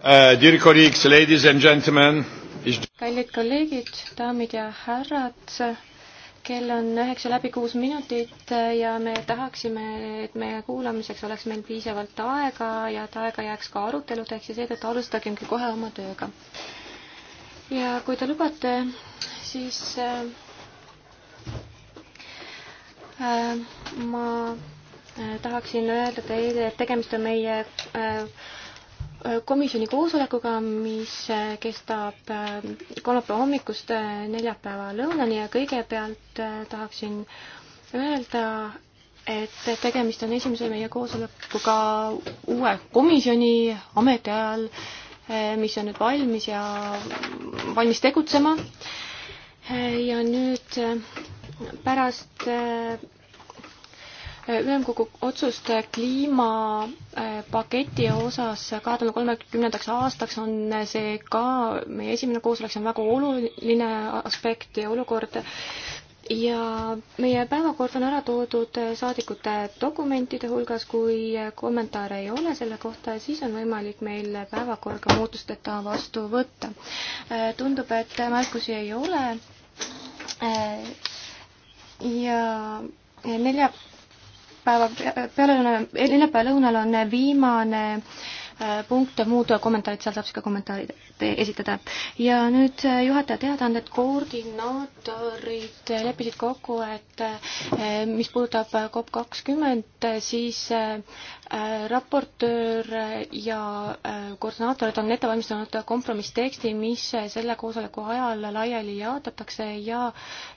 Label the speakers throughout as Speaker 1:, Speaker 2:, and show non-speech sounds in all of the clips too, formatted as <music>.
Speaker 1: Uh, dear colleagues, ladies and gentlemen.
Speaker 2: kallid kolleegid, daamid ja härrad, kell on üheksa läbi kuus minutit ja me tahaksime, et meie kuulamiseks oleks meil piisavalt aega ja et aega jääks ka aruteludeks ja seetõttu alustagemgi kohe oma tööga. ja kui te lubate, siis äh, äh ma äh, tahaksin öelda teile, et tegemist on meie äh, komisjoni koosolekuga, mis äh, kestab äh, kolmapäeva hommikust äh, neljapäeva lõunani ja kõigepealt tahaksin öelda, et tegemist on esimese meie koosolekuga uue komisjoni ametiajal, mis on nüüd valmis ja valmis tegutsema. ja nüüd pärast ülemkogu otsust kliimapaketi osas kahe tuhande kolmekümnendaks aastaks on see ka meie esimene koosolek, see on väga oluline aspekt ja olukord. ja meie päevakord on ära toodud saadikute dokumentide hulgas, kui kommentaare ei ole selle kohta, siis on võimalik meil päevakorda muutusteta vastu võtta. tundub, et märkusi ei ole. ja neljapäeval neljapäeva äh, peale, eh, neljapäeva lõunal on viimane äh, punkte, muud kommentaarid, seal saab ka kommentaarid esitada. ja nüüd äh, juhataja teadaanded, koordinaatorid leppisid kokku, et mis puudutab COP kakskümmend, siis Äh, raportöör ja äh, koordinaatorid on ette valmistanud kompromissteksti, mis selle koosoleku ajal laiali jaotatakse ja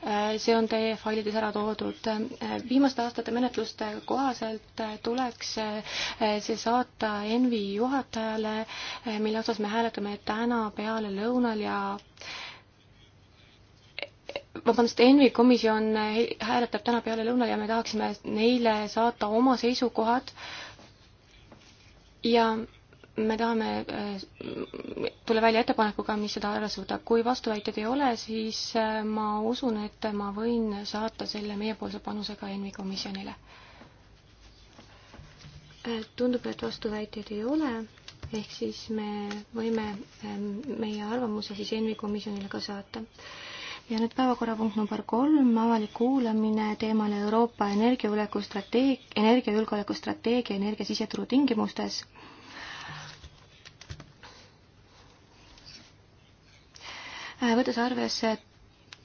Speaker 2: äh, see on teie failides ära toodud. viimaste aastate menetluste kohaselt tuleks see saata ENVI juhatajale, mille osas me hääletame täna pealelõunal ja vabandust, ENVI komisjon hääletab täna pealelõunal ja me tahaksime neile saata oma seisukohad äh, ja me tahame äh, tulla välja ettepanekuga, mis seda ära suudab. kui vastuväiteid ei ole, siis äh, ma usun, et ma võin saata selle meiepoolse panusega ENMi komisjonile. Äh, tundub, et vastuväiteid ei ole, ehk siis me võime ähm, meie arvamuse siis ENMi komisjonile ka saata ja nüüd päevakorrapunkt number kolm, avalik kuulamine teemal Euroopa energiajulgeoleku strateeg-, energiajulgeoleku strateegia energia siseturu tingimustes. Äh, võttes arvesse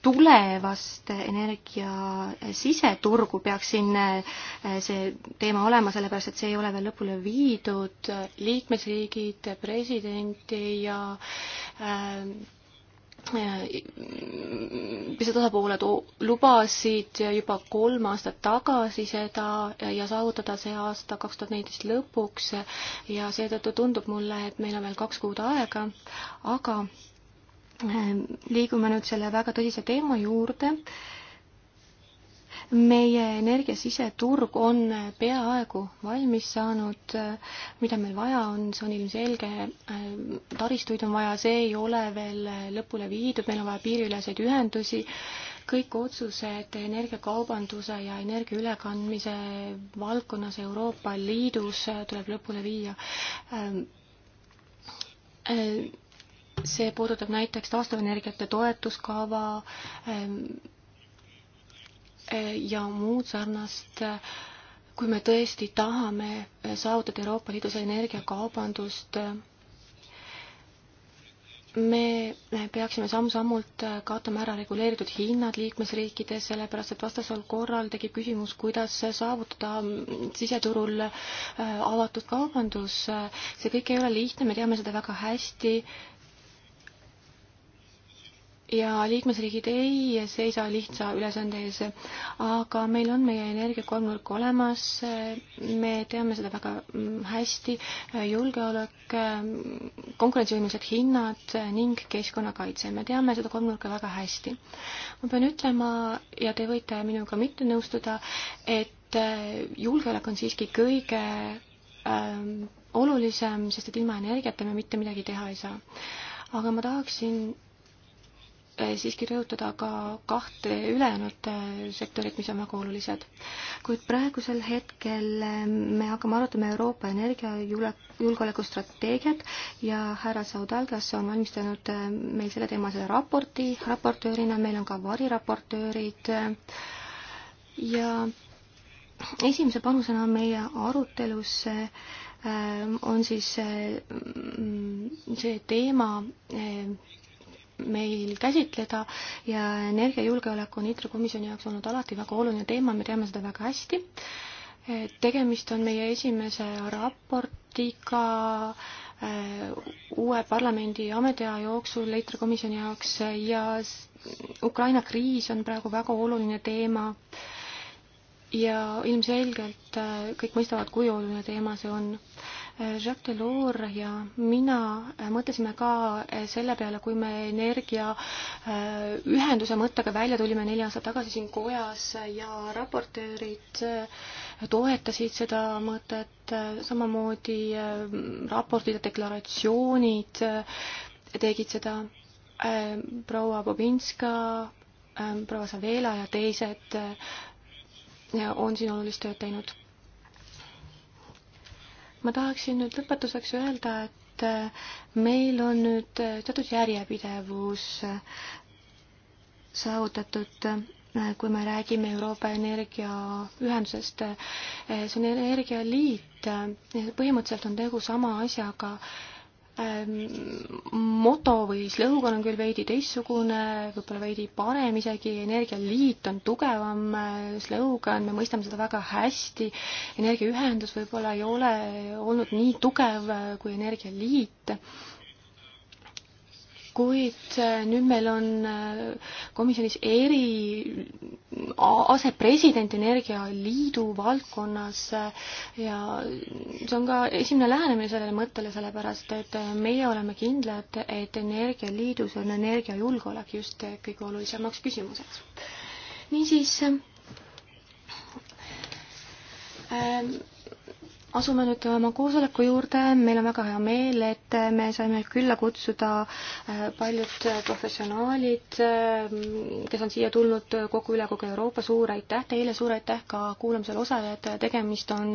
Speaker 2: tulevast energia siseturgu peaks siin äh, see teema olema, sellepärast et see ei ole veel lõpule viidud, liikmesriigid, presidenti ja äh, pisut osapooled lubasid juba kolm aastat tagasi seda ja saavutada see aasta kaks tuhat neliteist lõpuks ja seetõttu tundub mulle, et meil on veel kaks kuud aega, aga eh, liigume nüüd selle väga tõsise teema juurde meie energiasiseturg on peaaegu valmis saanud, mida meil vaja on, see on ilmselge, taristuid on vaja, see ei ole veel lõpule viidud, meil on vaja piiriüleseid ühendusi, kõik otsused energiakaubanduse ja energia ülekandmise valdkonnas Euroopa Liidus tuleb lõpule viia ehm, see puudutab näiteks taastuvenergiate toetuskava, ehm, Eh, ja muud sarnast, eh, kui me tõesti tahame eh, saavutada Euroopa Liidus energiakaubandust, me peaksime samm-sammult kaotama ära reguleeritud hinnad liikmesriikides, sellepärast et vastasel korral tekib küsimus, kuidas saavutada mm, siseturul avatud kaubandus. see kõik ei ole lihtne, me teame seda väga hästi ja liikmesriigid ei seisa lihtsa ülesande ees, aga meil on meie energiakolmnurk olemas, me teame seda väga mm, hästi, julgeolek, konkurentsivõimelised hinnad ning keskkonnakaitse, me teame seda kolmnurka väga hästi. ma pean ütlema ja te võite minuga mitte nõustuda, et äh, julgeolek on siiski kõige ähm, olulisem, sest et ilma energiata me mitte midagi teha ei saa. aga ma tahaksin Äh, siiski rõhutada ka kahte ülejäänud äh, sektorit, mis on väga olulised. kuid praegusel hetkel äh, me hakkame arutama Euroopa energiajulgeoleku strateegiat ja härra Saudalgas on valmistanud meil selle teemasele raporti, raportöörina meil on ka variraportöörid ja esimese panusena meie arutelusse on siis see teema meil käsitleda ja energiajulgeolek on ITRE komisjoni jaoks olnud alati väga oluline teema, me teame seda väga hästi. tegemist on meie esimese raportiga eh, uue parlamendi ametiaja jooksul ITRE komisjoni jaoks ja Ukraina kriis on praegu väga oluline teema ja ilmselgelt eh, kõik mõistavad, kui oluline teema see on Jacques Delors ja mina mõtlesime ka selle peale, kui me energiaühenduse äh, mõttega välja tulime neli aastat tagasi siin kojas ja raportöörid äh, toetasid seda mõtet, äh, samamoodi raportid ja deklaratsioonid tegid seda. proua Bobinska, proua Savela ja teised on siin olulist tööd teinud ma tahaksin nüüd lõpetuseks öelda, et äh, meil on nüüd äh, teatud järjepidevus äh, saavutatud, kui me räägime Euroopa energiaühendusest. see on energialiit, põhimõtteliselt on tegu sama asjaga Ähm, moto või slõugan on küll veidi teistsugune, võib-olla veidi parem isegi, energialiit on tugevam äh, slõugan, me mõistame seda väga hästi, energiaühendus võib-olla ei ole olnud nii tugev äh, kui energialiit kuid äh, nüüd meil on äh, komisjonis eri asepresident Energialiidu valdkonnas äh, ja see on ka esimene lähenemine sellele mõttele, sellepärast et meie oleme kindlad, et Energialiidus on energiajulgeolek just kõige olulisemaks küsimuseks. niisiis ähm, asume nüüd oma koosoleku juurde, meil on väga hea meel, et me saime külla kutsuda äh, paljud äh, professionaalid, äh, kes on siia tulnud kogu üle kogu Euroopa, suur aitäh teile, suur aitäh ka kuulamisel osalejatele, tegemist on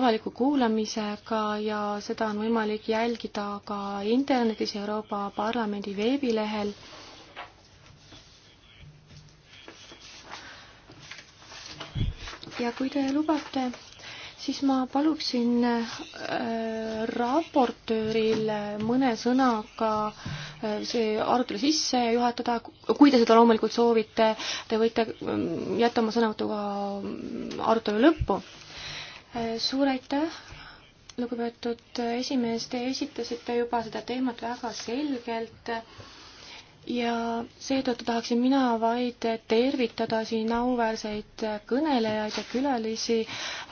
Speaker 2: avaliku kuulamisega ja seda on võimalik jälgida ka internetis Euroopa Parlamendi veebilehel ja kui te lubate, siis ma paluksin äh, raportööril mõne sõnaga äh, see arutelu sisse juhatada, kui te seda loomulikult soovite, te võite mm, jätta oma sõnavõtuga mm, arutelu lõppu. Äh, suur aitäh, lugupeetud esimees, te esitasite juba seda teemat väga selgelt ja seetõttu tahaksin mina vaid tervitada siin auväärseid kõnelejaid ja külalisi.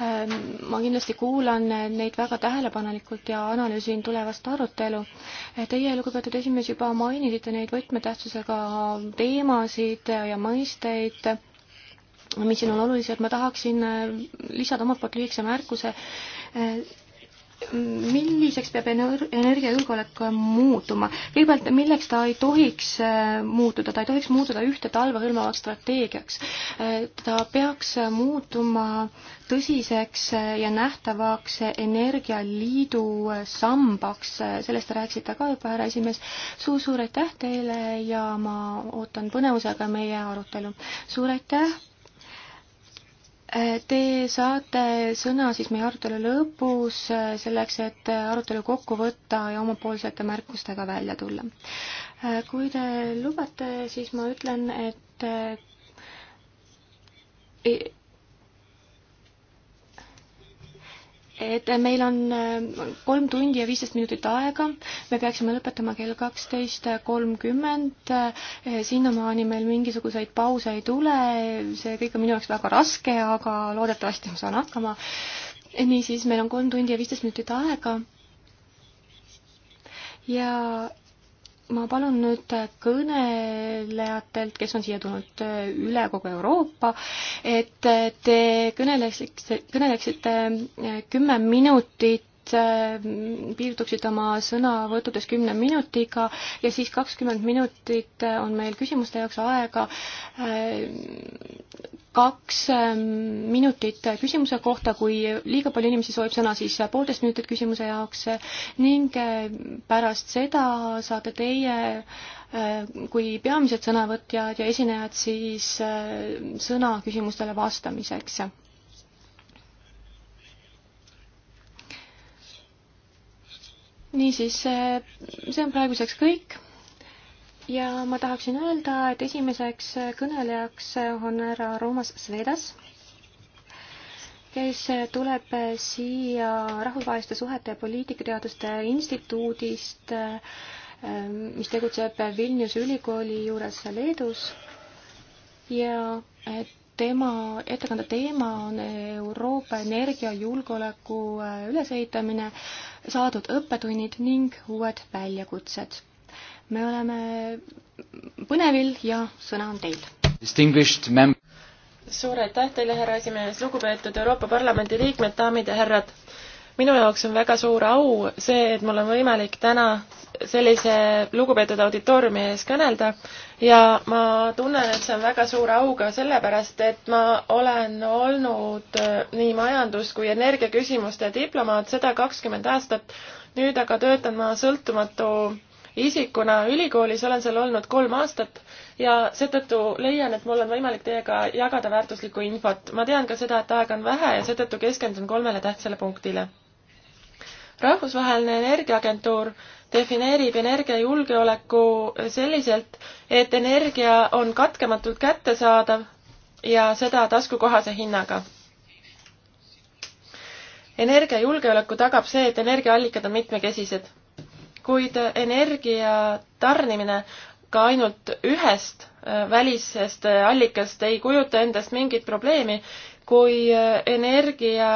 Speaker 2: Ähm, ma kindlasti kuulan neid väga tähelepanelikult ja analüüsin tulevast arutelu. Äh, teie, lugupeetud esimees, juba mainisite neid võtmetähtsusega teemasid ja mõisteid, mis siin on olulised. ma tahaksin äh, lisada omalt poolt lühikese märkuse äh, milliseks peab energiajulgeolek muutuma? kõigepealt, milleks ta ei tohiks äh, muutuda, ta ei tohiks muutuda ühte talve hõlmavaks strateegiaks. Äh, ta peaks muutuma tõsiseks äh, ja nähtavaks Energialiidu sambaks, sellest te rääkisite ka juba, härra esimees Suu,. suur-suur aitäh teile ja ma ootan põnevusega meie arutelu. suur aitäh Te saate sõna siis meie arutelu lõpus äh, selleks, et arutelu kokku võtta ja omapoolsete märkustega välja tulla. Äh, kui te lubate, siis ma ütlen, et äh, et meil on äh, kolm tundi ja viisteist minutit aega, me peaksime lõpetama kell kaksteist kolmkümmend, äh, sinnamaani meil mingisuguseid pause ei tule, see kõik on minu jaoks väga raske, aga loodetavasti ma saan hakkama. niisiis, meil on kolm tundi ja viisteist minutit aega ja ma palun nüüd kõnelejatelt, kes on siia tulnud üle kogu Euroopa, et te kõneleksite, kõneleksite kümme minutit Äh, piirduksid oma sõnavõttudes kümne minutiga ja siis kakskümmend minutit on meil küsimuste jaoks aega. Äh, kaks ähm, minutit küsimuse kohta, kui liiga palju inimesi soovib sõna, siis poolteist minutit küsimuse jaoks ning äh, pärast seda saate teie kui peamised sõnavõtjad ja esinejad siis sõna küsimustele vastamiseks niisiis, see on praeguseks kõik ja ma tahaksin öelda, et esimeseks kõnelejaks on härra Roomas Svedas, kes tuleb siia Rahvusvaheliste Suhete ja Poliitikateaduste Instituudist, mis tegutseb Vilniuse ülikooli juures Leedus ja et tema, ettekande teema on Euroopa energiajulgeoleku äh, ülesehitamine, saadud õppetunnid ning uued väljakutsed. me oleme põnevil ja
Speaker 1: sõna on teil. suur aitäh teile, härra esimees, lugupeetud Euroopa Parlamendi liikmed, daamid ja härrad minu jaoks on väga suur au see, et mul on võimalik täna sellise lugupeetud auditooriumi ees kõnelda ja ma tunnen, et see on väga suur au ka sellepärast, et ma olen olnud äh, nii majandus- kui energiaküsimuste diplomaat seda kakskümmend aastat, nüüd aga töötan ma sõltumatu isikuna ülikoolis, olen seal olnud kolm aastat ja seetõttu leian, et mul on võimalik teiega jagada väärtuslikku infot. ma tean ka seda, et aega on vähe ja seetõttu keskendun kolmele tähtsale punktile rahvusvaheline Energiaagentuur defineerib energiajulgeoleku selliselt, et energia on katkematult kättesaadav ja seda taskukohase hinnaga. energiajulgeoleku tagab see, et energiaallikad on mitmekesised, kuid energia tarnimine ka ainult ühest äh, välisest äh, allikast ei kujuta endast mingit probleemi, kui äh, energia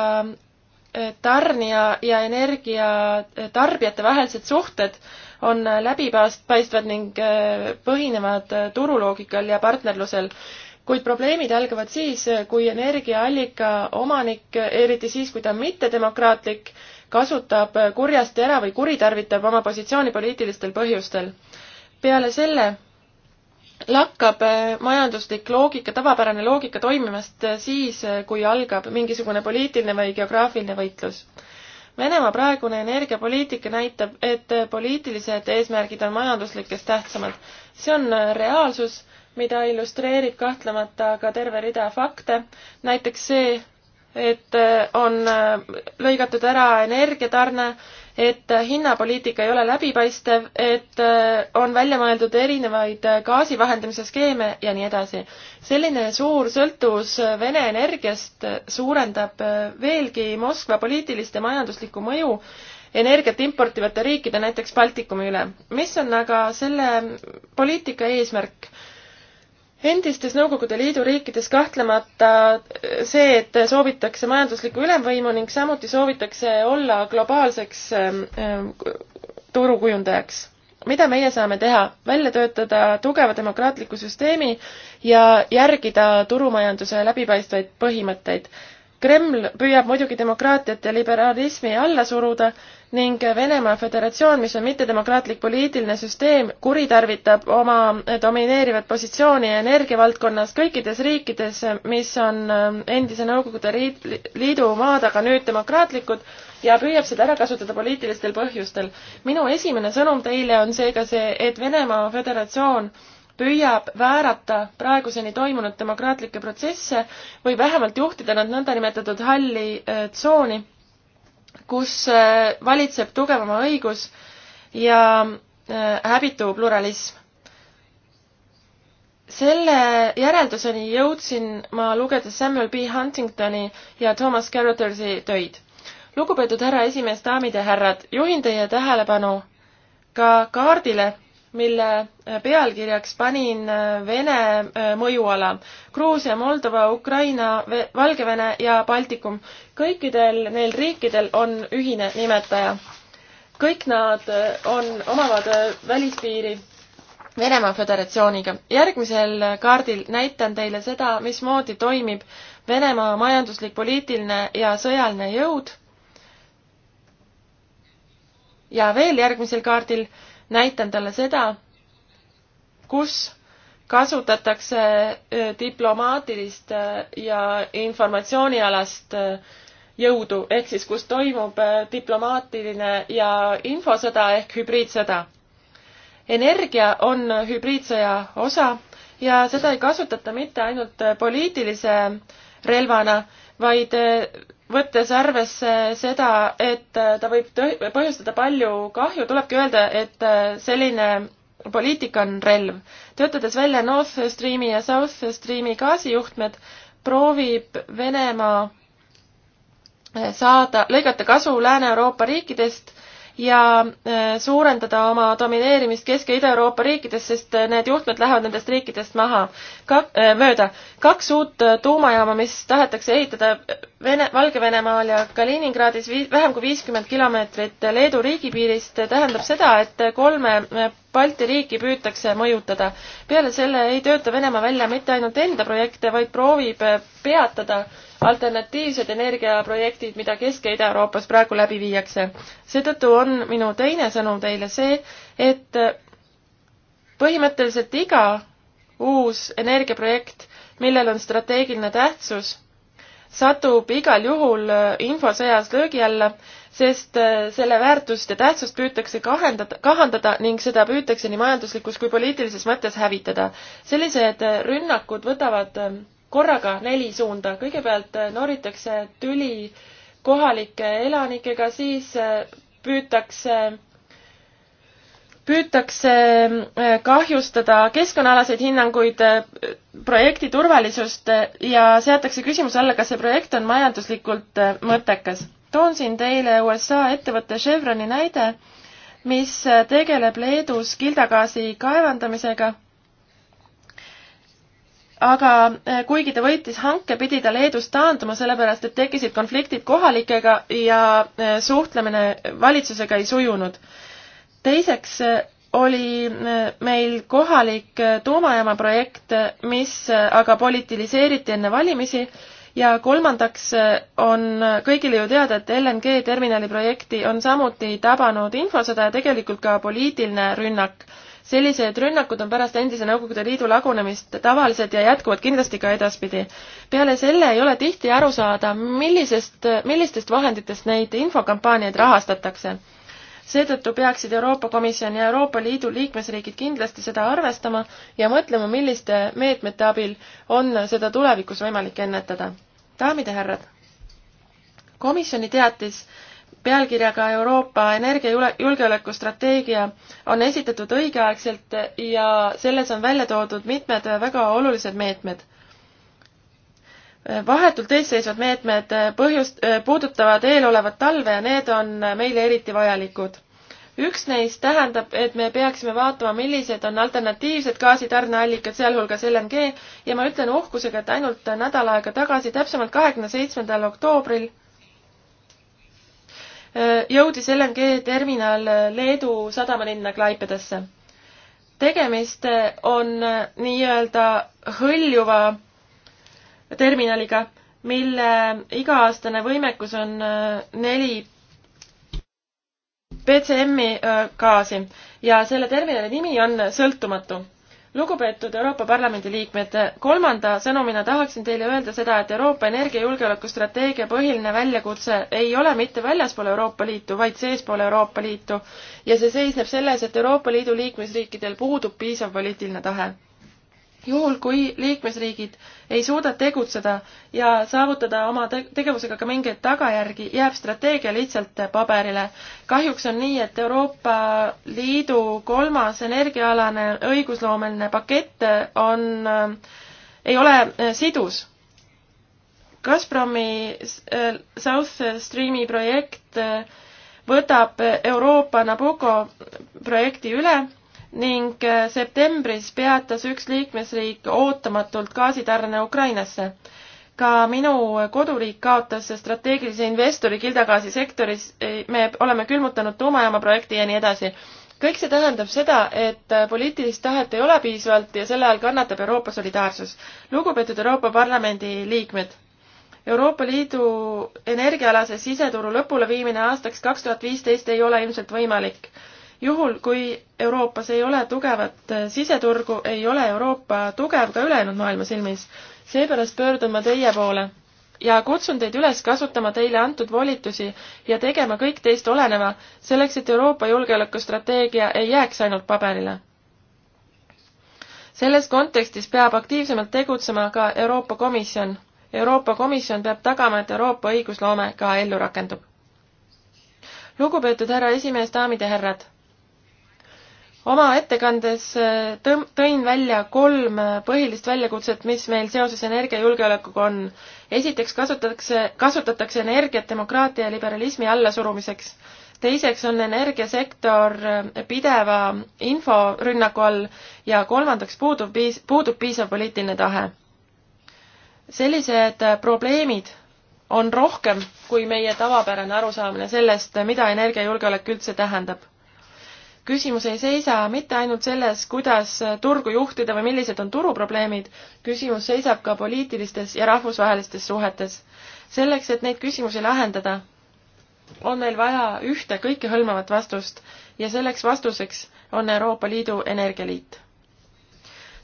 Speaker 1: tarnija ja energiatarbijate vahelised suhted on läbipaistvad ning äh, põhinevad äh, turuloogikal ja partnerlusel. kuid probleemid algavad siis, kui energiaallika omanik, eriti siis, kui ta on mittedemokraatlik, kasutab kurjasti ära või kuritarvitab oma positsiooni poliitilistel põhjustel. peale selle lakkab äh, majanduslik loogika, tavapärane loogika toimimast äh, siis, äh, kui algab mingisugune poliitiline või geograafiline võitlus. Venemaa praegune energiapoliitika näitab, et poliitilised eesmärgid on majanduslikest tähtsamad. see on reaalsus, mida illustreerib kahtlemata ka terve rida fakte, näiteks see, et on lõigatud ära energiatarne, et hinnapoliitika ei ole läbipaistev, et äh, on välja mõeldud erinevaid äh, gaasi vahendamise skeeme ja nii edasi. selline suur sõltuvus äh, Vene energiast suurendab veelgi Moskva poliitilist ja majanduslikku mõju energiat importivate riikide, näiteks Baltikumi üle. mis on aga selle poliitika eesmärk? endistes Nõukogude Liidu riikides kahtlemata äh, see, et soovitakse majanduslikku ülemvõimu ning samuti soovitakse olla globaalseks ähm, ähm, turukujundajaks. mida meie saame teha? välja töötada tugeva demokraatliku süsteemi ja järgida turumajanduse läbipaistvaid põhimõtteid. Kreml püüab muidugi demokraatiat ja liberalismi alla suruda ning Venemaa Föderatsioon, mis on mittedemokraatlik poliitiline süsteem, kuritarvitab oma domineerivat positsiooni energiavaldkonnas kõikides riikides, mis on äh, endise Nõukogude Liidu maad, aga nüüd demokraatlikud, ja püüab seda ära kasutada poliitilistel põhjustel. minu esimene sõnum teile on seega see, et Venemaa Föderatsioon püüab väärata praeguseni toimunud demokraatlikke protsesse või vähemalt juhtida nad nõndanimetatud halli äh, tsooni äh, kus äh, valitseb tugevama õigus ja äh, häbitu pluralism. selle järelduseni jõudsin ma lugedes Samuel B Huntingtoni ja Thomas Carrotersi töid. lugupeetud härra esimees, daamid ja härrad, juhin teie tähelepanu ka kaardile mille pealkirjaks panin Vene äh, mõjuala. Gruusia, Moldova, Ukraina, Valgevene ja Baltikum. kõikidel neil riikidel on ühine nimetaja. kõik nad äh, on, omavad äh, välispiiri Venemaa Föderatsiooniga. järgmisel kaardil näitan teile seda, mismoodi toimib Venemaa majanduslik, poliitiline ja sõjaline jõud. ja veel järgmisel kaardil näitan talle seda, kus kasutatakse diplomaatilist ja informatsioonialast jõudu, ehk siis kus toimub diplomaatiline ja infosõda ehk hübriidsõda. energia on hübriidsõja osa ja seda ei kasutata mitte ainult poliitilise relvana, vaid võttes arvesse seda, et äh, ta võib põhjustada palju kahju, tulebki öelda, et äh, selline poliitika on relv. töötades välja North Streami ja South Streami gaasijuhtmed, proovib Venemaa äh, saada, lõigata kasu Lääne-Euroopa riikidest ja äh, suurendada oma domineerimist Kesk- ja Ida-Euroopa riikides, sest äh, need juhtmed lähevad nendest riikidest maha, ka-, äh, mööda. kaks uut tuumajaama, mis tahetakse ehitada Vene, Valgevenemaal ja Kaliningradis vii-, vähem kui viiskümmend kilomeetrit Leedu riigipiirist, tähendab seda, et kolme Balti riiki püütakse mõjutada. peale selle ei tööta Venemaa välja mitte ainult enda projekte, vaid proovib peatada äh, alternatiivsed energiaprojektid, mida Kesk- ja Ida-Euroopas praegu läbi viiakse. seetõttu on minu teine sõnum teile see, et põhimõtteliselt iga uus energiaprojekt, millel on strateegiline tähtsus, satub igal juhul infosõjas löögi alla, sest äh, selle väärtust ja tähtsust püütakse kahendada, kahandada ning seda püütakse nii majanduslikus kui poliitilises mõttes hävitada. sellised rünnakud võtavad ähm, korraga neli suunda. kõigepealt äh, nooritakse tüli kohalike elanikega, siis äh, püütakse püütakse äh, kahjustada keskkonnaalaseid hinnanguid, projekti turvalisust ja seatakse küsimuse alla, kas see projekt on majanduslikult mõttekas. toon siin teile USA ettevõtte Chevroni näide, mis tegeleb Leedus kildagaasi kaevandamisega aga äh, kuigi ta võitis hanke, pidi ta Leedus taanduma, sellepärast et tekkisid konfliktid kohalikega ja äh, suhtlemine valitsusega ei sujunud. teiseks äh, oli meil kohalik tuumajaama projekt, mis aga politiliseeriti enne valimisi ja kolmandaks on kõigile ju teada, et LNG terminali projekti on samuti tabanud infosõda ja tegelikult ka poliitiline rünnak sellised rünnakud on pärast endise Nõukogude Liidu lagunemist tavalised ja jätkuvad kindlasti ka edaspidi. peale selle ei ole tihti aru saada, millisest, millistest vahenditest neid infokampaaniaid rahastatakse. seetõttu peaksid Euroopa Komisjon ja Euroopa Liidu liikmesriigid kindlasti seda arvestama ja mõtlema, milliste meetmete abil on seda tulevikus võimalik ennetada. daamid ja härrad, komisjoni teatis pealkirjaga Euroopa energiajulgeoleku strateegia on esitatud õigeaegselt ja selles on välja toodud mitmed väga olulised meetmed. vahetult eesseisvad meetmed põhjust, puudutavad eelolevat talve ja need on meile eriti vajalikud. üks neist tähendab, et me peaksime vaatama, millised on alternatiivsed gaasitarneallikad, sealhulgas LNG ja ma ütlen uhkusega, et ainult nädal aega tagasi, täpsemalt kahekümne seitsmendal oktoobril jõudis LNG terminal Leedu sadamalinna Klaipedasse. tegemist on nii-öelda hõljuva terminaliga, mille iga-aastane võimekus on äh, neli BCM-i äh, gaasi ja selle terminali nimi on sõltumatu lugupeetud Euroopa Parlamendi liikmed, kolmanda sõnumina tahaksin teile öelda seda, et Euroopa energiajulgeoleku strateegia põhiline väljakutse ei ole mitte väljaspool Euroopa Liitu, vaid seespool Euroopa Liitu. ja see seisneb selles, et Euroopa Liidu liikmesriikidel puudub piisav poliitiline tahe juhul, kui liikmesriigid ei suuda tegutseda ja saavutada oma tegevusega ka mingeid tagajärgi, jääb strateegia lihtsalt paberile. kahjuks on nii, et Euroopa Liidu kolmas energiaalane õigusloomeline pakett on, äh, ei ole äh, sidus. Gazpromi äh, South Streami projekt võtab Euroopa Nabucco projekti üle ning äh, septembris peatas üks liikmesriik ootamatult gaasitarne Ukrainasse. ka minu koduriik kaotas strateegilise investori kildagaasi sektoris, e, me oleme külmutanud tuumajaama projekti ja nii edasi. kõik see tähendab seda, et äh, poliitilist tahet ei ole piisavalt ja selle all kannatab Euroopa solidaarsus. lugupeetud Euroopa Parlamendi liikmed Euroopa Liidu energiaalase siseturu lõpuleviimine aastaks kaks tuhat viisteist ei ole ilmselt võimalik juhul, kui Euroopas ei ole tugevat äh, siseturgu, ei ole Euroopa tugev ka ülejäänud maailma silmis. seepärast pöördun ma teie poole ja kutsun teid üles kasutama teile antud volitusi ja tegema kõik teist oleneva, selleks et Euroopa julgeolekustrateegia ei jääks ainult paberile. selles kontekstis peab aktiivsemalt tegutsema ka Euroopa Komisjon. Euroopa Komisjon peab tagama, et Euroopa õigusloome ka ellu rakendub lugupeetud härra esimees, daamid ja härrad! oma ettekandes äh, tõm-, tõin välja kolm äh, põhilist väljakutset, mis meil seoses energiajulgeolekuga on. esiteks kasutatakse, kasutatakse energiat demokraatia ja liberalismi allasurumiseks. teiseks on energiasektor äh, pideva inforünnaku all ja kolmandaks puudub piis-, puudub piisav poliitiline tahe. sellised probleemid on rohkem kui meie tavapärane arusaamine sellest, mida energiajulgeolek üldse tähendab küsimus ei seisa mitte ainult selles, kuidas turgu juhtida või millised on turuprobleemid, küsimus seisab ka poliitilistes ja rahvusvahelistes suhetes. selleks, et neid küsimusi lahendada, on meil vaja ühte kõikehõlmavat vastust ja selleks vastuseks on Euroopa Liidu Energialiit.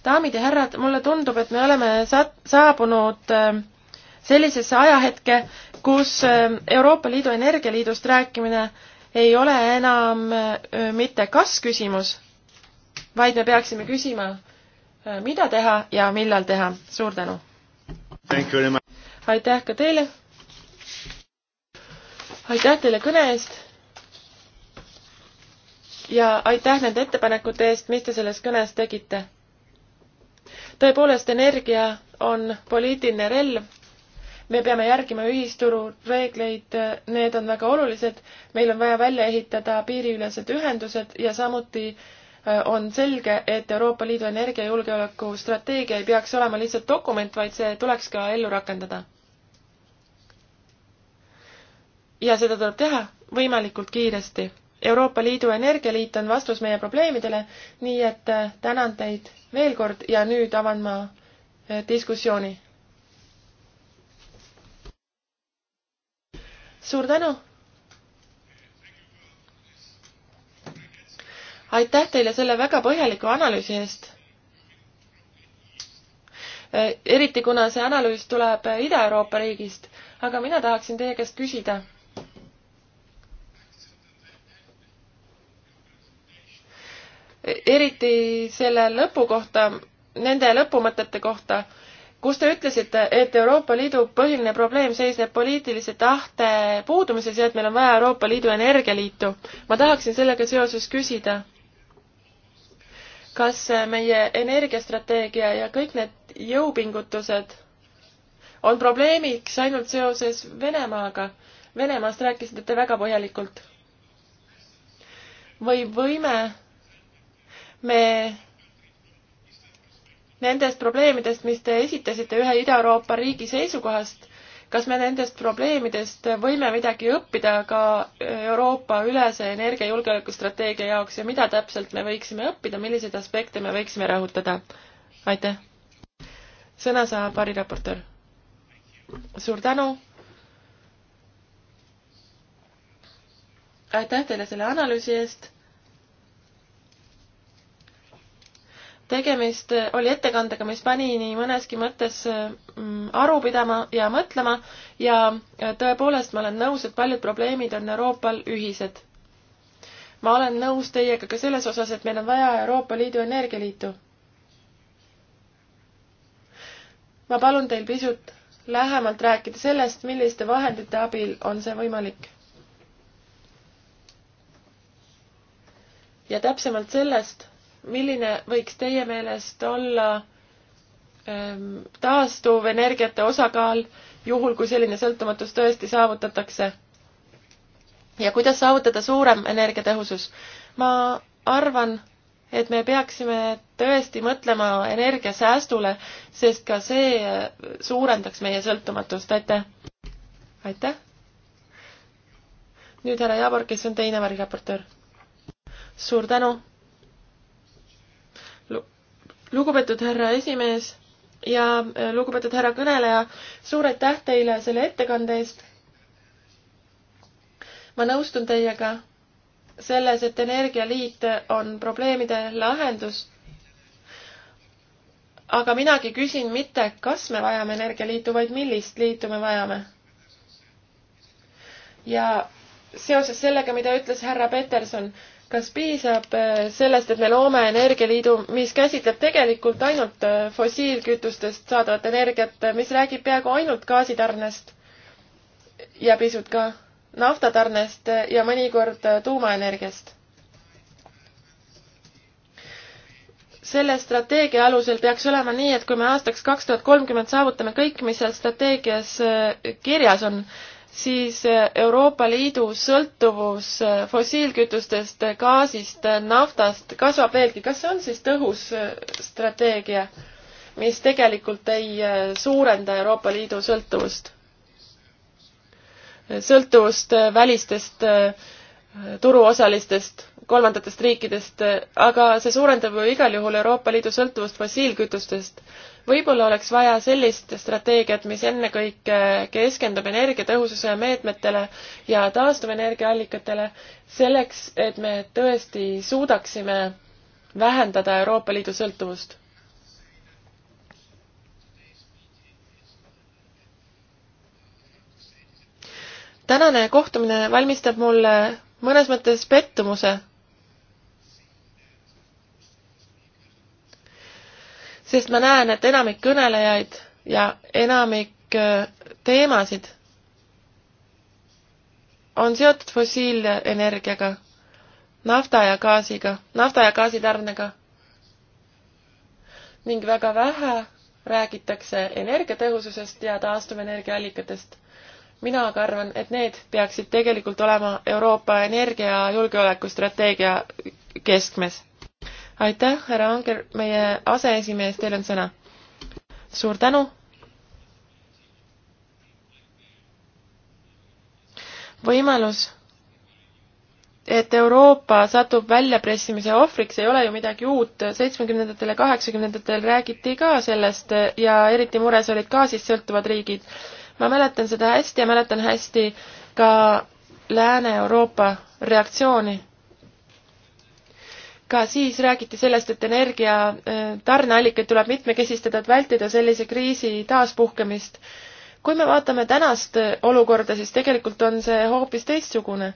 Speaker 1: daamid ja härrad, mulle tundub, et me oleme sa-, saabunud ähm, sellisesse ajahetke, kus ähm, Euroopa Liidu Energialiidust rääkimine ei ole enam mitte kas küsimus, vaid me peaksime küsima, mida teha ja millal teha. suur tänu! aitäh ka teile! aitäh teile kõne eest! ja aitäh nende ettepanekute eest, mis te selles kõnes tegite! tõepoolest, energia on poliitiline relv me peame järgima ühisturu reegleid, need on väga olulised, meil on vaja välja ehitada piiriülesed ühendused ja samuti äh, on selge, et Euroopa Liidu energiajulgeoleku strateegia ei peaks olema lihtsalt dokument, vaid see tuleks ka ellu rakendada. ja seda tuleb teha võimalikult kiiresti. Euroopa Liidu Energialiit on vastus meie probleemidele, nii et äh, tänan teid veel kord ja nüüd avan ma äh, diskussiooni. suur tänu! aitäh teile selle väga põhjaliku analüüsi eest. Äh, eriti kuna see analüüs tuleb Ida-Euroopa riigist, aga mina tahaksin teie käest küsida. eriti selle lõpu kohta, nende lõpumõtete kohta kus te ütlesite, et Euroopa Liidu põhiline probleem seisneb poliitilise tahte puudumises ja et meil on vaja Euroopa Liidu energialiitu. ma tahaksin sellega seoses küsida, kas meie energiastrateegia ja kõik need jõupingutused on probleemiks ainult seoses Venemaaga? Venemaast rääkisite te väga põhjalikult. või võime me nendest probleemidest, mis te esitasite ühe Ida-Euroopa riigi seisukohast, kas me nendest probleemidest võime midagi õppida ka Euroopa ülese energiajulgeoleku strateegia jaoks ja mida täpselt me võiksime õppida, milliseid aspekte me võiksime rõhutada? aitäh! sõna saab variraportöör. suur tänu! aitäh teile selle analüüsi eest tegemist oli ettekandega, mis pani nii mõneski mõttes mm, aru pidama ja mõtlema ja äh, tõepoolest ma olen nõus, et paljud probleemid on Euroopal ühised. ma olen nõus teiega ka selles osas, et meil on vaja Euroopa Liidu energialiitu. ma palun teil pisut lähemalt rääkida sellest, milliste vahendite abil on see võimalik. ja täpsemalt sellest milline võiks teie meelest olla ähm, taastuvenergiate osakaal, juhul kui selline sõltumatus tõesti saavutatakse? ja kuidas saavutada suurem energiatõhusus? ma arvan, et me peaksime tõesti mõtlema energiasäästule, sest ka see äh, suurendaks meie sõltumatust, aitäh! aitäh! nüüd härra Jabor, kes on teine variraportöör. suur tänu! lugupeetud härra esimees ja äh, lugupeetud härra kõneleja, suur aitäh teile selle ettekande eest. ma nõustun teiega selles, et energialiit on probleemide lahendus. aga minagi küsin mitte, kas me vajame energialiitu, vaid millist liitu me vajame. ja seoses sellega, mida ütles härra Peterson kas piisab äh, sellest, et me loome energialiidu, mis käsitleb tegelikult ainult äh, fossiilkütustest saadavat energiat, äh, mis räägib peaaegu ainult gaasitarnest ja pisut ka naftatarnest ja mõnikord tuumaenergiast? selle strateegia alusel peaks olema nii, et kui me aastaks kaks tuhat kolmkümmend saavutame kõik, mis seal strateegias kirjas on, siis eh, Euroopa Liidu sõltuvus eh, fossiilkütustest, eh, gaasist, naftast kasvab veelgi. kas see on siis tõhus strateegia, mis tegelikult ei suurenda Euroopa Liidu sõltuvust? sõltuvust välistest turuosalistest kolmandatest riikidest, aga see suurendab ju igal juhul Euroopa Liidu sõltuvust fossiilkütustest. võib-olla oleks vaja sellist strateegiat, mis ennekõike keskendub energiatõhususe meetmetele ja taastuvenergiaallikatele, selleks et me tõesti suudaksime vähendada Euroopa Liidu sõltuvust tänane kohtumine valmistab mulle mõnes mõttes pettumuse. sest ma näen, et enamik kõnelejaid ja enamik äh, teemasid on seotud fossiilenergiaga, nafta ja gaasiga, nafta ja gaasitarnega. ning väga vähe räägitakse energiatõhususest ja taastuvenergiaallikatest. mina aga arvan, et need peaksid tegelikult olema Euroopa energiajulgeoleku strateegia keskmes aitäh, härra Anger, meie aseesimees, teil on sõna. suur tänu. võimalus, et Euroopa satub väljapressimise ohvriks, ei ole ju midagi uut, seitsmekümnendatel ja kaheksakümnendatel räägiti ka sellest ja eriti mures olid gaasist sõltuvad riigid. ma mäletan seda hästi ja mäletan hästi ka Lääne-Euroopa reaktsiooni ka siis räägiti sellest, et energia äh, tarneallikaid tuleb mitmekesistada, et vältida sellise kriisi taaspuhkemist. kui me vaatame tänast äh, olukorda, siis tegelikult on see hoopis teistsugune.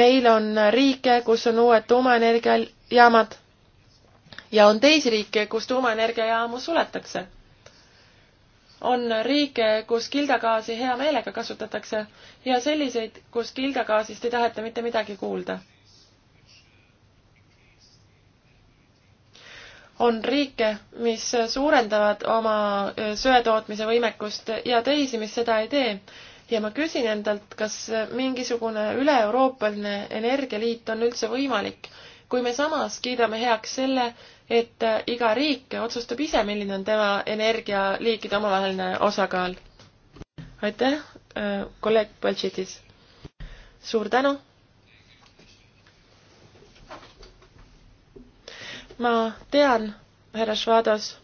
Speaker 1: meil on riike, kus on uued tuumaenergiajaamad ja on teisi riike, kus tuumaenergiajaamu suletakse. on riike, kus kildagaasi hea meelega kasutatakse ja selliseid, kus kildagaasist ei taheta mitte midagi kuulda on riike, mis suurendavad oma söetootmise võimekust ja teisi, mis seda ei tee. ja ma küsin endalt, kas mingisugune üle-euroopaline energialiit on üldse võimalik, kui me samas kiidame heaks selle, et iga riik otsustab ise, milline on tema energialiikide omavaheline osakaal. aitäh, kolleeg Baltšitis! suur tänu! ma tean, härra Švados,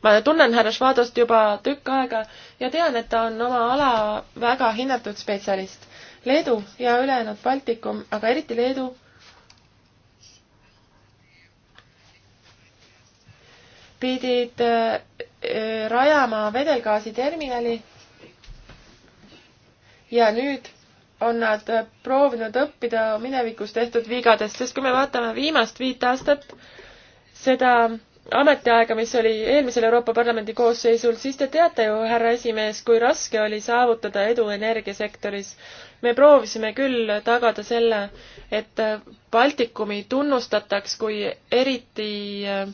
Speaker 1: ma tunnen härra Švadost juba tükk aega ja tean, et ta on oma ala väga hinnatud spetsialist. Leedu ja ülejäänud Baltikum, aga eriti Leedu, pidid äh, rajama vedelgaasiterminali ja nüüd on nad proovinud õppida minevikus tehtud vigadest, sest kui me vaatame viimast viit aastat, seda ametiaega, mis oli eelmisel Euroopa Parlamendi koosseisul, siis te teate ju, härra esimees, kui raske oli saavutada edu energiasektoris. me proovisime küll tagada selle, et Baltikumi tunnustataks kui eriti äh,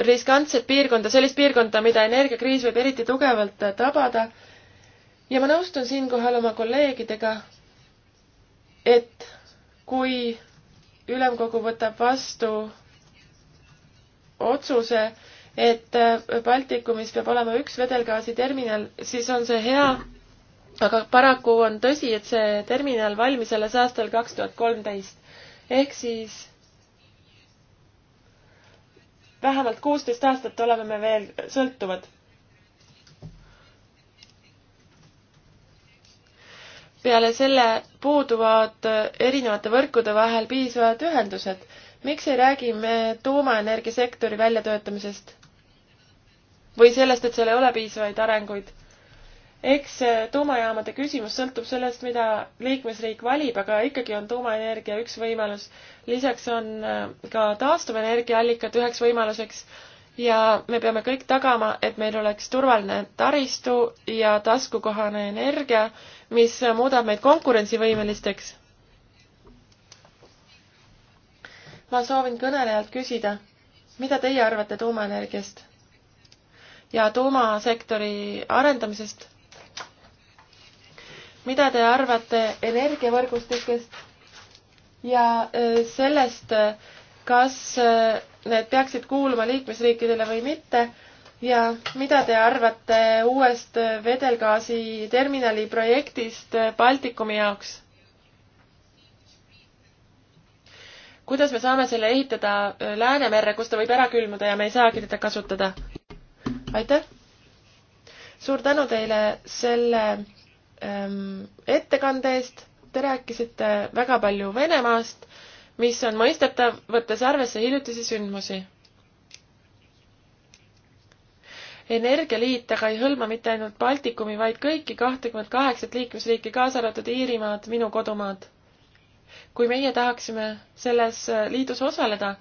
Speaker 1: riskantset piirkonda, sellist piirkonda, mida energiakriis võib eriti tugevalt tabada ja ma nõustun siinkohal oma kolleegidega, et kui ülemkogu võtab vastu otsuse, et Baltikumis peab olema üks vedelgaasiterminal, siis on see hea, aga paraku on tõsi, et see terminal valmis alles aastal kaks tuhat kolmteist. ehk siis vähemalt kuusteist aastat oleme me veel sõltuvad peale selle puuduvad erinevate võrkude vahel piisavad ühendused. miks ei räägi me tuumaenergiasektori väljatöötamisest? või sellest, et seal ei ole piisavaid arenguid? eks tuumajaamade küsimus sõltub sellest, mida liikmesriik valib, aga ikkagi on tuumaenergia üks võimalus. lisaks on ka taastuvenergiaallikad üheks võimaluseks ja me peame kõik tagama, et meil oleks turvaline taristu ja taskukohane energia, mis muudab meid konkurentsivõimelisteks. ma soovin kõnelejalt küsida, mida teie arvate tuumaenergiast ja tuumasektori arendamisest? mida te arvate energiavõrgustikest ja äh, sellest, äh, kas äh, need peaksid kuuluma liikmesriikidele või mitte ja mida te arvate uuest vedelgaasi terminali projektist Baltikumi jaoks? kuidas me saame selle ehitada Läänemerre, kus ta võib ära külmuda ja me ei saagi teda kasutada? aitäh! suur tänu teile selle ähm, ettekande eest, te rääkisite väga palju Venemaast mis on mõistetav, võttes arvesse hiljutisi sündmusi. energialiit aga ei hõlma mitte ainult Baltikumi, vaid kõiki kahtekümmet kaheksat liikmesriiki, kaasa arvatud Iirimaad, minu kodumaad. kui meie tahaksime selles liidus osaleda,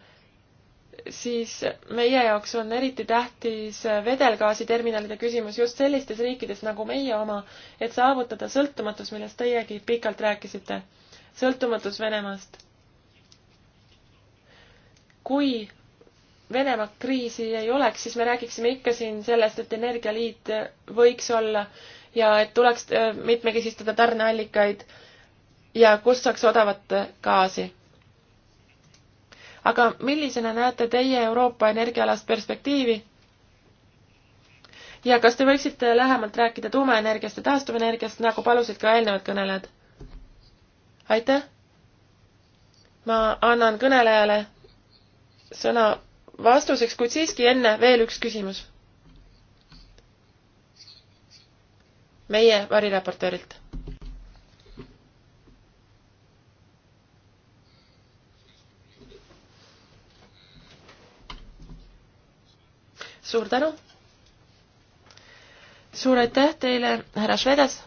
Speaker 1: siis meie jaoks on eriti tähtis vedelgaasiterminalide küsimus just sellistes riikides nagu meie oma, et saavutada sõltumatus, millest teiegi pikalt rääkisite. sõltumatus Venemaast kui Venemaa kriisi ei oleks, siis me räägiksime ikka siin sellest, et energialiit võiks olla ja et tuleks äh, mitmekesistada tarneallikaid ja kust saaks odavat äh, gaasi. aga millisena näete teie Euroopa energiaalast perspektiivi? ja kas te võiksite lähemalt rääkida tuumaenergiast ja taastuvenergiast, nagu palusid ka eelnevad kõnelejad? aitäh! ma annan kõnelejale sõna vastuseks, kuid siiski enne veel üks küsimus. meie variraportöörilt suur tänu. suur aitäh teile, härra Švedas.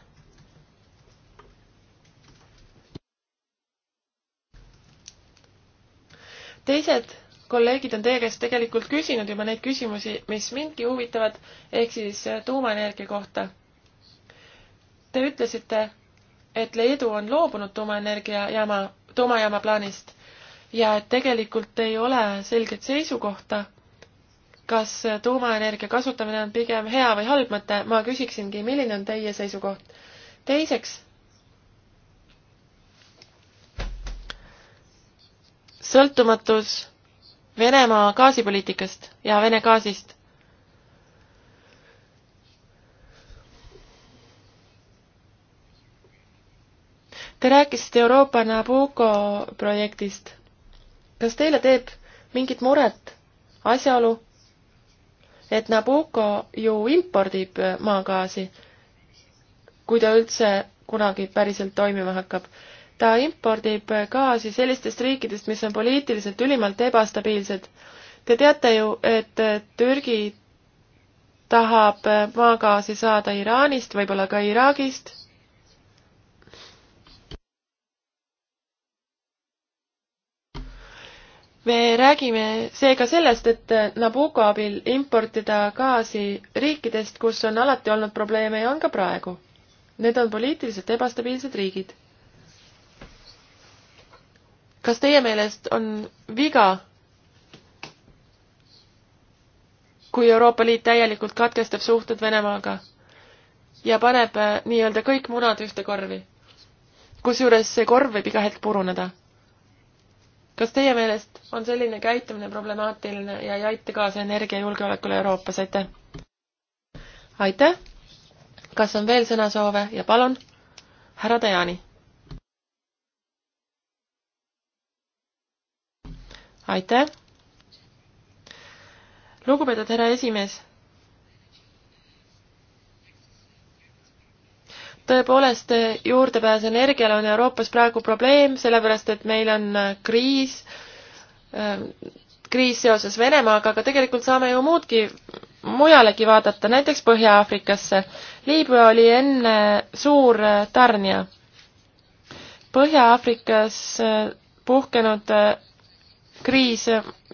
Speaker 1: teised kolleegid on teie käest tegelikult küsinud juba neid küsimusi, mis mindki huvitavad, ehk siis äh, tuumaenergia kohta. Te ütlesite, et Leedu on loobunud tuumaenergiajaama, tuumajaama plaanist ja et tegelikult ei ole selget seisukohta, kas äh, tuumaenergia kasutamine on pigem hea või halb mõte, ma küsiksingi, milline on teie seisukoht. teiseks, sõltumatus Venemaa gaasipoliitikast ja Vene gaasist. Te rääkisite Euroopa Nabucco projektist. kas teile teeb mingit muret asjaolu, et Nabucco ju impordib maagaasi, kui ta üldse kunagi päriselt toimima hakkab? ta impordib gaasi sellistest riikidest, mis on poliitiliselt ülimalt ebastabiilsed. Te teate ju, et Türgi tahab maagaasi saada Iraanist, võib-olla ka Iraagist. me räägime seega sellest, et Nabucco abil importida gaasi riikidest, kus on alati olnud probleeme ja on ka praegu. Need on poliitiliselt ebastabiilsed riigid kas teie meelest on viga, kui Euroopa Liit täielikult katkestab suhted Venemaaga ja paneb äh, nii-öelda kõik munad ühte korvi? kusjuures see korv võib iga hetk puruneda. kas teie meelest on selline käitumine problemaatiline ja ei aita kaasa energiajulgeolekule Euroopas, aitäh! aitäh! kas on veel sõnasoove ja palun, härra Tajani aitäh! lugupeetud härra esimees tõepoolest, juurdepääs energiale on Euroopas praegu probleem, sellepärast et meil on äh, kriis, ähm, kriis seoses Venemaaga, aga tegelikult saame ju muudki mujalegi vaadata, näiteks Põhja-Aafrikasse. Liibüa oli enne suur äh, tarnija. Põhja-Aafrikas äh, puhkenud kriis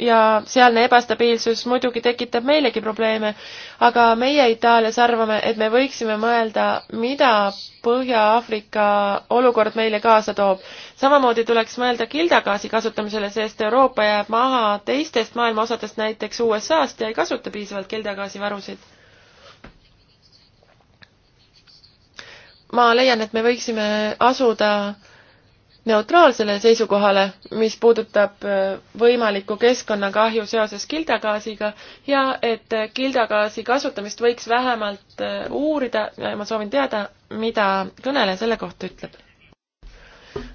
Speaker 1: ja sealne ebastabiilsus muidugi tekitab meilegi probleeme, aga meie Itaalias arvame, et me võiksime mõelda, mida Põhja-Aafrika olukord meile kaasa toob. samamoodi tuleks mõelda kildagaasi kasutamisele, sest Euroopa jääb maha teistest maailma osadest, näiteks USA-st ja ei kasuta piisavalt kildagaasivarusid ma leian, et me võiksime asuda neutraalsele seisukohale, mis puudutab äh, võimalikku keskkonnakahju seoses kildagaasiga ja et äh, kildagaasi kasutamist võiks vähemalt äh, uurida ja ma soovin teada, mida kõneleja selle kohta ütleb.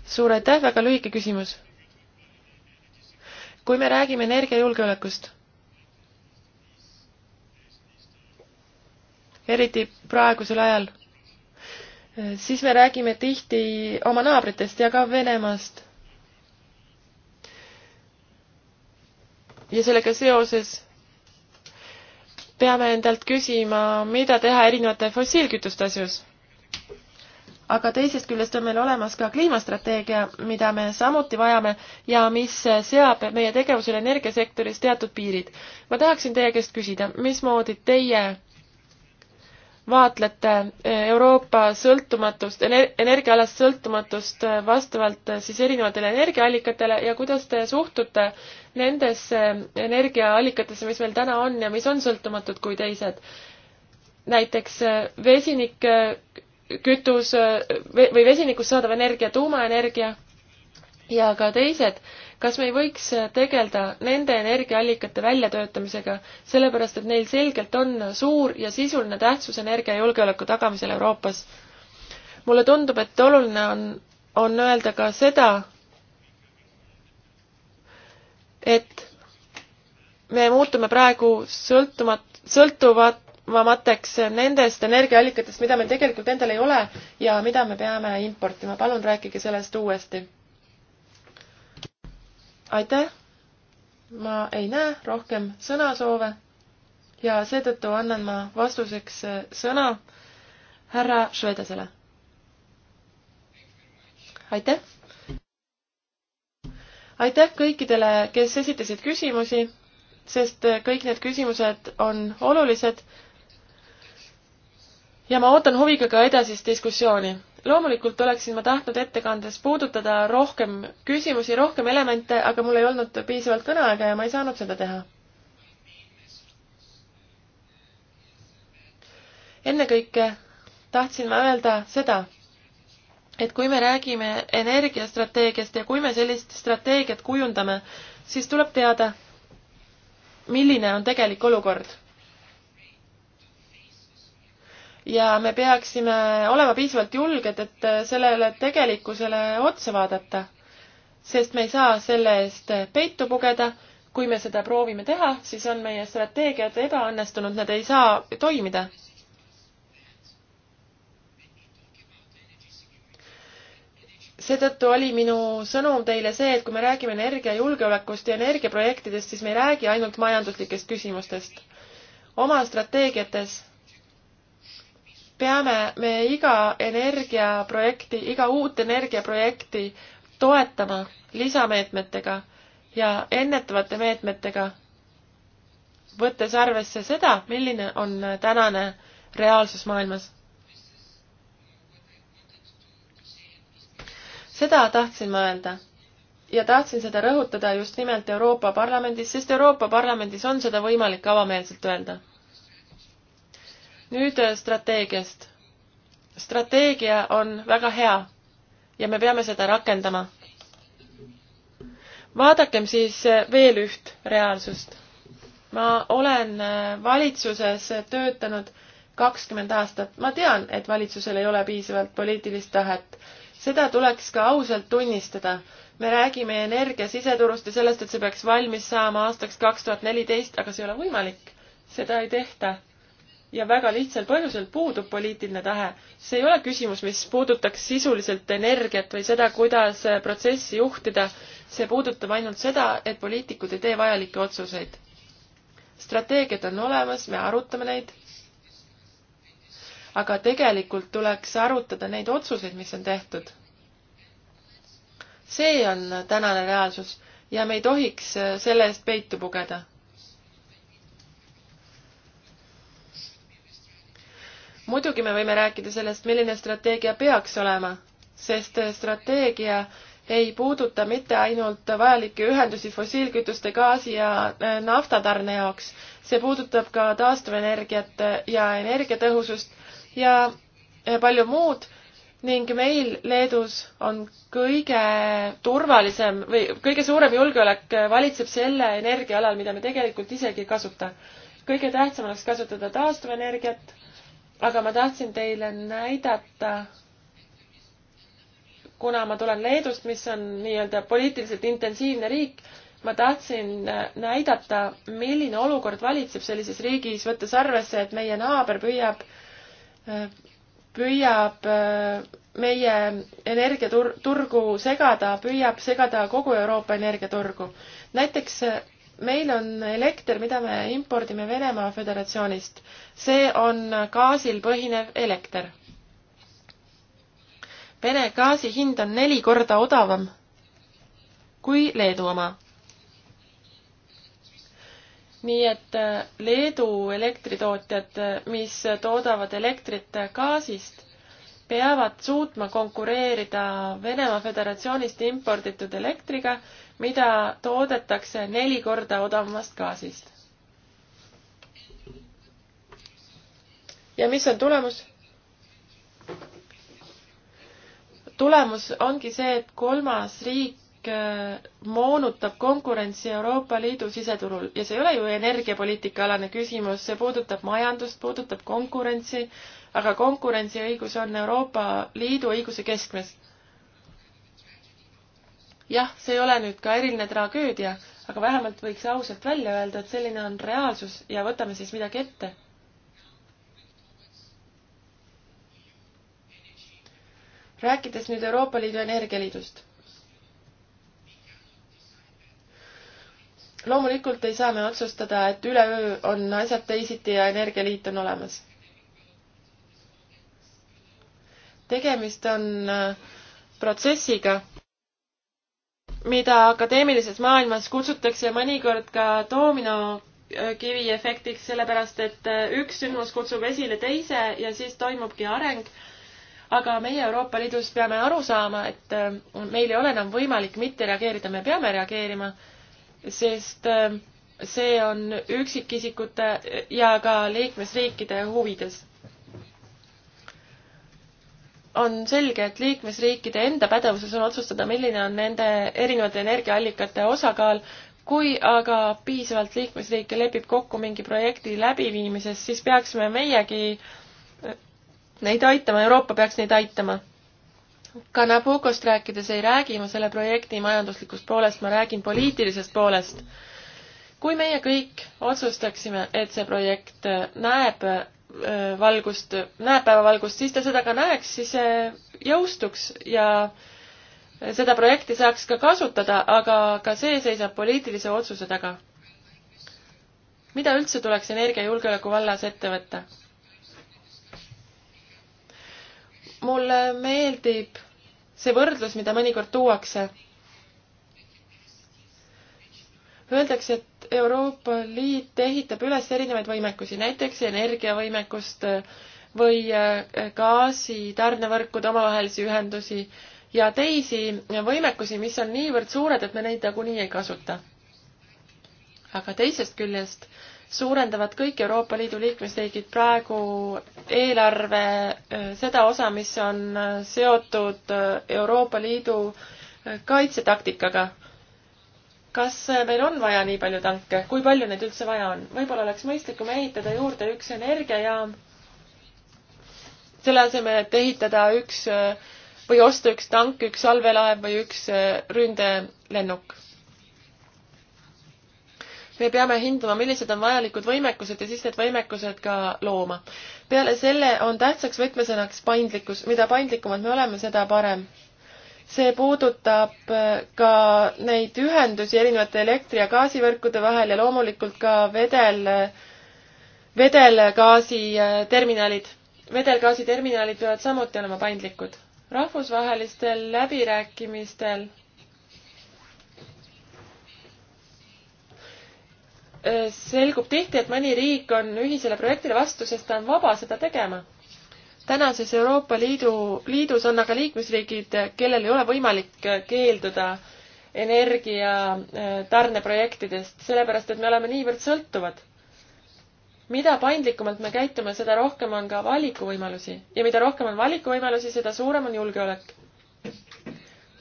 Speaker 1: suur aitäh, väga lühike küsimus. kui me räägime energiajulgeolekust, eriti praegusel ajal siis me räägime tihti oma naabritest ja ka Venemaast. ja sellega seoses peame endalt küsima, mida teha erinevate fossiilkütuste asjus. aga teisest küljest on meil olemas ka kliimastrateegia, mida me samuti vajame ja mis seab meie tegevusele energiasektoris teatud piirid. ma tahaksin teie käest küsida, mismoodi teie vaatlete eh, Euroopa sõltumatust, energiaalast sõltumatust eh, vastavalt eh, siis erinevatele energiaallikatele ja kuidas te suhtute nendesse energiaallikatesse, mis meil täna on ja mis on sõltumatud kui teised? näiteks vesinikkütus või vesinikust saadav energia, tuumaenergia ja ka teised kas me ei võiks tegeleda nende energiaallikate väljatöötamisega, sellepärast et neil selgelt on suur ja sisuline tähtsus energiajulgeoleku tagamisel Euroopas? mulle tundub, et oluline on, on öelda ka seda, et me muutume praegu sõltumat-, sõltuvamateks nendest energiaallikatest, mida meil tegelikult endal ei ole ja mida me peame importima. palun rääkige sellest uuesti aitäh! ma ei näe rohkem sõnasoove ja seetõttu annan ma vastuseks äh, sõna härra Švedasele. aitäh! aitäh kõikidele, kes esitasid küsimusi, sest äh, kõik need küsimused on olulised ja ma ootan huviga ka edasist diskussiooni loomulikult oleksin ma tahtnud ettekandes puudutada rohkem küsimusi, rohkem elemente, aga mul ei olnud piisavalt kõneaega ja ma ei saanud seda teha. ennekõike tahtsin ma öelda seda, et kui me räägime energiastrateegiast ja kui me sellist strateegiat kujundame, siis tuleb teada, milline on tegelik olukord ja me peaksime olema piisavalt julged, et sellele tegelikkusele otsa vaadata. sest me ei saa selle eest peitu pugeda. kui me seda proovime teha, siis on meie strateegiad ebaõnnestunud, nad ei saa toimida. seetõttu oli minu sõnum teile see, et kui me räägime energiajulgeolekust ja energiaprojektidest, siis me ei räägi ainult majanduslikest küsimustest. oma strateegiates peame me iga energiaprojekti, iga uut energiaprojekti toetama lisameetmetega ja ennetavate meetmetega, võttes arvesse seda, milline on tänane reaalsus maailmas. seda tahtsin ma öelda ja tahtsin seda rõhutada just nimelt Euroopa Parlamendis, sest Euroopa Parlamendis on seda võimalik avameelselt öelda nüüd äh, strateegiast. strateegia on väga hea ja me peame seda rakendama. vaadakem siis äh, veel üht reaalsust. ma olen äh, valitsuses töötanud kakskümmend aastat. ma tean, et valitsusel ei ole piisavalt poliitilist tahet. seda tuleks ka ausalt tunnistada. me räägime energia siseturust ja sellest, et see peaks valmis saama aastaks kaks tuhat neliteist, aga see ei ole võimalik. seda ei tehta ja väga lihtsal põhjusel puudub poliitiline tahe. see ei ole küsimus, mis puudutaks sisuliselt energiat või seda, kuidas äh, protsessi juhtida. see puudutab ainult seda, et poliitikud ei tee vajalikke otsuseid. strateegiad on olemas, me arutame neid. aga tegelikult tuleks arutada neid otsuseid, mis on tehtud. see on tänane reaalsus ja me ei tohiks äh, selle eest peitu pugeda muidugi me võime rääkida sellest, milline strateegia peaks olema, sest strateegia ei puuduta mitte ainult vajalikke ühendusi fossiilkütuste, gaasi ja äh, naftatarne jaoks, see puudutab ka taastuvenergiat ja energiatõhusust ja äh, palju muud ning meil Leedus on kõige turvalisem või kõige suurem julgeolek valitseb selle energiaalal, mida me tegelikult isegi ei kasuta. kõige tähtsam oleks kasutada taastuvenergiat aga ma tahtsin teile näidata, kuna ma tulen Leedust, mis on nii-öelda poliitiliselt intensiivne riik, ma tahtsin näidata, milline olukord valitseb sellises riigis, võttes arvesse, et meie naaber püüab, püüab meie energiaturgu segada, püüab segada kogu Euroopa energiaturgu. näiteks meil on elekter, mida me impordime Venemaa Föderatsioonist. see on gaasil põhinev elekter. Vene gaasi hind on neli korda odavam kui Leedu oma. nii et äh, Leedu elektritootjad, äh, mis toodavad elektrit äh, gaasist, peavad suutma konkureerida Venemaa Föderatsioonist imporditud elektriga mida toodetakse neli korda odavamast gaasist. ja mis on tulemus? tulemus ongi see, et kolmas riik äh, moonutab konkurentsi Euroopa Liidu siseturul ja see ei ole ju energiapoliitika alane küsimus, see puudutab majandust, puudutab konkurentsi, aga konkurentsiõigus on Euroopa Liidu õiguse keskmes jah, see ei ole nüüd ka eriline tragöödia, aga vähemalt võiks ausalt välja öelda, et selline on reaalsus ja võtame siis midagi ette. rääkides nüüd Euroopa Liidu Energialiidust. loomulikult ei saa me otsustada, et üleöö on asjad teisiti ja Energialiit on olemas. tegemist on äh, protsessiga mida akadeemilises maailmas kutsutakse mõnikord ka doomino äh, kivi efektiks, sellepärast et äh, üks sündmus kutsub esile teise ja siis toimubki areng. aga meie Euroopa Liidus peame aru saama, et äh, meil ei ole enam võimalik mitte reageerida, me peame reageerima, sest see on üksikisikute ja ka liikmesriikide huvides on selge, et liikmesriikide enda pädevuses on otsustada, milline on nende erinevate energiaallikate osakaal, kui aga piisavalt liikmesriike lepib kokku mingi projekti läbiviimises, siis peaksime meiegi äh, neid aitama, Euroopa peaks neid aitama. ka Nabucost rääkides ei räägi ma selle projekti majanduslikust poolest, ma räägin poliitilisest poolest. kui meie kõik otsustaksime, et see projekt äh, näeb Äh, valgust, näeb päevavalgust, siis ta seda ka näeks, siis see jõustuks ja seda projekti saaks ka kasutada, aga ka see seisab poliitilise otsuse taga. mida üldse tuleks energiajulgeoleku vallas ette võtta? mulle meeldib see võrdlus, mida mõnikord tuuakse Öeldakse, et Euroopa Liit ehitab üles erinevaid võimekusi, näiteks energiavõimekust või äh, gaasitarnevõrkude omavahelisi ühendusi ja teisi võimekusi, mis on niivõrd suured, et me neid nagunii ei kasuta. aga teisest küljest suurendavad kõik Euroopa Liidu liikmesriigid praegu eelarve äh, seda osa, mis on äh, seotud Euroopa Liidu kaitsetaktikaga kas äh, meil on vaja nii palju tanke, kui palju neid üldse vaja on? võib-olla oleks mõistlikum ehitada juurde üks energiajaam, selle asemel, et ehitada üks äh, või osta üks tank, üks allveelaev või üks äh, ründelennuk. me peame hindama, millised on vajalikud võimekused ja siis need võimekused ka looma. peale selle on tähtsaks võtmesõnaks paindlikkus, mida paindlikumad me oleme, seda parem see puudutab äh, ka neid ühendusi erinevate elektri- ja gaasivõrkude vahel ja loomulikult ka vedel, äh, vedelgaasiterminalid. Äh, vedelgaasiterminalid peavad samuti olema paindlikud. rahvusvahelistel läbirääkimistel selgub tihti, et mõni riik on ühisele projektile vastu, sest ta on vaba seda tegema tänases Euroopa Liidu, liidus on aga liikmesriigid, kellel ei ole võimalik keelduda energia äh, tarneprojektidest, sellepärast et me oleme niivõrd sõltuvad. mida paindlikumalt me käitume, seda rohkem on ka valikuvõimalusi ja mida rohkem on valikuvõimalusi, seda suurem on julgeolek.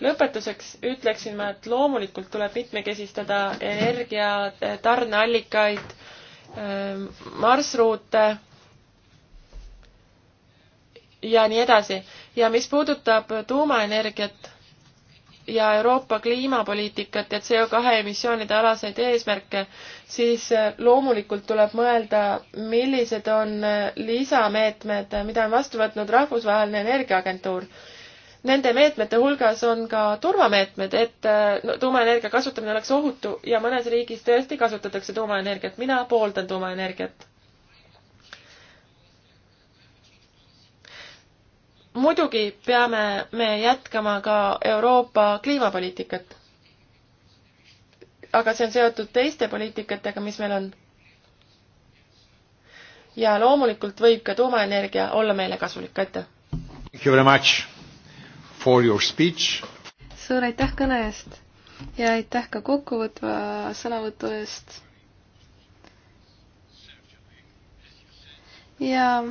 Speaker 1: lõpetuseks ütleksin ma, et loomulikult tuleb mitmekesistada energia tarneallikaid, äh, marsruute ja nii edasi. ja mis puudutab tuumaenergiat ja Euroopa kliimapoliitikat ja CO2 emissioonide alaseid eesmärke, siis äh, loomulikult tuleb mõelda, millised on äh, lisameetmed, äh, mida on vastu võtnud Rahvusvaheline Energiaagentuur. Nende meetmete hulgas on ka turvameetmed, et no, tuumaenergia kasutamine oleks ohutu ja mõnes riigis tõesti kasutatakse tuumaenergiat. mina pooldan tuumaenergiat muidugi peame me jätkama ka Euroopa kliimapoliitikat. aga see on seotud teiste poliitikatega, mis meil on. ja loomulikult võib ka tuumaenergia olla meile kasulik, aitäh! suur aitäh kõne eest ja aitäh ka
Speaker 3: kokkuvõtva sõnavõtu eest! ja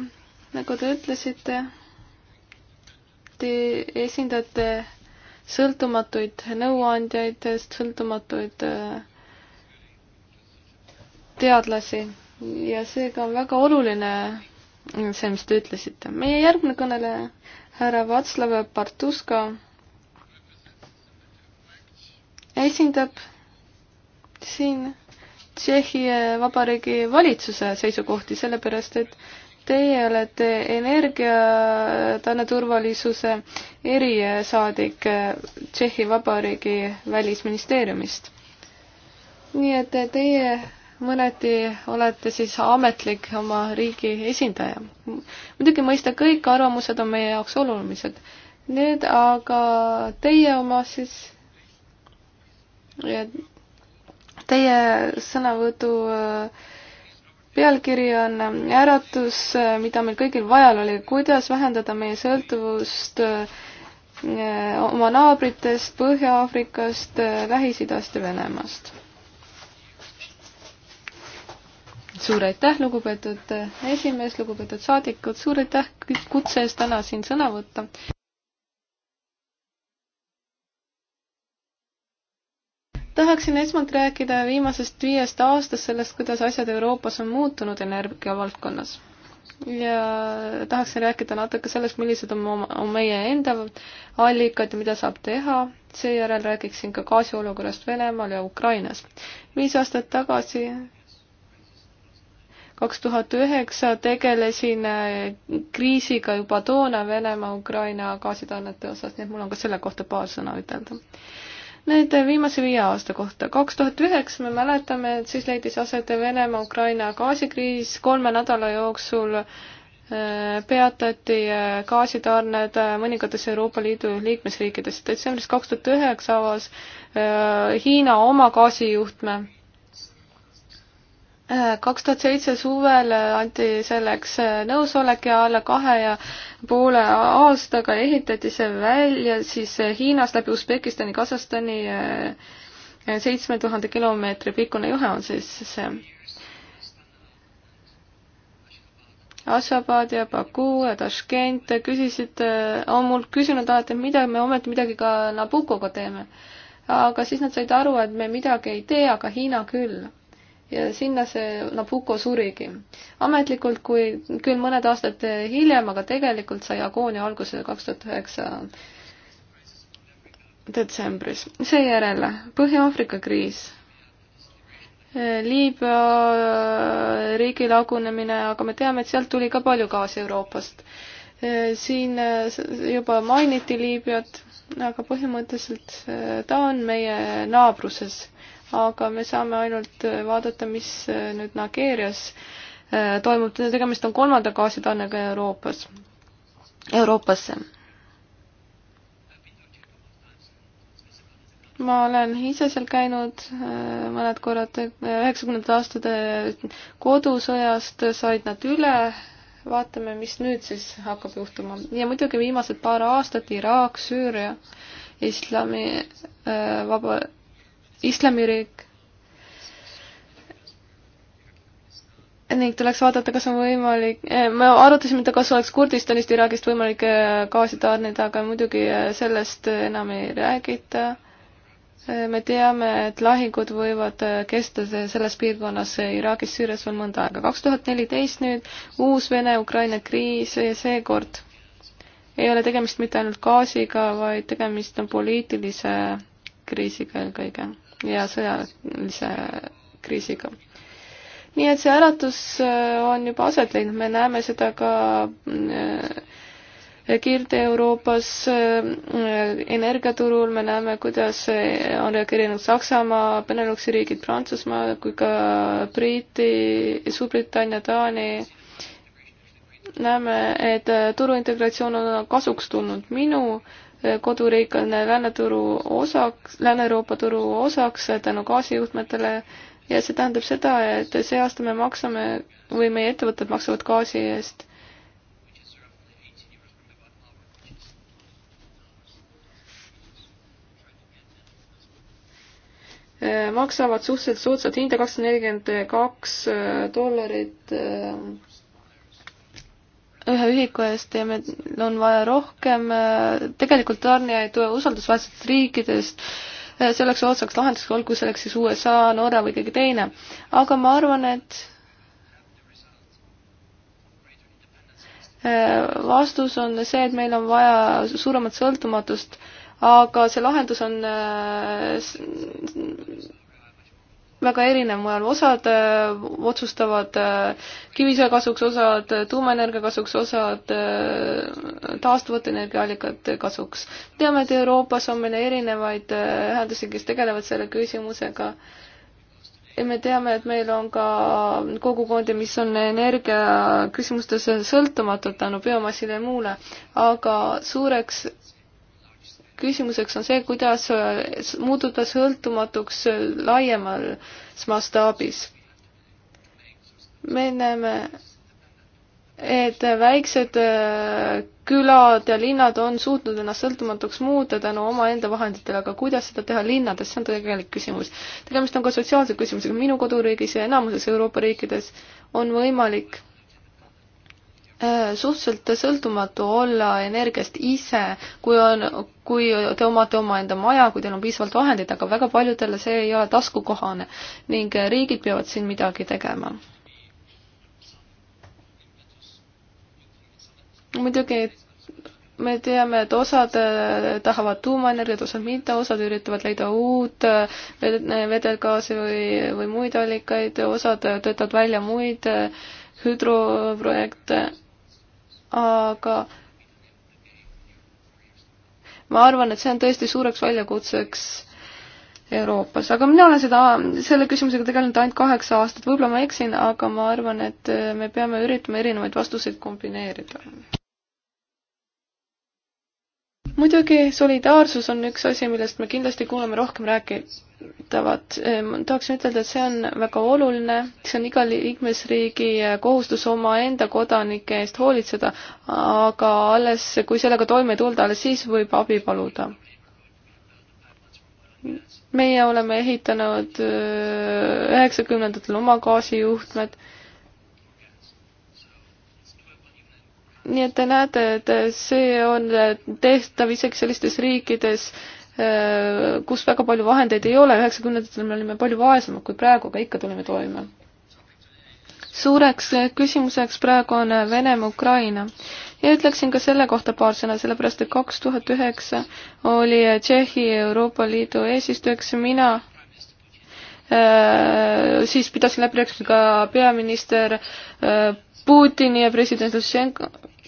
Speaker 3: nagu te ütlesite, te esindate sõltumatuid nõuandjaid, sõltumatuid äh, teadlasi ja seega on väga oluline see, mis te ütlesite. meie järgmine kõneleja, härra Václav Partuska, esindab siin Tšehhi Vabariigi valitsuse seisukohti, sellepärast et Teie olete energiatanne turvalisuse erisaadik Tšehhi Vabariigi välisministeeriumist. nii et teie mõneti olete siis ametlik oma riigi esindaja. muidugi mõista kõik arvamused on meie jaoks olulised. Need aga teie oma siis ja teie sõnavõtu äh, pealkiri on Äratus, mida meil kõigil vajal oli, kuidas vähendada meie sõltuvust eh, oma naabritest, Põhja-Aafrikast, eh, Lähis-Idast ja Venemaast. suur aitäh, lugupeetud eh, esimees, lugupeetud saadikud, suur aitäh kutse eest täna siin sõna võtta. tahaksin esmalt rääkida viimasest viiest aastast sellest, kuidas asjad Euroopas on muutunud energia valdkonnas. ja tahaksin rääkida natuke sellest, millised on, on meie enda allikad ja mida saab teha, seejärel räägiksin ka gaasi olukorrast Venemaal ja Ukrainas. viis aastat tagasi kaks tuhat üheksa tegelesin eh, kriisiga juba toona Venemaa-Ukraina gaasitarnete osas, nii et mul on ka selle kohta paar sõna ütelda Nüüd äh, viimase viie aasta kohta. kaks tuhat üheksa me mäletame, et siis leidis aset Venemaa-Ukraina gaasikriis, kolme nädala jooksul äh, peatati äh, gaasitarned mõningates Euroopa Liidu liikmesriikides. detsembris kaks tuhat üheksa avas Hiina oma gaasijuhtme kaks tuhat seitse suvel anti selleks nõusolek ja alla kahe ja poole aastaga ehitati see välja siis Hiinast läbi Usbekistani, Kasahstani eh, seitsme tuhande kilomeetri pikkune juhe on siis see. Ashabad ja Baku ja Tashkent küsisid, eh, on mul küsinud alati, et mida me ometi midagi ka Nabukoga teeme. aga siis nad said aru, et me midagi ei tee, aga Hiina küll ja sinna see Nabucco surigi. ametlikult, kui küll mõned aastad hiljem, aga tegelikult sai agoonia alguse kaks tuhat üheksa detsembris. seejärel Põhja-Aafrika kriis. Liibüa riigi lagunemine, aga me teame, et sealt tuli ka palju gaasi Euroopast. siin juba mainiti Liibüat, aga põhimõtteliselt ta on meie naabruses aga me saame ainult äh, vaadata, mis äh, nüüd Nigeerias äh, toimub, tegemist on kolmanda gaasitarnega Euroopas, Euroopasse. ma olen ise seal käinud mõned korrad, üheksakümnendate aastate kodusõjast said nad üle, vaatame, mis nüüd siis hakkab juhtuma. ja muidugi viimased paar aastat Iraak, Süüria, islami äh, vaba islamiriik. ning tuleks vaadata, kas on võimalik, eh, me arutasime, et kas oleks Kurdistanist, Iraagist võimalik eh, gaasi tarnida, aga muidugi eh, sellest enam ei räägita. me teame, et lahingud võivad kesta selles piirkonnas Iraagis, Süürias veel mõnda aega. kaks tuhat neliteist nüüd uus Vene-Ukraina kriis, seekord ei ole tegemist mitte ainult gaasiga, vaid tegemist on poliitilise kriisiga eelkõige ja sõjalise kriisiga. nii et see äratus äh, on juba aset leidnud, me näeme seda ka äh, Kirde-Euroopas äh, energiaturul me näeme, kuidas on reageerinud Saksamaa, Beneluxi riigid, Prantsusmaa kui ka Briti, Suurbritannia, Taani. näeme, et turuintegratsioon on kasuks tulnud. minu äh, koduriik on lääneturu osaks, Lääne-Euroopa turu osaks tänu gaasijuhtmetele ja see tähendab seda, et see aasta me maksame või meie ettevõtted maksavad gaasi eest maksavad suhteliselt soodsat hinda kakssada nelikümmend kaks dollarit ühe ühiku eest ja meil on vaja rohkem äh, tegelikult tarnijaid usaldusväärsetest riikidest äh, selleks otsaks lahenduseks, olgu selleks siis USA, Norra või keegi teine. aga ma arvan, et äh, vastus on see, et meil on vaja suuremat sõltumatust, aga see lahendus on väga erinev mujal, osad öö, äh, otsustavad äh, kivisöe kasuks, osad äh, tuumaenergia kasuks, osad taastuvate energiaallikate kasuks. teame, et Euroopas on meil erinevaid ühendusi, kes tegelevad selle küsimusega. ja me teame, et meil on ka kogukondi, mis on energia küsimustes sõltumatud tänu biomassile ja muule, aga suureks küsimuseks on see, kuidas äh, muutuda sõltumatuks äh, laiemas mastaabis. me näeme, et väiksed äh, külad ja linnad on suutnud ennast sõltumatuks muuta tänu omaenda vahenditele, aga kuidas seda teha linnades, see on tegelik küsimus. tegemist on ka sotsiaalse küsimusega, minu koduriigis ja enamuses Euroopa riikides on võimalik suhteliselt sõltumatu olla energiast ise, kui on kui te omate omaenda maja, kui teil on piisavalt vahendeid, aga väga paljudele see ei ole taskukohane ning riigid peavad siin midagi tegema. muidugi me teame, et osad äh, tahavad tuumaenergiat, osad mitte, osad üritavad leida uut äh, vedelgaasi või, või muid allikaid, osad töötavad välja muid äh, hüdroprojekte, aga äh, ma arvan, et see on tõesti suureks väljakutseks Euroopas, aga mina olen seda, selle küsimusega tegelenud ainult kaheksa aastat, võib-olla ma eksin, aga ma arvan, et me peame üritama erinevaid vastuseid kombineerida muidugi solidaarsus on üks asi, millest me kindlasti kuuleme rohkem rääkitavat. Ehm, tahaksin ütelda, et see on väga oluline, see on iga liikmesriigi eh, kohustus omaenda kodanike eest hoolitseda, aga alles, kui sellega toime ei tulda, alles siis võib abi paluda. meie oleme ehitanud eh, üheksakümnendatel oma gaasijuhtmed nii et te näete, et see on tehtav isegi sellistes riikides, eh, kus väga palju vahendeid ei ole, üheksakümnendatel me olime palju vaesemad kui praegu, aga ikka tulime toime. suureks küsimuseks praegu on Venemaa-Ukraina ja ütleksin ka selle kohta paar sõna, sellepärast et kaks tuhat üheksa oli Tšehhi Euroopa Liidu eesistujaks mina eh, siis pidasin läbirääkimisi ka peaminister eh, Putini ja president Lušenko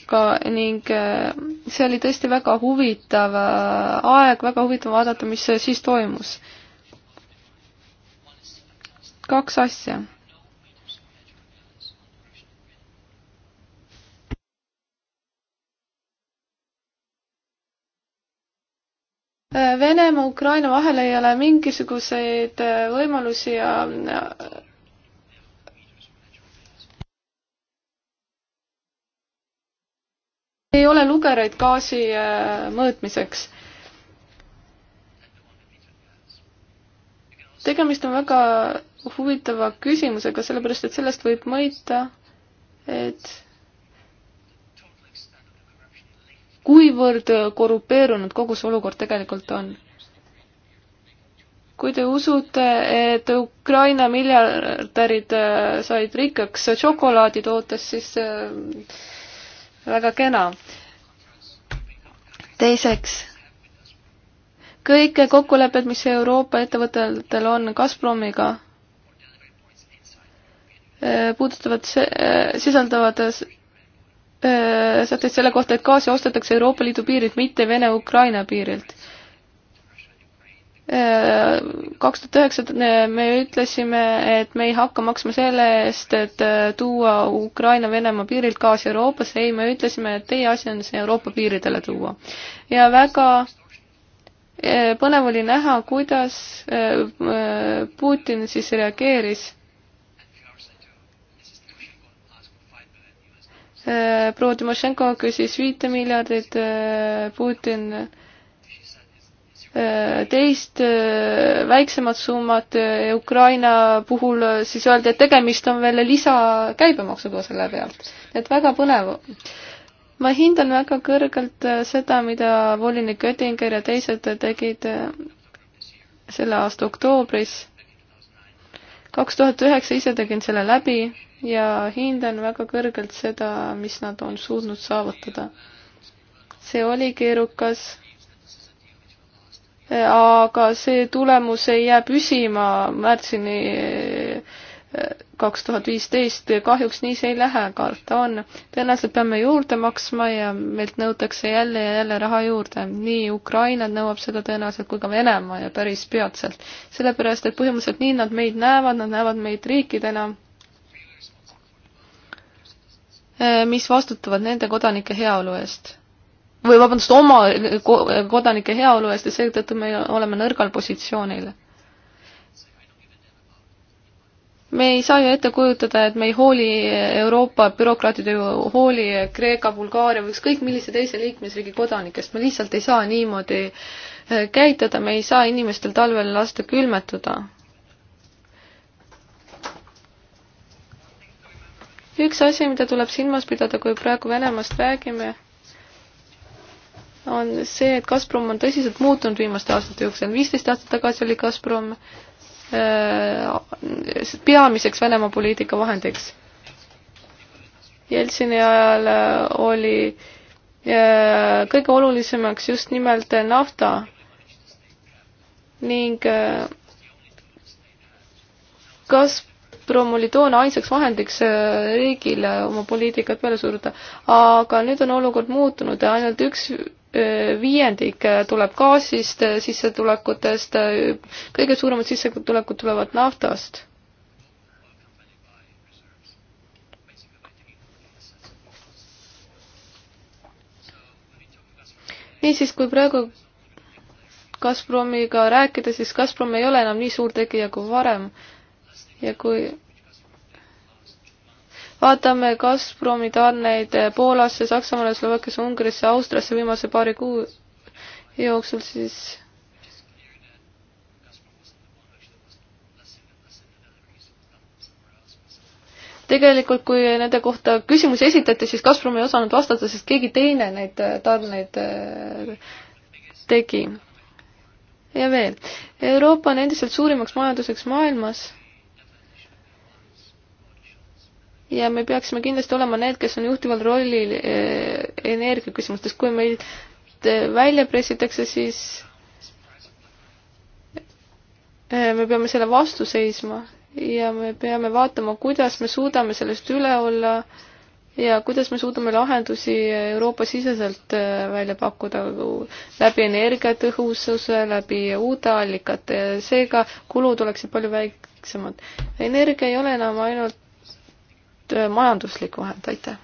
Speaker 3: ka ning äh, see oli tõesti väga huvitav äh, aeg, väga huvitav vaadata, mis siis toimus. kaks asja. Äh, Venemaa, Ukraina vahel ei ole mingisuguseid võimalusi ja ei ole lugereid gaasi äh, mõõtmiseks. tegemist on väga huvitava küsimusega, sellepärast et sellest võib mõõta, et kuivõrd korrupeerunud kogu see olukord tegelikult on kui te usute, et Ukraina miljardärid äh, said rikkaks šokolaaditootest, siis äh, väga kena. teiseks, kõik kokkulepped, mis Euroopa ettevõtetel on Gazpromiga, eh, puudutavad, eh, sisaldavad eh, sätteid selle kohta, et gaasi ostetakse Euroopa Liidu piirilt, mitte Vene-Ukraina piirilt kaks tuhat üheksa me ütlesime, et me ei hakka maksma selle eest, et äh, tuua Ukraina-Venemaa piirilt gaasi Euroopasse, ei, me ütlesime, et teie asi on see Euroopa piiridele tuua. ja väga äh, põnev oli näha, kuidas äh, Putin siis reageeris. proua Timošenko küsis viite miljardit, Putin Äh, teist äh, väiksemat summat äh, Ukraina puhul, siis öeldi, et tegemist on veel lisakäibemaksuga selle pealt. et väga põnev. ma hindan väga kõrgelt seda, mida volinik Oettinger ja teised tegid selle aasta oktoobris. kaks tuhat üheksa ise tegin selle läbi ja hindan väga kõrgelt seda, mis nad on suutnud saavutada. see oli keerukas aga see tulemus ei jää püsima märtsini eh, kaks tuhat viisteist, kahjuks nii see ei lähe, karta on. tõenäoliselt peame juurde maksma ja meilt nõutakse jälle ja jälle raha juurde. nii Ukraina nõuab seda tõenäoliselt kui ka Venemaa ja päris peatselt. sellepärast, et põhimõtteliselt nii nad meid näevad, nad näevad meid riikidena, eh, mis vastutavad nende kodanike heaolu eest või vabandust, oma kodanike heaolu eest ja seetõttu me oleme nõrgal positsioonil. me ei saa ju ette kujutada, et me ei hooli Euroopa bürokraatid ei hooli Kreeka, Bulgaaria või ükskõik millise teise liikmesriigi kodanikest, me lihtsalt ei saa niimoodi eh, käituda, me ei saa inimestel talvel lasta külmetuda. üks asi, mida tuleb silmas pidada, kui praegu Venemaast räägime on see, et Gazprom on tõsiselt muutunud viimaste aastate jooksul. viisteist aastat tagasi oli Gazprom äh, peamiseks Venemaa poliitika vahendiks. Jeltsini ajal äh, oli äh, kõige olulisemaks just nimelt nafta ning Gazprom oli toona ainsaks vahendiks riigile oma poliitikat peale suruda, aga nüüd on olukord muutunud ja ainult üks viiendik tuleb gaasist, sissetulekutest, kõige suuremad sissetulekud tulevad naftast. niisiis, kui praegu Gazpromiga rääkida, siis Gazprom ei ole enam nii suur tegija kui varem. ja kui vaatame Gazpromi tarneid Poolasse, Saksamaale, Slovakkiasse, Ungarisse, Austriasse viimase paari kuu jooksul, siis tegelikult, kui nende kohta küsimusi esitati, siis Gazprom ei osanud vastata, sest keegi teine neid tarneid äh, tegi. ja veel, Euroopa on endiselt suurimaks majanduseks maailmas ja me peaksime kindlasti olema need, kes on juhtival rollil eh, energiaküsimustes, kui meid eh, välja pressitakse, siis eh, me peame selle vastu seisma ja me peame vaatama, kuidas me suudame sellest üle olla ja kuidas me suudame lahendusi Euroopa-siseselt välja pakkuda läbi energiatõhususe, läbi uute allikate ja seega kulud oleksid palju väiksemad. energia ei ole enam ainult Äh, majanduslik vahend, aitäh!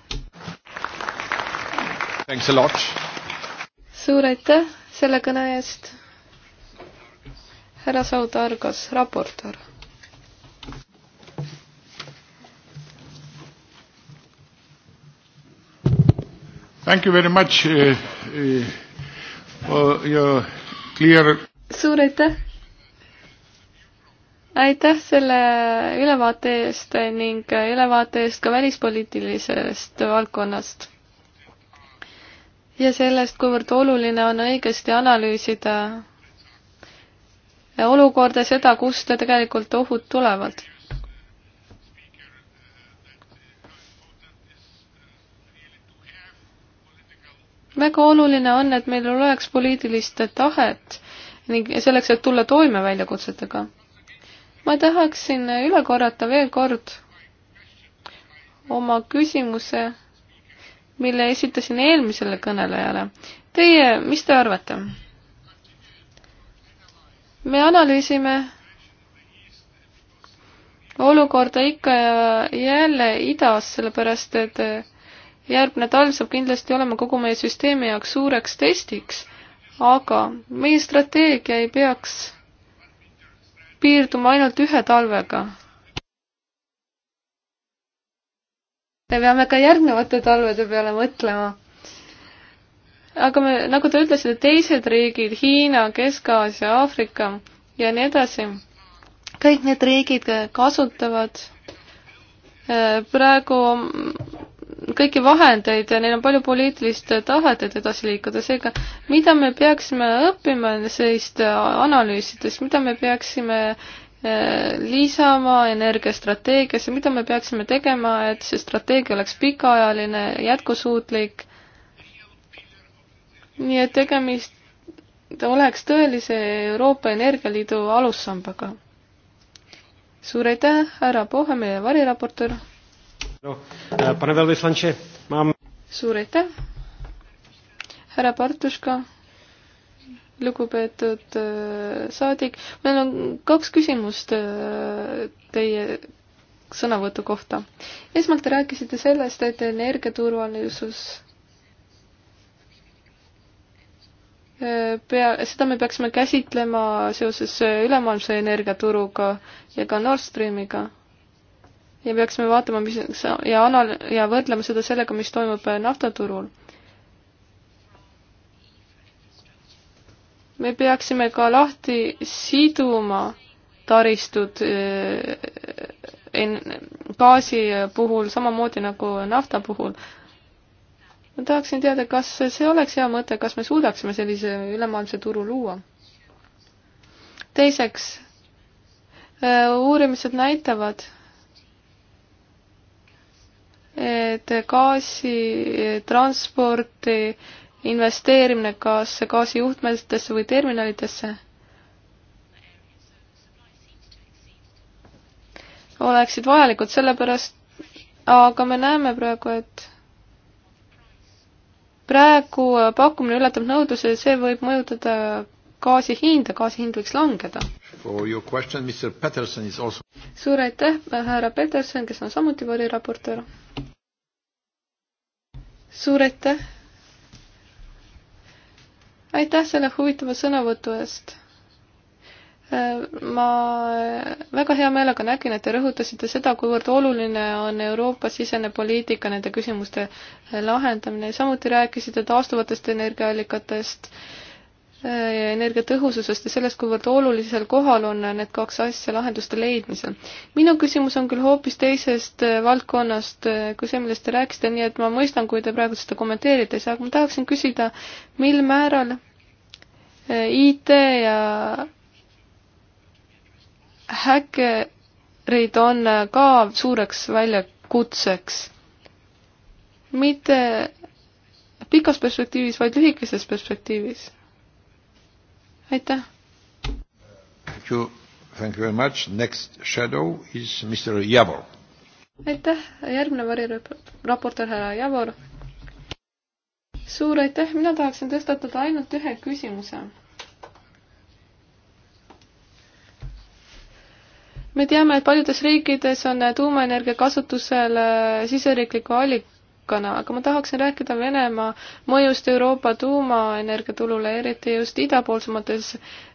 Speaker 3: suur aitäh selle kõne eest, härra Saudargas, raportöör.
Speaker 2: Thank you very much uh, uh, for your clear
Speaker 3: suur aitäh aitäh selle ülevaate eest ning ülevaate eest ka välispoliitilisest valdkonnast. ja sellest, kuivõrd oluline on õigesti analüüsida olukorda, seda, kust tegelikult ohud tulevad. väga oluline on, et meil oleks poliitilist tahet ning selleks, et tulla toime väljakutsetega ma tahaksin üle korrata veel kord oma küsimuse, mille esitasin eelmisele kõnelejale. Teie, mis te arvate? me analüüsime olukorda ikka ja jälle idas, sellepärast et järgmine talv saab kindlasti olema kogu meie süsteemi jaoks suureks testiks, aga meie strateegia ei peaks piirduma ainult ühe talvega. me peame ka järgnevate talvede peale mõtlema. aga me, nagu te ütlesite, teised riigid, Hiina, Kesk-Aasia, Aafrika ja nii edasi, kõik need riigid kasutavad eh, praegu kõiki vahendeid ja neil on palju poliitilist tahet, et edasi liikuda, seega mida me peaksime õppima sellist analüüsidest, mida me peaksime eh, lisama energiastrateegiasse, mida me peaksime tegema, et see strateegia oleks pikaajaline, jätkusuutlik, nii et tegemist oleks tõelise Euroopa Energialiidu alussambaga. suur aitäh, härra Pohe, meie variraportöör!
Speaker 2: no eh, panevel Vislanše,
Speaker 3: ma. suur aitäh, härra Partuška, lugupeetud eh, saadik, meil on kaks küsimust eh, teie sõnavõtu kohta. esmalt te rääkisite sellest, et energiaturvalisus pea, seda me peaksime käsitlema seoses ülemaailmse energiaturuga ja ka Nord Streamiga ja peaksime vaatama, mis ja anal- ja võrdlema seda sellega, mis toimub äh, naftaturul. me peaksime ka lahti siduma taristud äh, gaasi puhul samamoodi nagu nafta puhul. ma tahaksin teada, kas see oleks hea mõte, kas me suudaksime sellise ülemaailmse turu luua? teiseks, äh, uurimised näitavad et gaasi transporti investeerimine kas gaasijuhtmetesse või terminalidesse oleksid vajalikud, sellepärast aga me näeme praegu, et praegu pakkumine ületab nõudluse ja see võib mõjutada gaasi hinda, gaasi hind võiks langeda.
Speaker 1: Also...
Speaker 3: suur aitäh, härra Peterson, kes on samuti variraportöör. suur aitäh. aitäh selle huvitava sõnavõtu eest. ma väga hea meelega nägin, et te rõhutasite seda, kuivõrd oluline on Euroopa-sisene poliitika nende küsimuste lahendamine, samuti rääkisite taastuvatest energiaallikatest äh, energiatõhususest ja sellest, kuivõrd olulisel kohal on need kaks asja lahenduste leidmisel. minu küsimus on küll hoopis teisest äh, valdkonnast äh, kui see, millest te rääkisite, nii et ma mõistan, kui te praegu seda kommenteerite ei saa, aga ma tahaksin küsida, mil määral äh, IT ja häkkerid on ka suureks väljakutseks, mitte pikas perspektiivis, vaid lühikeses perspektiivis aitäh!
Speaker 1: Thank you, thank you very much, next shadow is Mr Javor.
Speaker 3: aitäh, järgmine variraportor härra Javor. suur aitäh, mina tahaksin tõstatada ainult ühe küsimuse. me teame, et paljudes riikides on tuumaenergia kasutusel siseriikliku allik-, hukana, aga ma tahaksin rääkida Venemaa mõjust Euroopa tuumaenergia tulule, eriti just idapoolsemates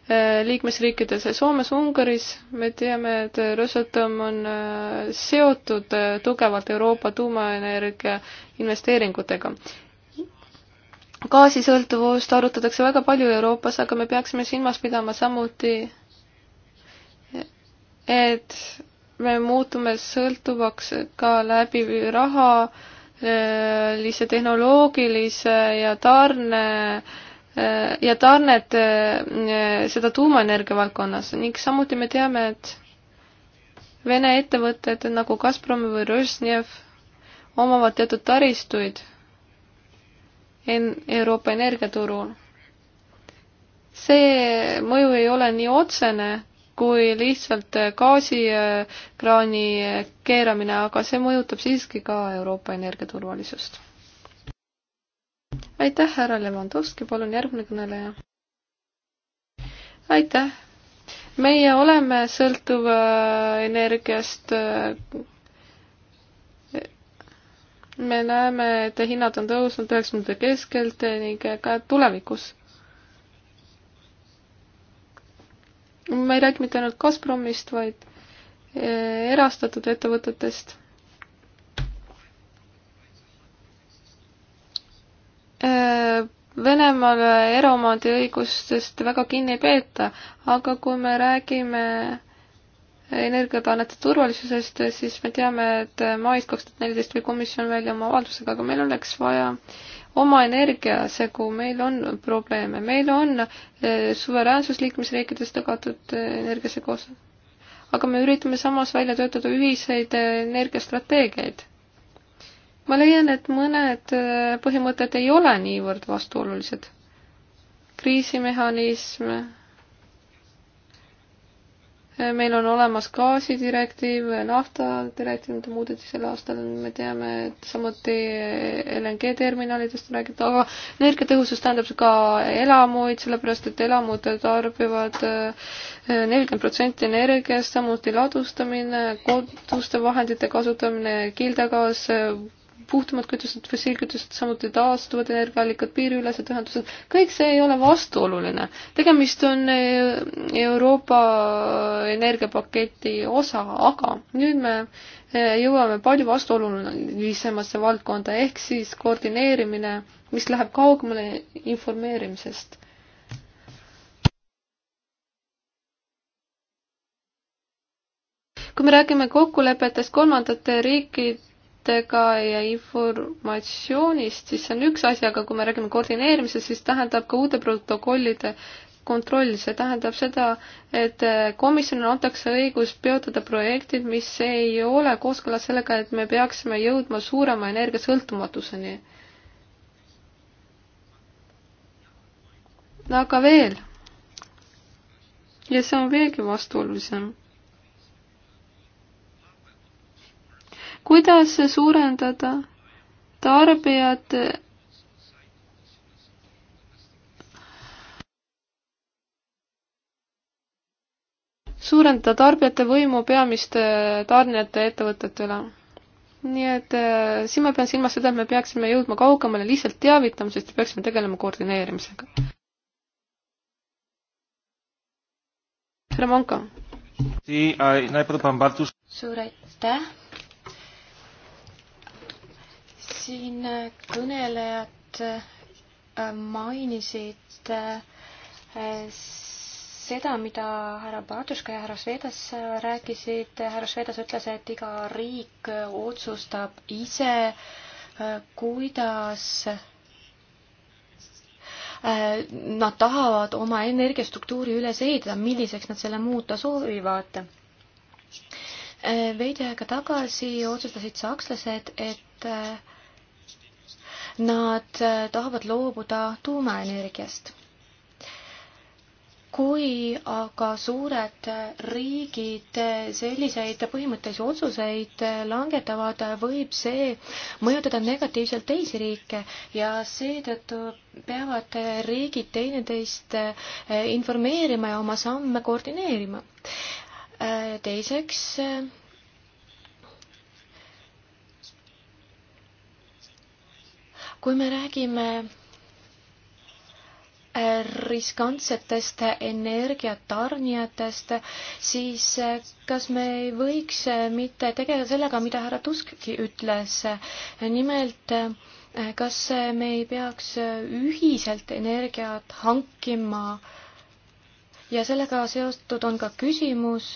Speaker 3: eh, liikmesriikides, Soomes, Ungaris me teame, et Rosatom on eh, seotud eh, tugevalt Euroopa tuumaenergia investeeringutega gaasisõltuvust arutatakse väga palju Euroopas, aga me peaksime silmas pidama samuti, et me muutume sõltuvaks ka läbi raha sellise tehnoloogilise ja tarne ja tarnet eh, seda tuumaenergia valdkonnas ning samuti me teame, et Vene ettevõtted nagu Gazprom või Rosnev omavad teatud taristuid en-, Euroopa energiaturul. see mõju ei ole nii otsene, kui lihtsalt gaasikraani äh, äh, keeramine, aga see mõjutab siiski ka Euroopa energiaturvalisust. aitäh, härra Levanovski, palun järgmine kõneleja. aitäh. meie oleme sõltuv äh, energiast me näeme, et hinnad on tõusnud üheksakümnendate keskelt ning ka tulevikus. ma ei räägi mitte ainult Gazpromist, vaid eh, erastatud ettevõtetest. Eh, Venemaal eraomandiõigustest väga kinni ei peeta, aga kui me räägime energiatoonete turvalisusest, siis me teame, et mais kaks tuhat neliteist tuli komisjon välja oma avaldusega, aga meil oleks vaja oma energiasegu, meil on probleeme, meil on eh, suveräänsus liikmesriikides tagatud eh, energiasegu osa. aga me üritame samas välja töötada ühiseid eh, energiastrateegiaid. ma leian, et mõned põhimõtted ei ole niivõrd vastuolulised. kriisimehhanism meil on olemas gaasidirektiiv, naftadirektiiv, mida muudeti sel aastal, me teame, et samuti LNG terminalidest on räägitud, aga energiatõhusus tähendab ka elamuid, sellepärast et elamud tarbivad äh, nelikümmend protsenti energiast, samuti ladustamine, koduste vahendite kasutamine, kildagaas, puhtamad kütused, fossiilkütused, samuti taastuvad energiaallikad, piiriülesed ühendused, kõik see ei ole vastuoluline. tegemist on eh, Euroopa energiapaketi osa, aga nüüd me eh, jõuame palju vastuolulisemasse valdkonda, ehk siis koordineerimine, mis läheb kaugemale informeerimisest. kui me räägime kokkulepetest kolmandate riikide andmetega ja informatsioonist, siis see on üks asi, aga kui me räägime koordineerimisest, siis tähendab ka uute protokollide kontroll, see tähendab seda, et komisjonile antakse õigus peatada projektid, mis ei ole kooskõlas sellega, et me peaksime jõudma suurema energiasõltumatuseni. aga veel, ja see on veelgi vastuolulisem kuidas suurendada tarbijate suurendada tarbijate võimu peamiste tarnijate ettevõtete üle. nii et äh, siin ma pean silmas seda, et me peaksime jõudma kaugemale lihtsalt teavitamisest ja peaksime tegelema koordineerimisega. härra Manka. suur
Speaker 2: aitäh siin kõnelejad äh, mainisid äh, seda, mida härra Bartuška ja härra Svedas rääkisid. härra Svedas ütles, et iga riik otsustab ise, äh, kuidas nad tahavad oma energiastruktuuri üles ehitada, milliseks nad selle muuta soovivad. veidi aega tagasi otsustasid sakslased, et Nad äh, tahavad loobuda tuumaenergiast kui aga suured riigid selliseid põhimõttelisi otsuseid langetavad, võib see mõjutada negatiivselt teisi riike ja seetõttu peavad riigid teineteist äh, informeerima ja oma samme koordineerima. Äh, teiseks kui me räägime äh, riskantsetest energiatarnijatest, siis äh, kas me ei võiks äh, mitte tegeleda sellega, mida härra Tuskki ütles, nimelt kas me ei peaks ühiselt energiat hankima ja sellega seotud on ka küsimus,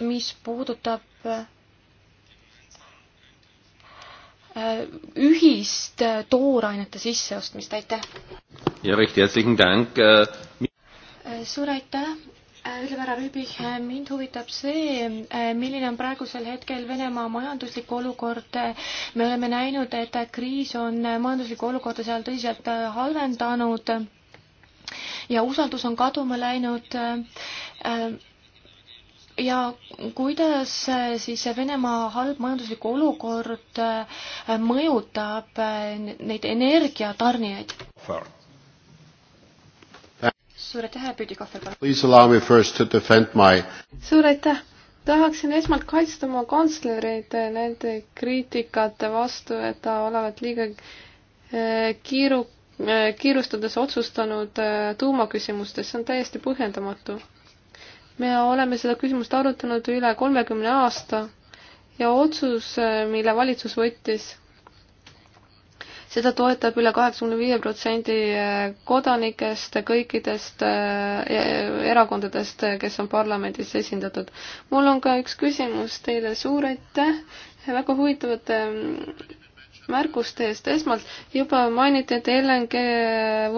Speaker 2: mis puudutab Äh, ühist äh, toorainete sisseostmist, aitäh!
Speaker 1: ja recht herzlichen Dank! Äh,
Speaker 2: suur aitäh! ütleb härra Rüübich, mind huvitab see, milline on praegusel hetkel Venemaa majanduslik olukord. me oleme näinud, et kriis on majanduslikku olukorda seal tõsiselt halvendanud ja usaldus on kaduma läinud ja kuidas äh, siis Venemaa halb majanduslik olukord äh, mõjutab äh, neid energiatarnijaid?
Speaker 3: suur aitäh, Püüdi Kahvel,
Speaker 2: palun!
Speaker 3: suur aitäh! tahaksin esmalt kaitsta oma kantslereid nende kriitikate vastu, et ta olevat liiga kiiru, kiirustades otsustanud tuumaküsimustes, see on täiesti põhjendamatu me oleme seda küsimust arutanud üle kolmekümne aasta ja otsus, äh, mille valitsus võttis, seda toetab üle kaheksakümne viie protsendi äh, kodanikest, kõikidest äh, e-, erakondadest, kes on parlamendis esindatud. mul on ka üks küsimus teile, suur aitäh väga huvitavate mm, märkuste eest. esmalt juba mainiti, et LNG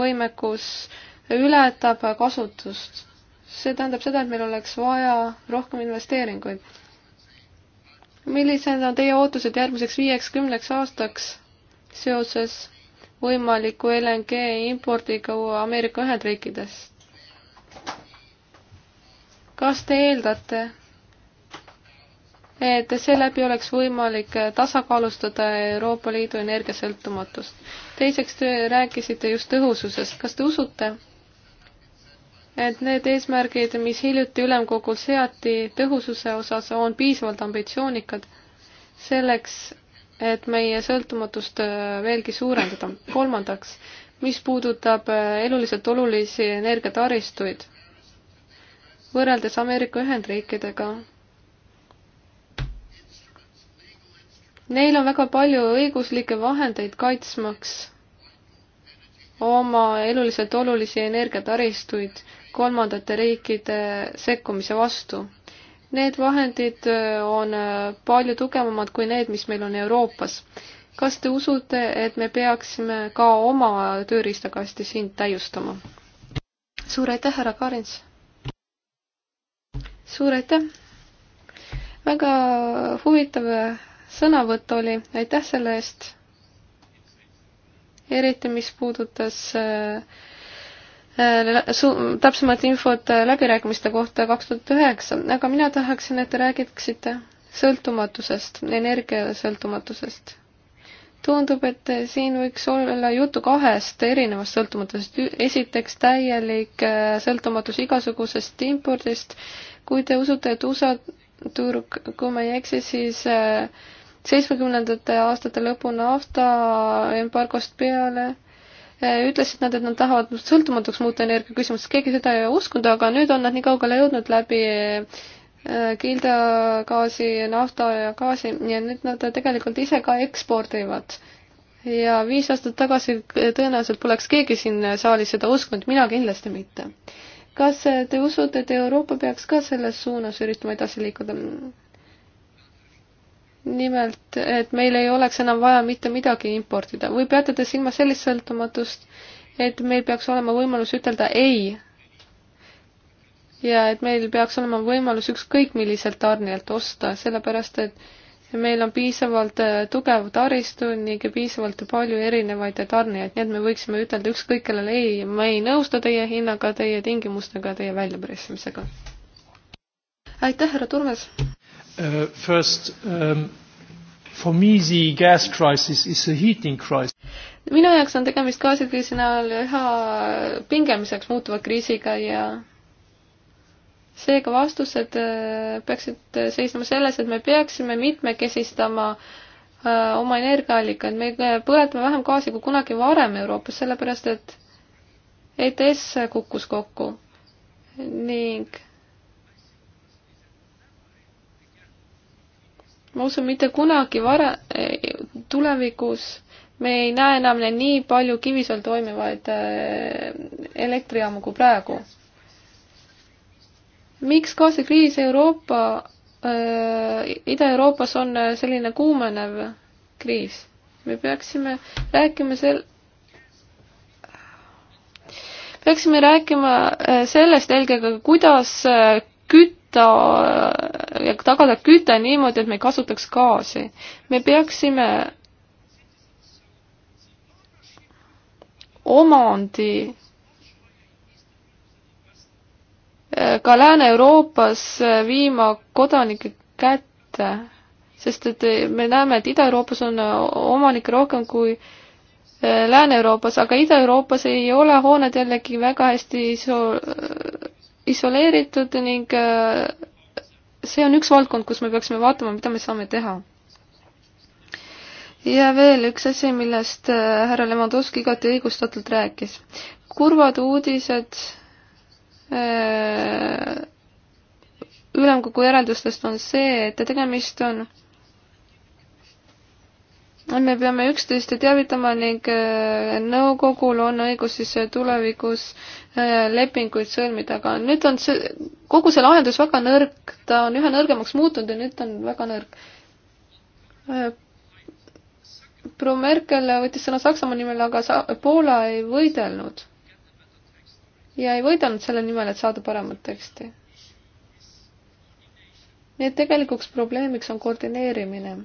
Speaker 3: võimekus ületab kasutust see tähendab seda, et meil oleks vaja rohkem investeeringuid. millised on teie ootused järgmiseks viieks-kümneks aastaks seoses võimaliku LNG impordiga Ameerika Ühendriikidest? kas te eeldate, et seeläbi oleks võimalik tasakaalustada Euroopa Liidu energiasõltumatust. teiseks, te rääkisite just tõhususest, kas te usute, et need eesmärgid, mis hiljuti ülemkogul seati tõhususe osas, on piisavalt ambitsioonikad selleks, et meie sõltumatust äh, veelgi suurendada. kolmandaks, mis puudutab äh, eluliselt olulisi energiataristuid, võrreldes Ameerika Ühendriikidega, Neil on väga palju õiguslikke vahendeid kaitsmaks oma eluliselt olulisi energiataristuid kolmandate riikide sekkumise vastu. Need vahendid äh, on äh, palju tugevamad kui need, mis meil on Euroopas. kas te usute, et me peaksime ka oma tööriistakasti siin täiustama? suur aitäh, härra Karins! suur aitäh! väga huvitav sõnavõtt oli, aitäh selle eest! eriti, mis puudutas äh, Äh, su-, täpsemat infot äh, läbirääkimiste kohta kaks tuhat üheksa, aga mina tahaksin, et te räägiksite sõltumatusest, energiasõltumatusest. tundub, et siin võiks olla juttu kahest erinevast sõltumatusest, esiteks täielik äh, sõltumatus igasugusest impordist, kui te usute, et USA turg, kui ma ei eksi, siis seitsmekümnendate aastate lõpu nafta embargost peale ütlesid nad, et nad tahavad sõltumatuks muuta energia küsimust, keegi seda ei uskunud, aga nüüd on nad nii kaugele jõudnud läbi äh, kilda, gaasi, nafta ja gaasi ja nüüd nad tegelikult ise ka ekspordivad. ja viis aastat tagasi tõenäoliselt poleks keegi siin saalis seda uskunud, mina kindlasti mitte. kas te usute, et Euroopa peaks ka selles suunas üritama edasi liikuda? nimelt, et meil ei oleks enam vaja mitte midagi importida või peate te silmas sellist sõltumatust, et meil peaks olema võimalus ütelda ei? ja et meil peaks olema võimalus ükskõik milliselt tarnijalt osta, sellepärast et meil on piisavalt äh, tugev taristu ning piisavalt palju erinevaid tarnijaid, nii et me võiksime ütelda ükskõik kellele ei, ma ei nõustu teie hinnaga, teie tingimustega, teie väljapressimisega. aitäh, härra Turmes!
Speaker 2: Uh, first, um, for me the gas crisis is a heating crisis.
Speaker 3: minu jaoks on tegemist gaasikriisi näol üha pingemiseks muutuva kriisiga ja seega vastused äh, peaksid äh, seisnema selles, et me peaksime mitmekesistama äh, oma energiaallikaid, me põletame vähem gaasi kui kunagi varem Euroopas, sellepärast et ETS kukkus kokku ning ma usun, mitte kunagi vara-, eh, tulevikus me ei näe enam nii palju kivisel toimivaid eh, elektrijaamu kui praegu. miks gaasikriis Euroopa, eh, Ida-Euroopas on selline kuumenev kriis? me peaksime rääkima sel-, peaksime rääkima sellest eelkõige, kuidas küt-, kütta ja tagada küte niimoodi, et me ei kasutaks gaasi. me peaksime omandi eh, ka Lääne-Euroopas eh, viima kodanike kätte, sest et eh, me näeme, et Ida-Euroopas on omanikke rohkem kui Lääne-Euroopas, aga Ida-Euroopas ei ole hooned jällegi väga hästi iso-, isoleeritud ning äh, see on üks valdkond, kus me peaksime vaatama, mida me saame teha. ja veel üks asi, millest äh, härra Lewandowski igati õigustatult rääkis. kurvad uudised äh, ülemkogu järeldustest on see, et tegemist on me peame üksteist teavitama ning nõukogul on õigus siis tulevikus Äh, lepinguid sõlmida, aga nüüd on see, kogu see lahendus väga nõrk, ta on üha nõrgemaks muutunud ja nüüd ta on väga nõrk. Äh, proua Merkel võttis sõna Saksamaa nimel, aga sa-, Poola ei võidelnud. ja ei võidelnud selle nimel, et saada paremat teksti. nii et tegelikuks probleemiks on koordineerimine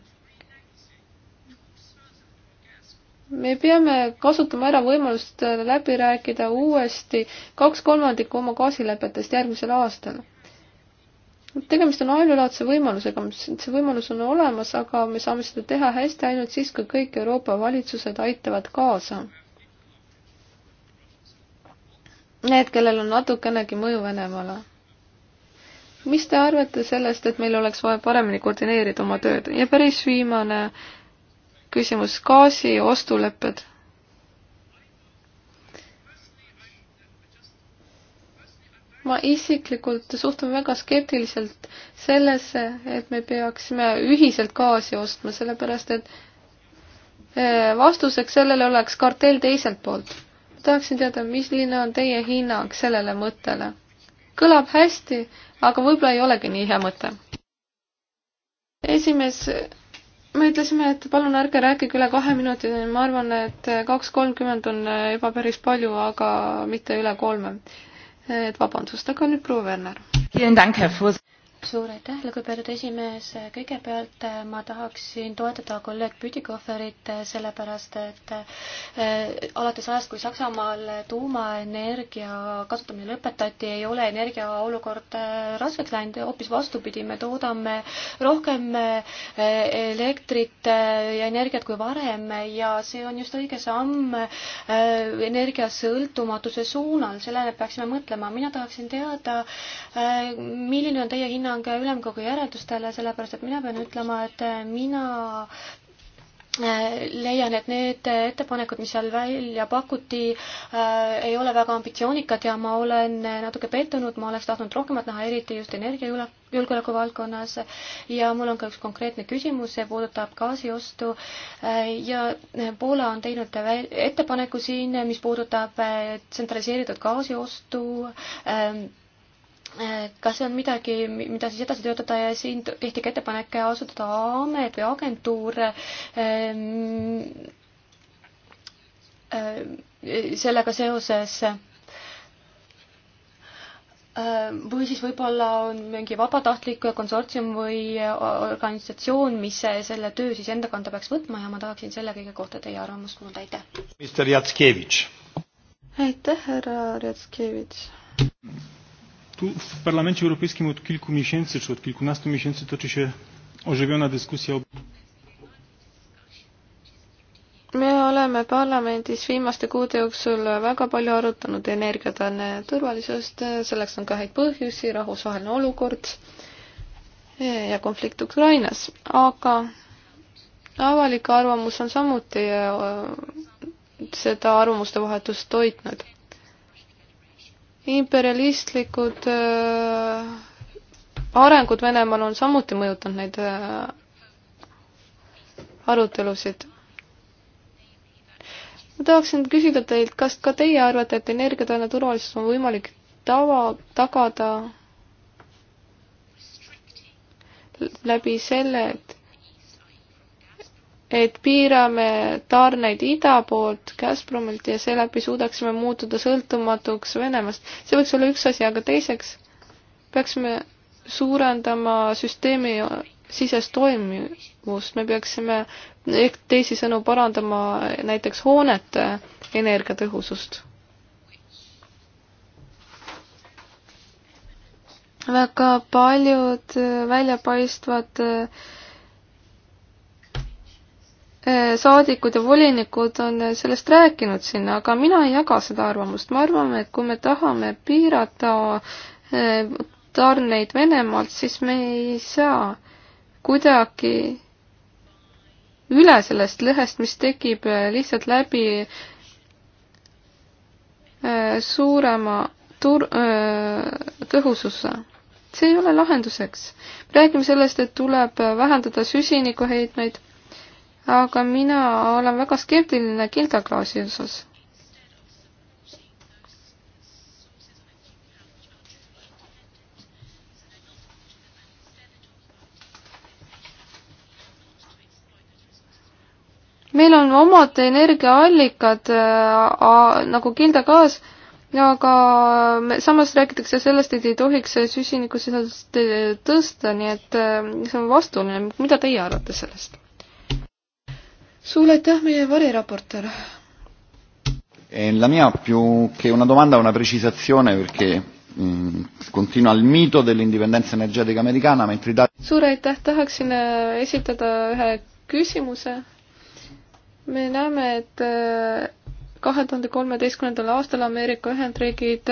Speaker 3: me peame kasutama ära võimalust läbi rääkida uuesti kaks kolmandikku oma gaasilepetest järgmisel aastal. tegemist on ainulaadse võimalusega, see võimalus on olemas, aga me saame seda teha hästi ainult siis, kui kõik Euroopa valitsused aitavad kaasa. Need, kellel on natukenegi mõju Venemaale mis te arvate sellest, et meil oleks vaja paremini koordineerida oma tööd ja päris viimane äh, küsimus gaasi ostulepped. ma isiklikult suhtun väga skeptiliselt sellesse, et me peaksime ühiselt gaasi ostma, sellepärast et eh, vastuseks sellele oleks kartell teiselt poolt. tahaksin teada, milline on teie hinnang sellele mõttele? kõlab hästi, aga võib-olla ei olegi nii hea mõte. esimees me ütlesime, et palun ärge rääkige üle kahe minuti, ma arvan, et kaks kolmkümmend on juba päris palju, aga mitte üle kolme. et vabandust, aga nüüd proua Werner suur aitäh, lugupeetud esimees,
Speaker 2: kõigepealt äh, ma tahaksin toetada kolleeg Püdikohverit, äh, sellepärast et äh, alates ajast, kui Saksamaal tuumaenergia kasutamine lõpetati, ei ole energia olukord raskeks läinud, hoopis vastupidi, me toodame rohkem elektrit ja energiat kui varem ja see on just õige samm energiasõltumatuse suunal, sellele peaksime mõtlema, mina tahaksin teada, milline on teie hinnang tuginetan ka ülemkogu järeldustele, sellepärast et mina pean ütlema, et mina äh, leian, et need ettepanekud, mis seal välja pakuti, äh, ei ole väga ambitsioonikad ja ma olen natuke pettunud, ma oleks tahtnud rohkemat näha, eriti just energiajulgeoleku valdkonnas. ja mul on ka üks konkreetne küsimus, see puudutab gaasiostu äh, ja Poola on teinud ettepaneku siin, mis puudutab tsentraliseeritud gaasiostu ähm, Eh, kas see on midagi, mida siis edasi töötada ja siin tehti ka ettepanek asutada amet või agentuur ehm, ehm, sellega seoses ehm, või siis võib-olla on mingi vabatahtlik konsortsium või organisatsioon, mis selle töö siis enda kanda peaks võtma ja ma tahaksin selle kõige kohta teie arvamust
Speaker 3: kuulda, aitäh.
Speaker 1: minister Jatskevitš.
Speaker 3: aitäh, härra Jatskevitš.
Speaker 2: Tu w Parlamencie Europejskim od kilku miesięcy czy od kilkunastu miesięcy toczy się
Speaker 3: ożywiona dyskusja o me oleme parlamendis viimaste kuude jooksul väga palju arutanud energiatane turvalisust, selleks on ka häid põhjusi, rahvusvaheline olukord ja konflikt Ukrainas, aga avalik arvamus on samuti äh, seda arvamuste vahetust toitnud imperialistlikud äh, arengud Venemaal on samuti mõjutanud neid äh, arutelusid. ma tahaksin küsida teilt, kas ka teie arvate, et energiatoime turvalisus on võimalik tava, tagada läbi selle, et et piirame tarneid ida poolt Gazpromilt ja seeläbi suudaksime muutuda sõltumatuks Venemaast. see võiks olla üks asi, aga teiseks peaksime suurendama süsteemi sisest toimivust, me peaksime ehk teisisõnu parandama näiteks hoonete energiatõhusust. väga paljud väljapaistvad äh, Äh, saadikud ja volinikud on äh, sellest rääkinud sinna, aga mina ei jaga seda arvamust. me arvame, et kui me tahame piirata äh, tarneid Venemaalt, siis me ei saa kuidagi üle sellest lõhest, mis tekib lihtsalt läbi suurema tur-, tõhususe. see ei ole lahenduseks. räägime sellest, et tuleb vähendada süsinikuheitmeid aga mina olen väga skeptiline kildaklaasi osas. meil on omad energiaallikad äh, nagu kildaklaas aga me, samas räägitakse sellest, et ei tohiks süsinikusisaldust tõsta, nii et äh, see on vastuoluline. mida teie arvate sellest? suur aitäh, meie variraportöör.
Speaker 1: Eh, la mia più che una domanda è una precisazione perché mh, mm, continua il mito dell'indipendenza energetica americana mentre Italia...
Speaker 3: suur aitäh, tahaksin eh, esitada ühe küsimuse. me näeme, et eh, kahe tuhande kolmeteistkümnendal aastal Ameerika Ühendriigid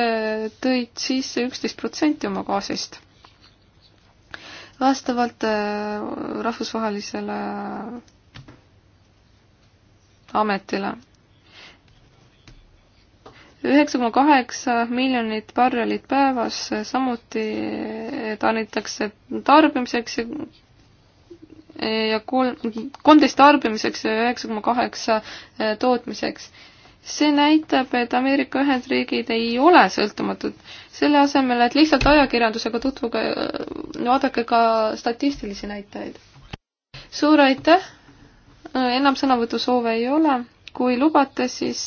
Speaker 3: tõid sisse üksteist protsenti oma gaasist. vastavalt rahvusvahelisele ametile. üheksa koma kaheksa miljonit barrelit päevas samuti tarnitakse tarbimiseks ja ja kolm, kolmteist tarbimiseks ja üheksa koma kaheksa e, tootmiseks. see näitab, et Ameerika Ühendriigid ei ole sõltumatud. selle asemel, et lihtsalt ajakirjandusega tutvuge, vaadake ka statistilisi näitajaid. suur aitäh! enam sõnavõtusoove ei ole, kui lubate, siis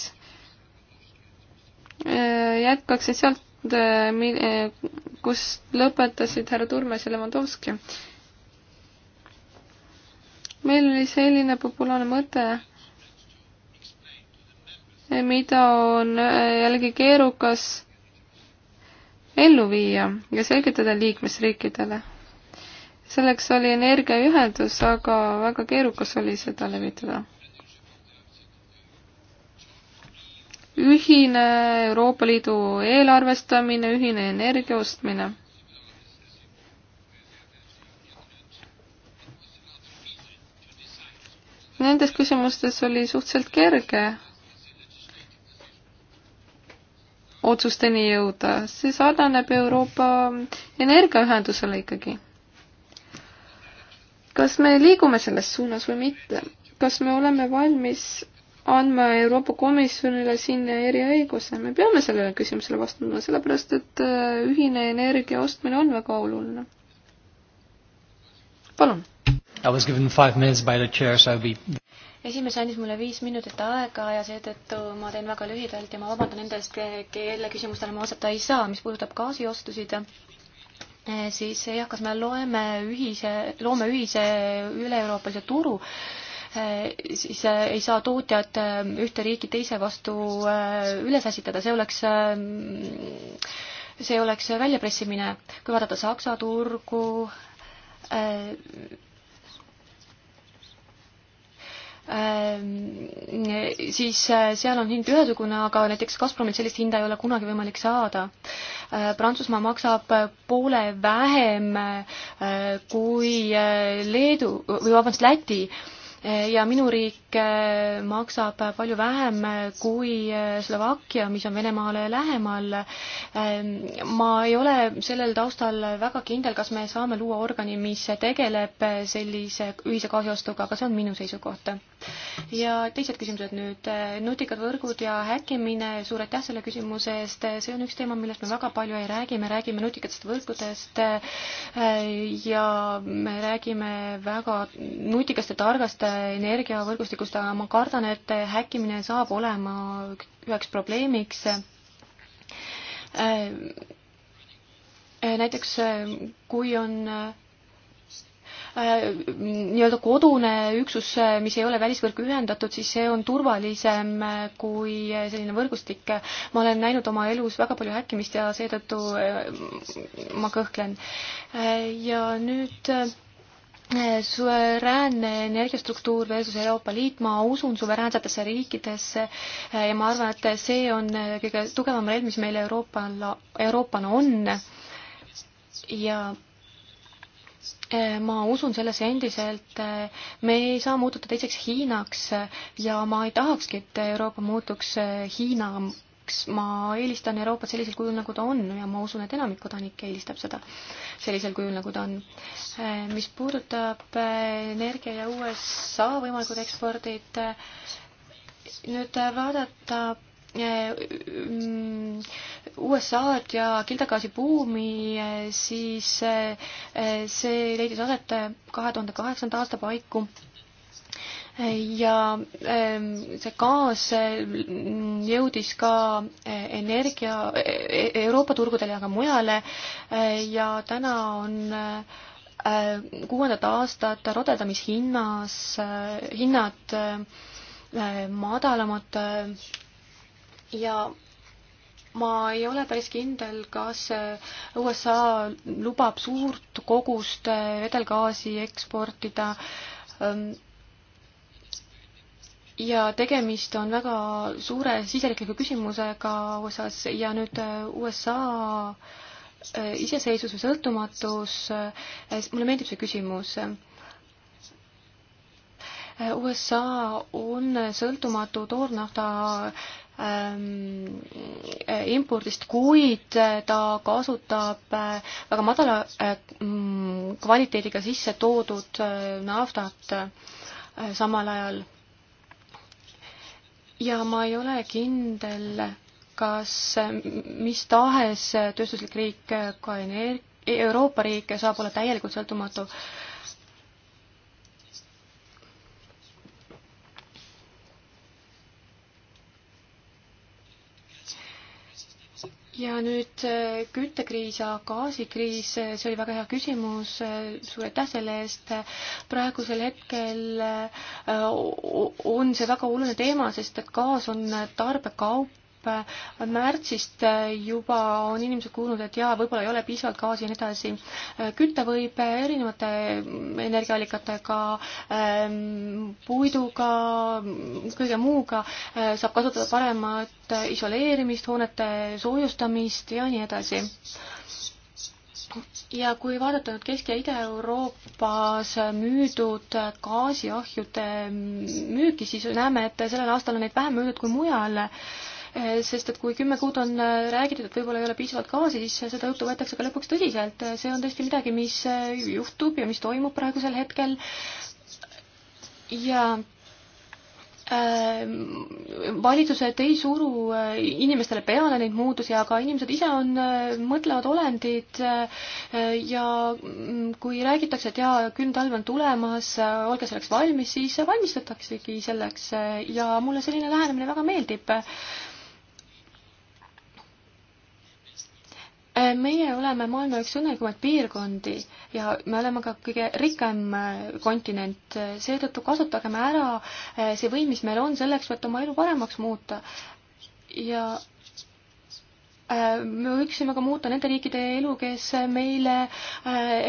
Speaker 3: äh, jätkaksin sealt, äh, äh, kus lõpetasid härra Turmes ja Levanovski. meil oli selline populaarne mõte, mida on jällegi keerukas ellu viia ja selgitada liikmesriikidele selleks oli energiaühendus, aga väga keerukas oli seda levitada. ühine Euroopa Liidu eelarvestamine, ühine energia ostmine nendes küsimustes oli suhteliselt kerge otsusteni jõuda, see sarnaneb Euroopa energiaühendusele ikkagi kas me liigume selles suunas või mitte? kas me oleme valmis andma Euroopa Komisjonile siin eriõiguse, me peame sellele küsimusele vastama, sellepärast et äh, ühine energia ostmine on väga oluline. palun. Be... esimees andis mulle viis minutit aega
Speaker 2: ja seetõttu ma teen väga lühidalt ja ma vabandan nende eest, kelle küsimustele ma vastata ei saa, mis puudutab gaasiostusid Eh, siis jah, kas me loeme ühise, loome ühise üle-euroopalise turu, eh, siis eh, ei saa tootjad ühte riiki teise vastu üles äsitada, see oleks see oleks väljapressimine, kui vaadata Saksa turgu, Ehm, siis äh, seal on hind ühesugune, aga näiteks Gazpromil sellist hinda ei ole kunagi võimalik saada. Äh, Prantsusmaa maksab äh, poole vähem kui Leedu või vabandust, Läti ja minu riik äh, maksab palju vähem äh, kui äh, Slovakkia, mis on Venemaale lähemal. Ähm, ma ei ole sellel taustal väga kindel, kas me saame luua organi, mis tegeleb sellise ühise kahjustuga, aga see on minu seisukoht. ja teised küsimused nüüd, nutikad võrgud ja häkkimine, suur aitäh selle küsimuse eest, see on üks teema, millest me väga palju ei räägi, me räägime nutikatest võrgudest ja me räägime väga nutikast ja targast energiavõrgustikust, aga ma kardan, et häkkimine saab olema üheks probleemiks. näiteks kui on äh, nii-öelda kodune üksus, mis ei ole välisvõrku ühendatud, siis see on turvalisem kui selline võrgustik. ma olen näinud oma elus väga palju häkkimist ja seetõttu äh, ma kõhklen. Äh, ja nüüd suveräänne energiastruktuur versus Euroopa Liit, ma usun suveräänsetesse riikidesse ja ma arvan, et see on kõige tugevam relv, mis meil Euroopal, Euroopana on. ja eh, ma usun sellesse endiselt, eh, me ei saa muutuda teiseks Hiinaks ja ma ei tahakski, et Euroopa muutuks eh, Hiina miks ma eelistan Euroopat sellisel kujul, nagu ta on ja ma usun, et enamik kodanikke eelistab seda sellisel kujul, nagu ta on. Äh, mis puudutab äh, energia ja USA võimalikud ekspordid, äh, nüüd vaadata mm, USA-d ja kildagaasi buumi, siis see leidis aset kahe tuhande kaheksanda aasta paiku ja ähm, see gaas mm, jõudis ka äh, energia e, e, Euroopa turgudele ja ka mujale äh, ja täna on äh, kuuendat aastat rodedamishinnas hinnad madalamad ja ma ei ole päris kindel, kas USA lubab suurt kogust vedelgaasi eksportida ähm, ja tegemist on väga suure siseriikliku küsimusega USA-s ja nüüd äh, USA äh, iseseisvus või sõltumatus, äh, mulle meeldib see küsimus. USA on sõltumatu toornafta ähm, impordist, kuid ta kasutab väga madala ähm, kvaliteediga sisse toodud naftat äh, samal ajal ja ma ei ole kindel, kas mis tahes tööstuslik riik, ka energia Euroopa riik saab olla täielikult sõltumatu ja nüüd äh, küttekriis ja gaasikriis, äh, see oli väga hea küsimus, äh, suur aitäh selle eest. praegusel hetkel on see väga oluline teema, sest et gaas on tarbekaup märtsist juba on inimesed kuulnud, et jaa, võib-olla ei ole piisavalt gaasi ja nii edasi. kütta võib erinevate energiaallikatega, ähm, puiduga, kõige muuga, äh, saab kasutada paremat isoleerimist, hoonete soojustamist ja nii edasi ja kui vaadata nüüd Kesk- ja Ida-Euroopas müüdud gaasiahjude müüki, siis näeme, et sellel aastal on neid vähem müüdud kui mujal sest et kui kümme kuud on äh, räägitud, et võib-olla ei ole piisavalt gaasi, siis seda juttu võetakse ka lõpuks tõsiselt. see on tõesti midagi, mis äh, juhtub ja mis toimub praegusel hetkel. ja ähm, valitsused ei suru äh, inimestele peale neid muutusi, aga inimesed ise on mõtlevad olendid ja mm, kui räägitakse, et jaa, külm talv on tulemas, olge selleks valmis, siis valmistataksegi selleks ja mulle selline lähenemine väga meeldib meie oleme maailma üks õnnelikumaid piirkondi ja me oleme ka kõige rikkam äh, kontinent, seetõttu kasutagem ära äh, see võim, mis meil on, selleks, et oma elu paremaks muuta. ja äh, me võiksime ka muuta nende riikide elu, kes meile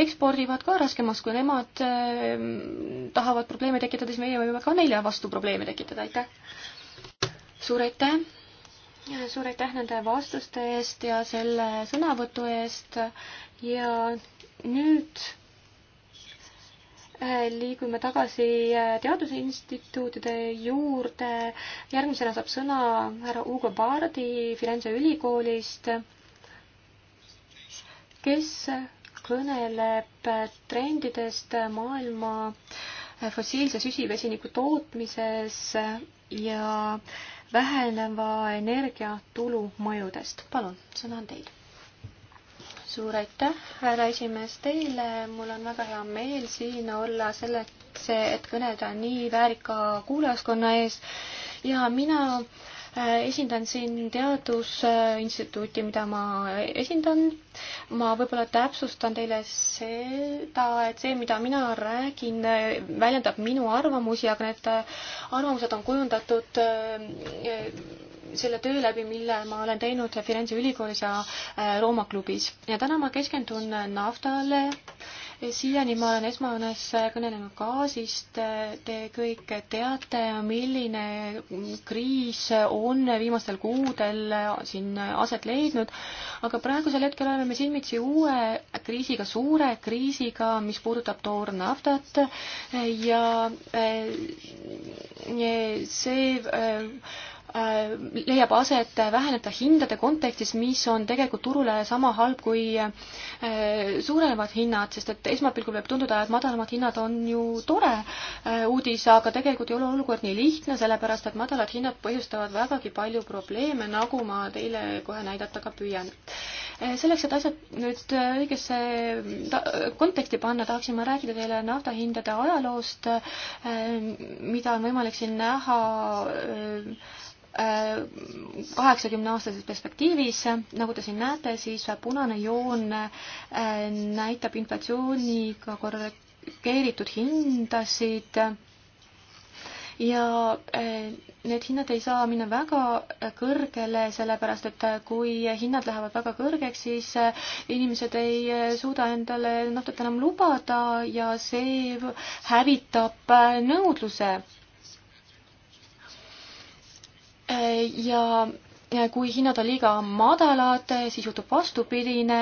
Speaker 2: ekspordivad ka raskemaks, kui nemad tahavad probleeme tekitada, siis meie võime ka neile vastu probleeme tekitada, aitäh! suur aitäh! suur aitäh nende vastuste eest ja selle sõnavõtu eest ja nüüd äh, liigume tagasi äh, Teaduse Instituutide juurde. järgmisena saab sõna härra Ugo Bardi Firenze ülikoolist, kes kõneleb trendidest maailma äh, fossiilse süsivesiniku tootmises ja äh, väheneva energiatulu mõjudest. palun, sõna on teil. suur aitäh, härra esimees, teile. mul on väga hea meel siin olla selleks, et kõneleda nii väärika kuulajaskonna ees ja mina äh, Äh, esindan siin teadusinstituuti, mida ma esindan. ma võib-olla täpsustan teile seda, et see, mida mina räägin, väljendab minu arvamusi, aga need äh, arvamused on kujundatud äh, selle töö läbi, mille ma olen teinud Firenze ülikoolis ja Rooma klubis ja täna ma keskendun naftale siiani ma olen esmajoones kõnelenud gaasist, te kõik teate, milline kriis on viimastel kuudel siin aset leidnud, aga praegusel hetkel oleme silmitsi uue kriisiga, suure kriisiga, mis puudutab toornaftat ja eh, see eh, Äh, leiab aset, väheneb ta hindade kontekstis, mis on tegelikult turule sama halb kui äh, suuremad hinnad, sest et esmapilgul võib tunduda, et madalamad hinnad on ju tore äh, uudis, aga tegelikult ei ole olukord nii lihtne, sellepärast et madalad hinnad põhjustavad vägagi palju probleeme, nagu ma teile kohe näidata ka püüan selleks, et asjad nüüd õigesse konteksti panna, tahaksin ma rääkida teile naftahindade ajaloost, mida on võimalik siin näha kaheksakümneaastases perspektiivis, nagu te siin näete, siis punane joon äh, näitab inflatsiooniga korrigeeritud hindasid ja äh, need hinnad ei saa minna väga kõrgele, sellepärast et kui hinnad lähevad väga kõrgeks, siis äh, inimesed ei suuda endale naftat enam lubada ja see hävitab nõudluse ja kui hinnad on liiga madalad, siis juhtub vastupidine,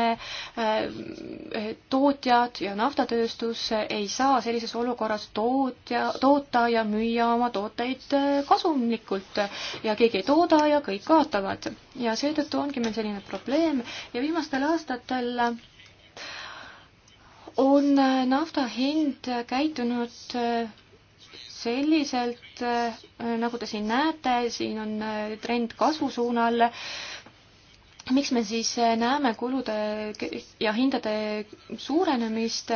Speaker 2: äh, tootjad ja naftatööstus ei saa sellises olukorras tootja, toota ja müüa oma tooteid äh, kasumlikult ja keegi ei tooda ja kõik kaotavad. ja seetõttu ongi meil selline probleem ja viimastel aastatel on nafta hind käitunud äh, selliselt, äh, nagu te siin näete, siin on äh, trend kasvusuunal. miks me siis äh, näeme kulude ja hindade suurenemist?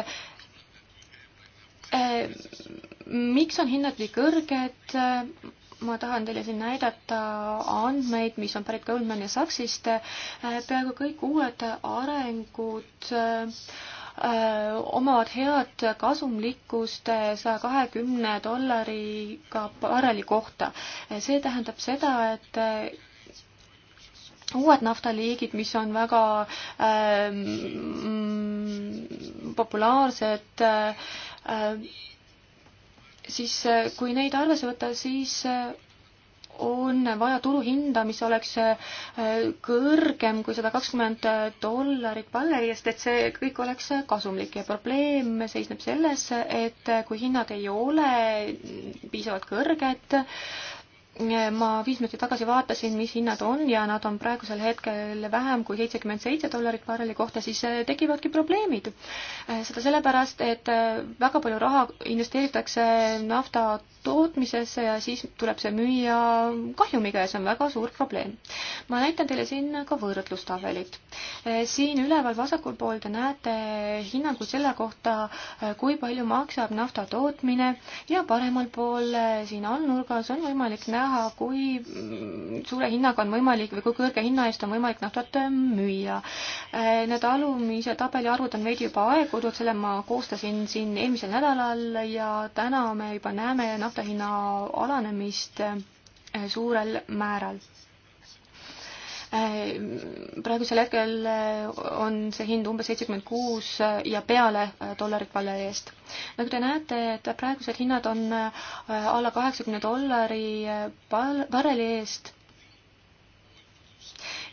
Speaker 2: miks on hinnad nii kõrged? ma tahan teile siin näidata andmeid, mis on pärit Goldman ja Saksist. peaaegu kõik uued arengud äh, Äh, omavad head kasumlikkust äh, saja kahekümne dollariga barreli kohta. Äh, see tähendab seda, et uued naftaliigid, mis on väga ähm, mm, populaarsed äh,, siis kui neid arvesse võtta, siis äh, on vaja turuhinda, mis oleks äh, kõrgem kui sada kakskümmend dollarit palleri eest, et see kõik oleks kasumlik ja probleem seisneb selles, et kui hinnad ei ole piisavalt kõrged, ma viis minutit tagasi vaatasin, mis hinnad on ja nad on praegusel hetkel vähem kui seitsekümmend seitse dollarit barreli kohta, siis äh, tekivadki probleemid. Äh, seda sellepärast, et äh, väga palju raha investeeritakse nafta tootmisesse ja siis tuleb see müüa kahjumiga ja see on väga suur probleem. ma näitan teile siin ka võrdlustabelit. siin üleval vasakul pool te näete hinnanguid selle kohta, kui palju maksab nafta tootmine ja paremal pool siin allnurgas on võimalik näha, näha, kui suure hinnaga on võimalik või kui kõrge hinna eest on võimalik naftat müüa. Need alumise tabeli arvud on veidi juba aegunud, selle ma koostasin siin eelmisel nädalal ja täna me juba näeme nafta hinna alanemist suurel määral Äh, praegusel hetkel äh, on see hind umbes seitsekümmend kuus äh, ja peale dollarit palja eest. nagu te näete, et praegused hinnad on alla kaheksakümne dollari barreli eest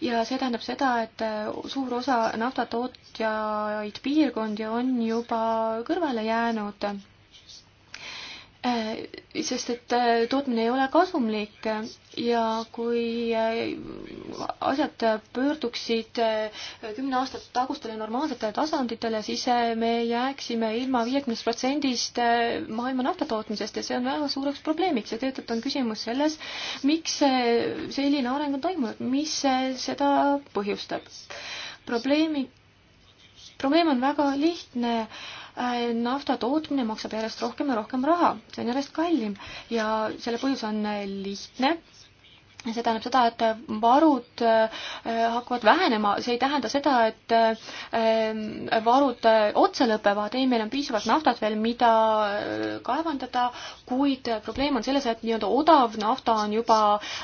Speaker 2: ja see tähendab seda, et suur osa naftatootjaid piirkondi on juba kõrvale jäänud Äh, sest et äh, tootmine ei ole kasumlik ja kui äh, asjad pöörduksid kümne aasta tagustele normaalsetele tasanditele, siis me jääksime ilma viiekümnest protsendist maailma naftatootmisest ja see on väga suureks probleemiks ja seetõttu on küsimus selles, miks selline areng on toimunud, mis seda põhjustab. probleemi, probleem on väga lihtne Äh, nafta tootmine maksab järjest rohkem ja rohkem raha, see on järjest kallim ja selle põhjus on äh, lihtne see tähendab seda, et äh, varud hakkavad vähenema, see ei tähenda seda, et varud otse lõpevad, ei, meil on piisavalt naftat veel, mida kaevandada, kuid probleem on selles, et nii-öelda odav nafta on juba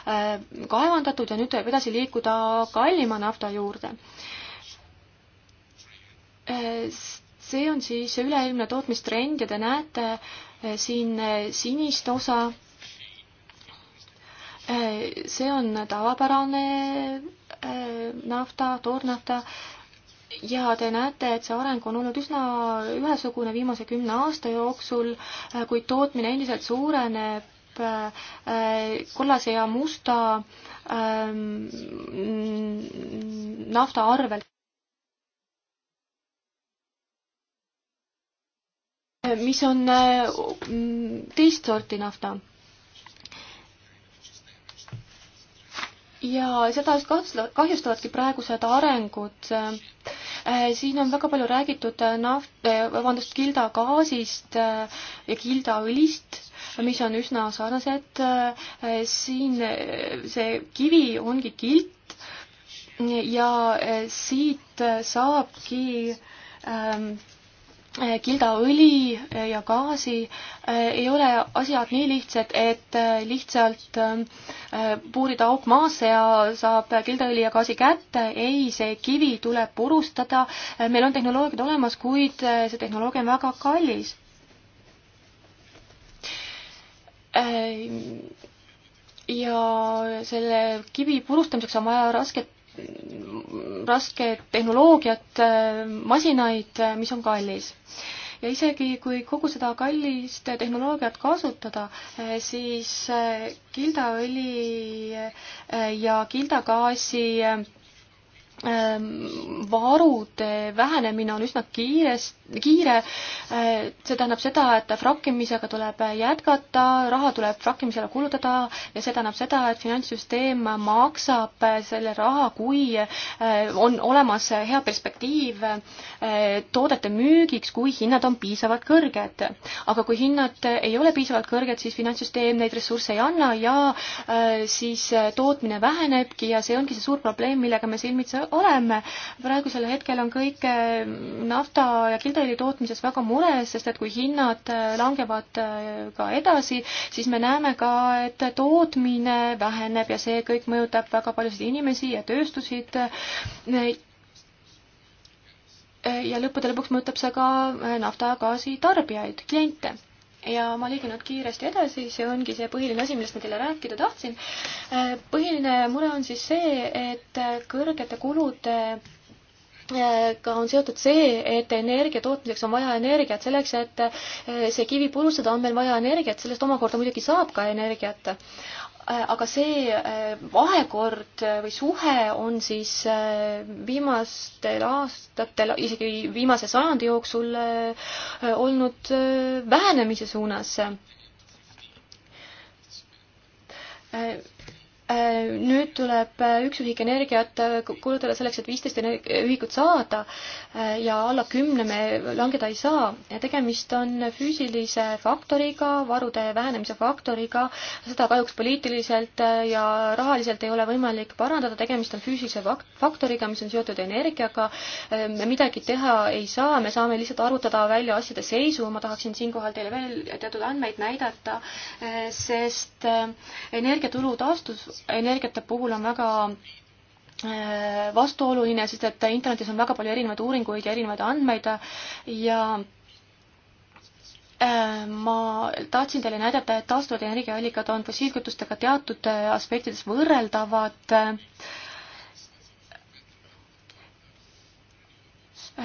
Speaker 2: kaevandatud ja nüüd tuleb edasi liikuda kallima nafta juurde see on siis üleilmne tootmistrend ja te näete eh, siin eh, sinist osa. Eh, see on tavapärane nafta, toornafta ja te näete, et see areng on olnud üsna ühesugune viimase kümne aasta jooksul, kuid tootmine endiselt suureneb kollase ja musta nafta arvelt. mis on äh, teist sorti nafta. ja seda just kahjustavadki praegused arengud. Äh, siin on väga palju räägitud äh, naft-, vabandust, kildagaasist ja kildaõlist mis on üsna sarnased. siin see kivi ongi kilt ja siit saabki ähm, Gilda eh, õli eh, ja gaasi eh, ei ole asjad nii lihtsad, et lihtsalt puurida auk maasse ja saab kildaõli ja gaasi kätte. ei, see kivi tuleb purustada. meil on tehnoloogiad olemas, kuid see tehnoloogia on väga kallis. ja selle kivi purustamiseks on vaja rasket rasket tehnoloogiat, masinaid, mis on kallis. ja isegi, kui kogu seda kallist tehnoloogiat kasutada, siis eh, kildaõli eh, ja kildagaasi eh, Ehm, varude vähenemine on üsna kiires, kiire. Ehm, see tähendab seda, et frakkimisega tuleb jätkata, raha tuleb frakkimisele kulutada ja see tähendab seda, et finantssüsteem maksab selle raha, kui ehm, on olemas hea perspektiiv toodete müügiks, kui hinnad on piisavalt kõrged. aga kui hinnad ei ole piisavalt kõrged, siis finantssüsteem neid ressursse ei anna ja siis tootmine vähenebki ja see ongi see suur probleem, millega me silmitsi oleme. praegusel hetkel on kõik eh, nafta ja kildõli tootmises väga mures, sest et kui hinnad eh, langevad eh, ka edasi, siis me näeme ka, et tootmine väheneb ja see kõik mõjutab väga paljusid inimesi ja tööstusid ja lõppude lõpuks mõjutab see ka nafta ja gaasi tarbijaid, kliente ja ma liigun nüüd kiiresti edasi, see ongi see põhiline asi, millest ma teile rääkida tahtsin. Äh, põhiline mure on siis see, et äh, kõrgete kulude äh, ka on seotud see, et energia tootmiseks on vaja energiat, selleks, et see kivi purustada, on meil vaja energiat, sellest omakorda muidugi saab ka energiat. Äh, aga see äh, vahekord äh, või suhe on siis viimastel aastatel, isegi viimase sajandi jooksul olnud vähenemise suunas Äh, nüüd tuleb äh, üks ühik energiat äh, kulutada selleks, et viisteist ühikut saada ja alla kümne me langeda ei saa. tegemist on füüsilise faktoriga, varude vähenemise faktoriga, seda kahjuks poliitiliselt ja rahaliselt ei ole võimalik parandada, tegemist on füüsilise faktoriga, mis on seotud energiaga, me midagi teha ei saa, me saame lihtsalt arvutada välja asjade seisu, ma tahaksin siinkohal teile veel teatud andmeid näidata, sest energiatulu taastus energiate puhul on väga äh, vastuoluline, sest et internetis on väga palju erinevaid uuringuid ja erinevaid andmeid ja äh, ma tahtsin teile näidata, et taastuvad energiaallikad on fossiilkütustega teatud äh, aspektides võrreldavad äh,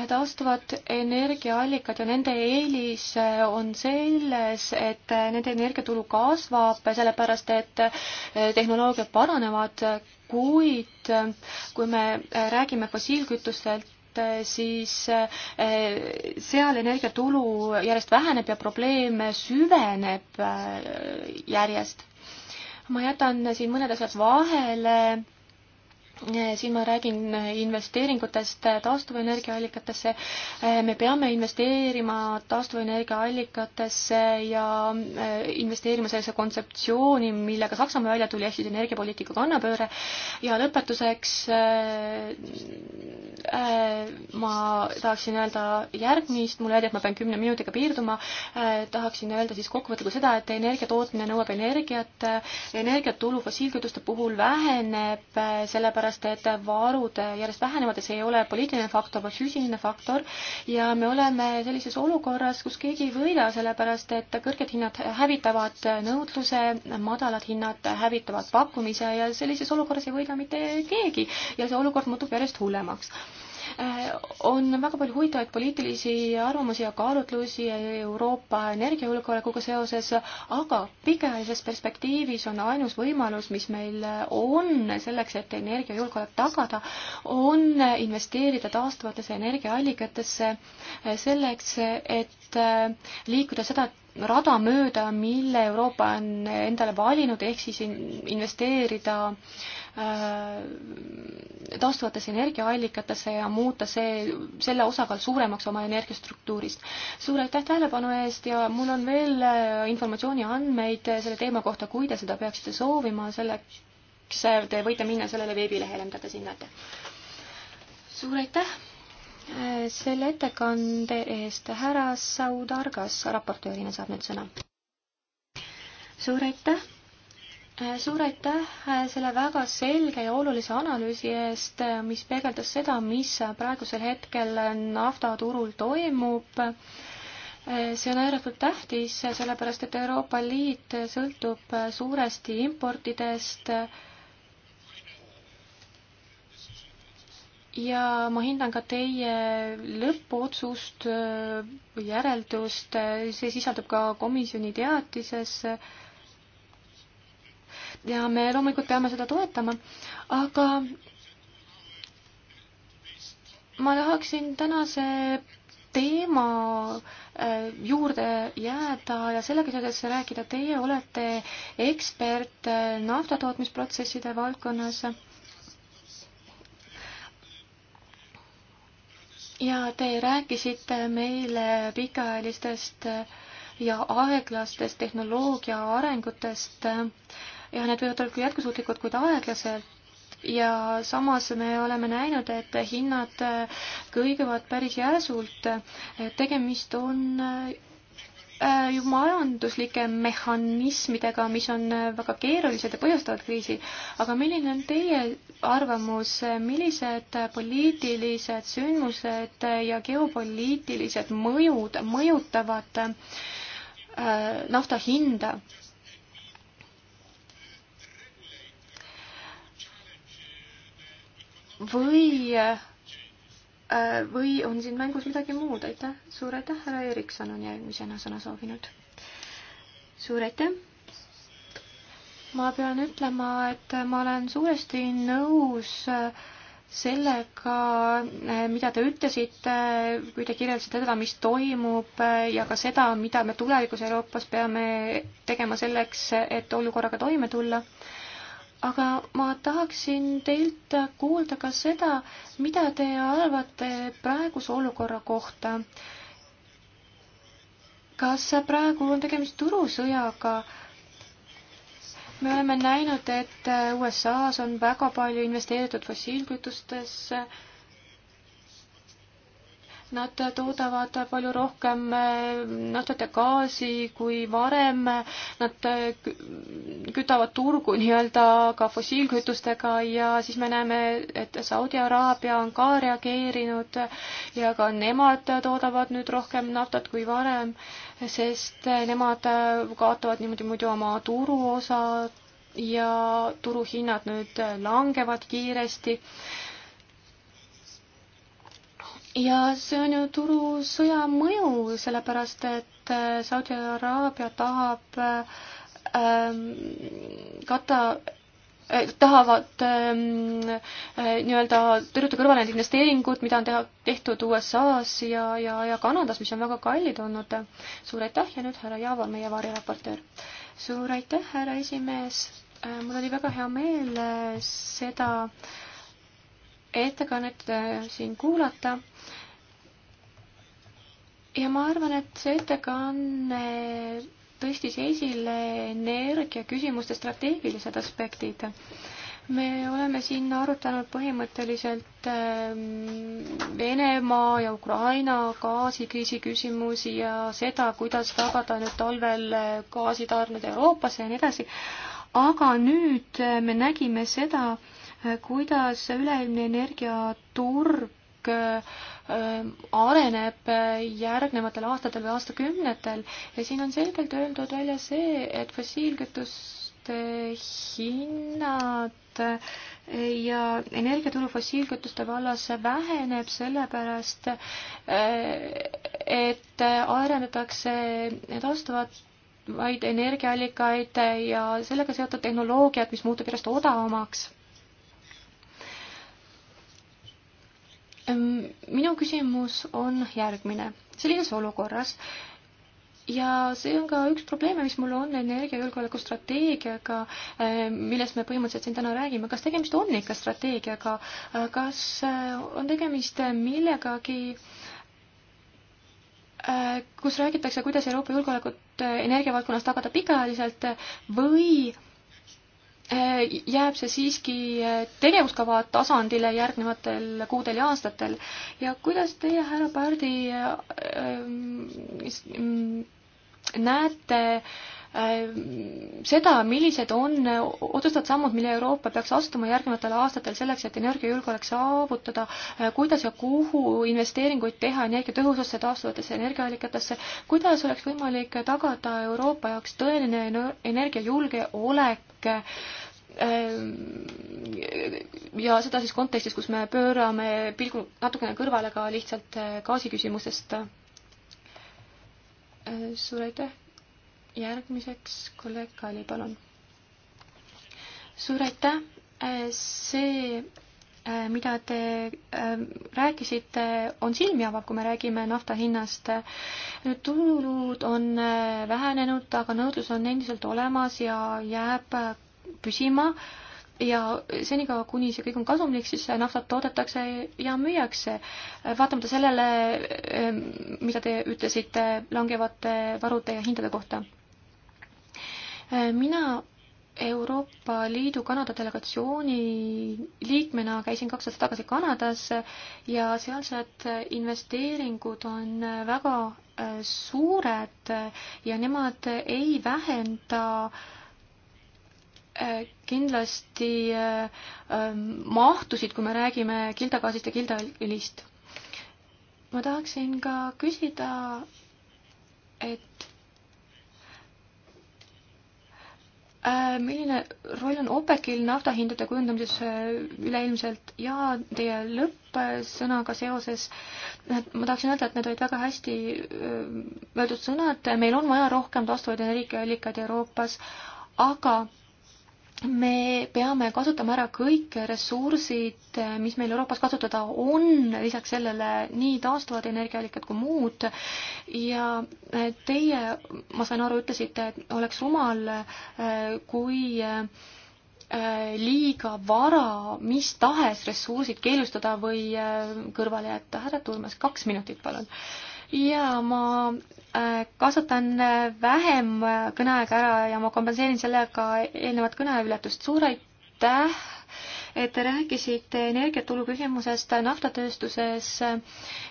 Speaker 2: taastuvad energiaallikad ja nende eelis on selles, et nende energiatulu kasvab, sellepärast et tehnoloogiad paranevad, kuid kui me räägime fossiilkütustelt, siis eh, seal energiatulu järjest väheneb ja probleem süveneb eh, järjest. ma jätan siin mõned asjad vahele Eh, siin ma räägin eh, investeeringutest eh, taastuvenergiaallikatesse. me peame investeerima taastuvenergiaallikatesse ja investeerima sellesse kontseptsiooni, millega Saksamaa välja tuli, ehk siis energiapoliitika kannapööre. ja lõpetuseks äh, ma tahaksin öelda järgmist, mulle öeldi, et ma pean kümne minutiga piirduma äh,. tahaksin öelda siis kokkuvõttega seda, et energia tootmine nõuab energiat, energiatulu fossiilkütuste puhul väheneb sellepärast, sellepärast et varud järjest vähenevad ja see ei ole poliitiline faktor, vaid füüsiline faktor ja me oleme sellises olukorras, kus keegi ei võida, sellepärast et kõrged hinnad hävitavad nõudluse, madalad hinnad hävitavad pakkumise ja sellises olukorras ei võida mitte keegi ja see olukord muutub järjest hullemaks Äh, on väga palju huvitavaid poliitilisi arvamusi ja kaalutlusi Euroopa energiajulgeolekuga seoses, aga pikaajalises perspektiivis on ainus võimalus, mis meil on selleks, et energiajulgeolek tagada, on investeerida taastuvatesse energiaallikatesse äh, selleks, et äh, liikuda seda rada mööda, mille Euroopa on endale valinud, ehk siis investeerida äh, Äh, taastuvatesse energiaallikatesse ja muuta see, selle osakaal suuremaks oma energiastruktuurist. suur aitäh tähelepanu eest ja mul on veel äh, informatsiooni andmeid äh, selle teema kohta, kui te seda peaksite soovima, selleks te võite minna sellele veebilehele, mida te siin näete. suur aitäh selle ettekande eest, härra Saudargas raportöörina saab nüüd sõna. suur aitäh Äh, suur aitäh äh, selle väga selge ja olulise analüüsi eest, äh, mis peegeldas seda, mis praegusel hetkel naftaturul toimub. see on ääretult tähtis, sellepärast et Euroopa Liit sõltub suuresti importidest. ja ma hindan ka teie lõppotsust, järeldust, see sisaldub ka komisjoni teatises ja me loomulikult peame seda toetama, aga ma tahaksin tänase teema äh, juurde jääda ja sellega seoses rääkida, teie olete ekspert äh, naftatootmisprotsesside valdkonnas. ja te rääkisite meile pikaajalistest ja aeglastest tehnoloogia arengutest ja need võivad olla küll jätkusuutlikud, kuid aeglaselt ja samas me oleme näinud, et hinnad äh, kõiguvad päris järsult. Äh, tegemist on äh, ju majanduslike mehhanismidega, mis on väga keerulised ja põhjustavad kriisi. aga milline on teie arvamus, millised poliitilised sündmused ja geopoliitilised mõjud mõjutavad nafta hinda? või, äh, või on siin mängus midagi muud, aitäh, suur aitäh, härra Erikson on järgmisena sõna soovinud. suur aitäh! ma pean ütlema, et ma olen suuresti nõus äh, sellega, äh, mida te ütlesite, kui te kirjeldasite seda, mis toimub ja ka seda, mida me tulevikus Euroopas peame tegema selleks, et olukorraga toime tulla aga ma tahaksin teilt kuulda ka seda, mida te arvate praeguse olukorra kohta. kas praegu on tegemist turusõjaga? me oleme näinud, et USA-s on väga palju investeeritud fossiilkütustesse Nad toodavad palju rohkem naftat ja gaasi kui varem, nad kütavad turgu nii-öelda ka fossiilkütustega ja siis me näeme, et Saudi Araabia on ka reageerinud ja ka nemad toodavad nüüd rohkem naftat kui varem, sest nemad kaotavad niimoodi muidu oma turuosa ja turuhinnad nüüd langevad kiiresti ja see on ju turusõja mõju, sellepärast et äh, Saudi Araabia tahab ähm, katta äh, tahavad ähm, äh, nii-öelda tõrjuda kõrvale need investeeringud, mida on teha, tehtud USA-s ja, ja, ja Kanadas, mis on väga kallid olnud. suur aitäh ja nüüd härra Jaavar, meie variraportöör. suur aitäh, härra esimees äh,. mul oli väga hea meel äh, seda äh, ettekannet äh, siin kuulata. ja ma arvan, et see ettekanne tõstis esile energiaküsimuste strateegilised aspektid. me oleme siin arutanud põhimõtteliselt ähm, Venemaa ja Ukraina gaasikriisi küsimusi ja seda, kuidas tagada nüüd talvel äh, gaasitarned Euroopasse ja nii edasi. aga nüüd äh, me nägime seda, kuidas üleilmne energiaturg ähm, areneb äh, järgnevatel aastatel või aastakümnetel ja siin on selgelt öeldud välja see, et fossiilkütuste hinnad äh, ja energiatulu fossiilkütuste vallas väheneb sellepärast, äh, et arendatakse taastuvat vaid energiaallikaid ja sellega seotud tehnoloogiat, mis muutub järjest odavamaks minu küsimus on järgmine. sellises olukorras ja see on ka üks probleeme, mis mul on energiajulgeoleku strateegiaga, millest me põhimõtteliselt siin täna räägime. kas tegemist on ikka strateegiaga, kas eh, on tegemist millegagi, eh, kus räägitakse, kuidas Euroopa julgeolekut eh, energiavaldkonnas tagada pikaajaliselt või Äh, jääb see siiski äh, tegevuskava tasandile järgnevatel kuudel ja aastatel ja kuidas teie, härra Pärdi, äh, näete seda, millised on otsustavad sammud, mille Euroopa peaks astuma järgnevatel aastatel selleks, et energiajulgeolek saavutada, kuidas ja kuhu investeeringuid teha energiatõhususse, taastuvatesse energiaallikatesse, kuidas oleks võimalik tagada Euroopa jaoks tõeline energiajulgeolek, Ehm, ja seda siis kontekstis, kus me pöörame pilgu natukene kõrvale ka lihtsalt äh, gaasiküsimusest. Äh, suur aitäh. järgmiseks kolleeg Kali, palun. suur aitäh. Äh, see, mida te rääkisite, on silmi avav, kui me räägime nafta hinnast. nüüd tulud on vähenenud, aga nõudlus on endiselt olemas ja jääb püsima ja senikaua, kuni see kõik on kasumlik, siis naftat toodetakse ja müüakse. vaatamata sellele, ehm, mida te ütlesite langevate varude ja hindade kohta. mina Euroopa Liidu Kanada delegatsiooni liikmena käisin kaks aastat tagasi Kanadas ja sealsed investeeringud on väga äh, suured ja nemad ei vähenda äh, Äh, kindlasti äh, ähm, mahtusid, kui me räägime kildagaasist ja kildaõlist. ma tahaksin ka küsida, et äh, milline roll on OPEC-il naftahindade kujundamises üleilmselt ja teie lõppsõnaga seoses, ma tahaksin öelda, et need olid väga hästi öeldud sõnad, meil on vaja rohkem taastuvaid energiaallikaid Euroopas, aga me peame kasutama ära kõik ressursid, mis meil Euroopas kasutada on, lisaks sellele nii taastuvad energiaallikad kui muud. ja eh, teie, ma sain aru, ütlesite, et oleks rumal, eh, kui eh, liiga vara mis tahes ressursid keelustada või kõrvale jätta. härra Turmas, kaks minutit, palun jaa, ma äh, kasutan äh, vähem äh, kõneaega ära ja ma kompenseerin sellega eelnevat kõneületust. suur aitäh, et te rääkisite energiatulu küsimusest naftatööstuses.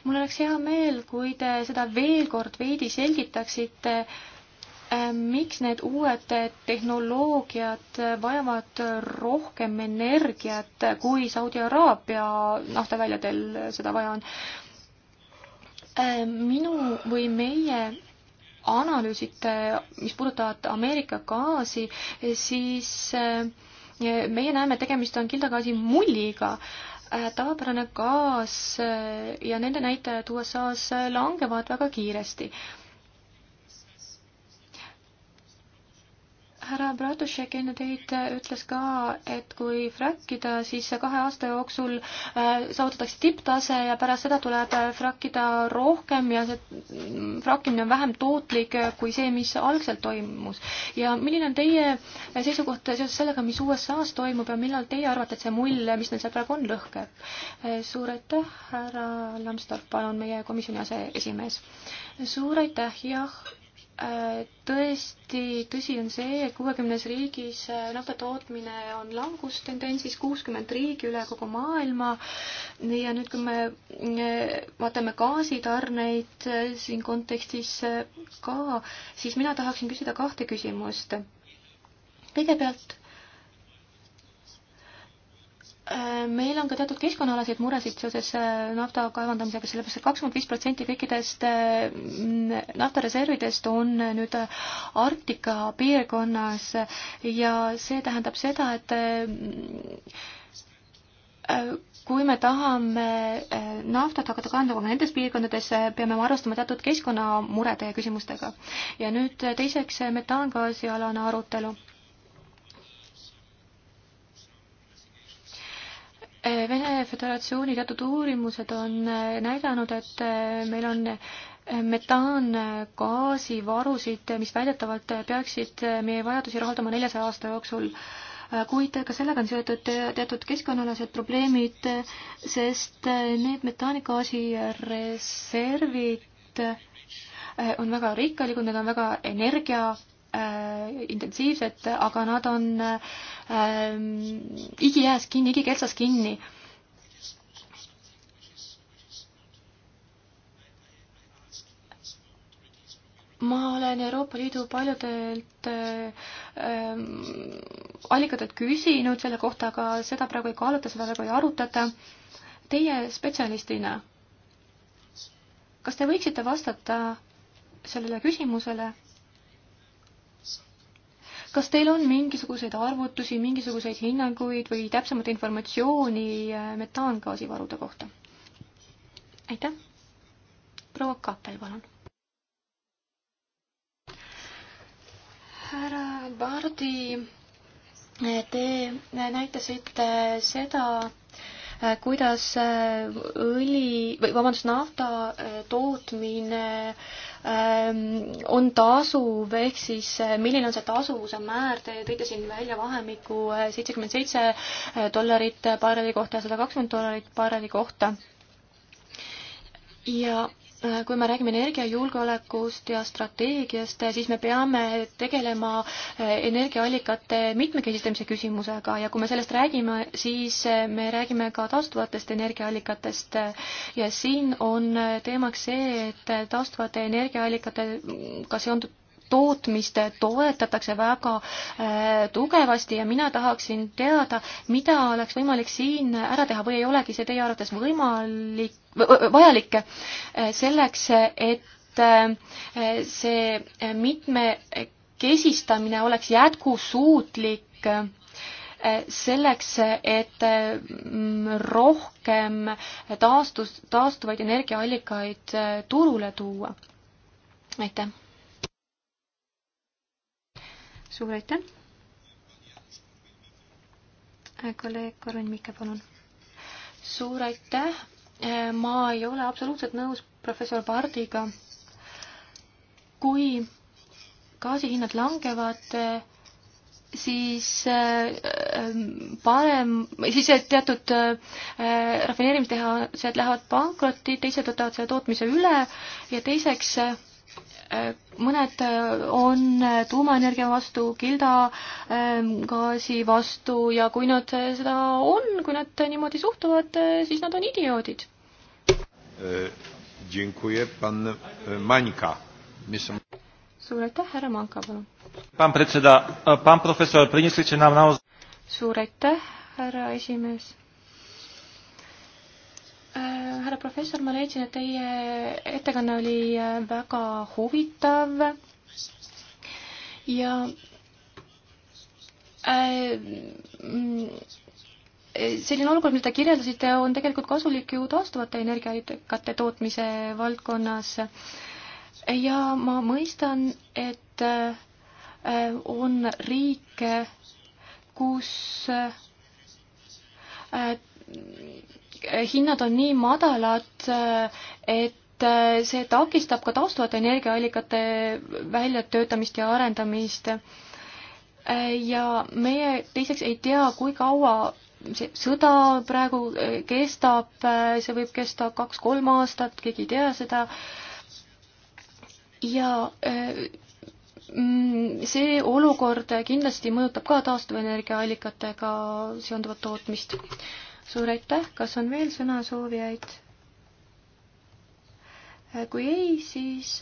Speaker 2: mul oleks hea meel, kui te seda veel kord veidi selgitaksite, miks need uued tehnoloogiad vajavad rohkem energiat, kui Saudi Araabia naftaväljadel seda vaja on. Äh, minu või meie analüüsite, äh, mis puudutavad Ameerika gaasi, äh, siis meie näeme, tegemist on kildagaasi mulliga. tavapärane gaas ja nende näitajad USA-s langevad väga kiiresti härra Bratušek enne teid äh, ütles ka, et kui frakkida, siis kahe aasta jooksul äh, saavutatakse tipptase ja pärast seda tuleb äh, frakkida rohkem ja see mm, frakkimine on vähem tootlik kui see, mis algselt toimus. ja milline on teie seisukoht seoses sellega, mis USA-s toimub ja millal teie arvate, et see mull, mis neil seal praegu on, lõhkeb? suur aitäh, härra Lambsdorff, palun, meie komisjoni aseesimees. suur aitäh, jah Äh, tõesti, tõsi on see, et kuuekümnes riigis äh, nafta tootmine on langustendentsis, kuuskümmend riigi üle kogu maailma ja nüüd, kui me äh, vaatame gaasitarneid siin kontekstis ka, siis mina tahaksin küsida kahte küsimust. kõigepealt Äh, meil on ka teatud keskkonnaalaseid muresid seoses äh, nafta kaevandamisega, sellepärast et kakskümmend viis protsenti kõikidest äh, naftareservidest on nüüd Arktika piirkonnas ja see tähendab seda, et kui me tahame naftat hakata kaevandama nendes piirkondades, peame me arvestama teatud keskkonnamurede ja küsimustega. ja nüüd teiseks metaangaasialane arutelu Eh, Vene Föderatsiooni teatud uurimused on eh, näidanud, et eh, meil on metaangaasivarusid, mis väidetavalt peaksid meie vajadusi rahuldama neljasaja aasta jooksul. kuid ka sellega on seotud teatud keskkonnalased probleemid, sest need metaanigaasi reservid on väga rikkalikud, need on väga energia Äh, intensiivsed, aga nad on ähm, igijääs kinni, igikeltsas kinni ma olen Euroopa Liidu paljudelt ähm, allikatelt küsinud selle kohta, aga seda praegu ei kaaluta, seda praegu ei arutata. Teie spetsialistina, kas te võiksite vastata sellele küsimusele? kas teil on mingisuguseid arvutusi, mingisuguseid hinnanguid või täpsemat informatsiooni äh, metaangaasivarude kohta? aitäh. proua Kappel, palun. härra Bardi, te näitasite seda, äh, kuidas äh, õli või vabandust, nafta tootmine äh, Ehm, on tasuv, ehk siis eh, milline on see tasuvuse määr, te tõite siin välja vahemikku eh, seitsekümmend seitse eh, dollarit barreli kohta ja sada kakskümmend dollarit barreli kohta. ja Äh, kui me räägime energiajulgeolekust ja strateegiast, äh, siis me peame tegelema äh, energiaallikate mitmekesistamise küsimusega ja kui me sellest räägime, siis me räägime ka taastuvatest energiaallikatest ja siin on teemaks see, et taastuvate energiaallikatega seonduv tootmist toetatakse väga tugevasti ja mina tahaksin teada, mida oleks võimalik siin ära teha või ei olegi see teie arvates võimalik vajalik eh, selleks, et eh, see mitmekesistamine oleks jätkusuutlik eh, selleks, et mm, rohkem taastus, taastuvaid energiaallikaid turule tuua. aitäh! suur aitäh! kolleeg Karin Mikke, palun! suur aitäh, ma ei ole absoluutselt nõus professor Pardiga. kui gaasihinnad langevad, siis äh, parem, siis teatud äh, rafineerimistehased lähevad pankrotti, teised võtavad selle tootmise üle ja teiseks äh, mõned on tuumaenergia vastu, kildagaasi vastu ja kui nad seda on, kui nad niimoodi suhtuvad, siis nad on idioodid.
Speaker 1: E, dziękuję. Pan e, Mańka.
Speaker 2: suur aitäh, härra Manka, palun.
Speaker 1: pan pretseda, e, pan professor Prinisritši nam naos-.
Speaker 2: suur aitäh, härra esimees härra professor, ma leidsin, et teie ettekanne oli väga huvitav ja äh, selline olukord, mida kirjeldasite, on tegelikult kasulik ju taastuvate energiaallikate tootmise valdkonnas. ja ma mõistan, et äh, on riike, kus äh, hinnad on nii madalad, äh, et see takistab ka taastuvate energiaallikate väljatöötamist ja arendamist. ja meie teiseks ei tea, kui kaua see sõda praegu eh, kestab, eh, see võib kesta kaks-kolm aastat, keegi ei tea seda. ja eh, mm, see olukord kindlasti mõjutab ka taastuvenergiaallikatega seonduvat tootmist. suur aitäh, kas on veel sõnasoovijaid? kui ei, siis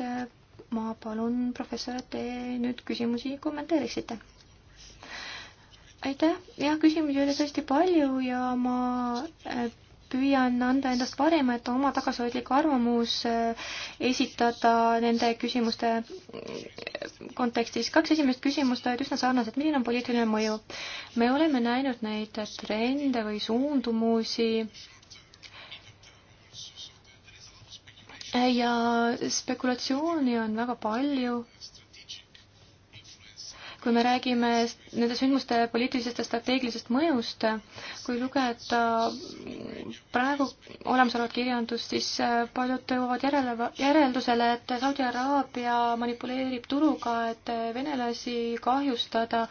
Speaker 2: ma palun professor, et te nüüd küsimusi kommenteeriksite aitäh, jah, küsimusi oli tõesti palju ja ma äh, püüan anda endast parima, et oma tagasihoidlik arvamus äh, esitada nende küsimuste äh, kontekstis. kaks esimest küsimust olid üsna sarnased. milline on poliitiline mõju? me oleme näinud neid trende või suundumusi ja spekulatsiooni on väga palju kui me räägime nende sündmuste poliitilisest ja strateegilisest mõjust, kui lugeda praegu olemasolevat kirjandust, siis paljud jõuavad järele, järeldusele, et Saudi Araabia manipuleerib turuga, et venelasi kahjustada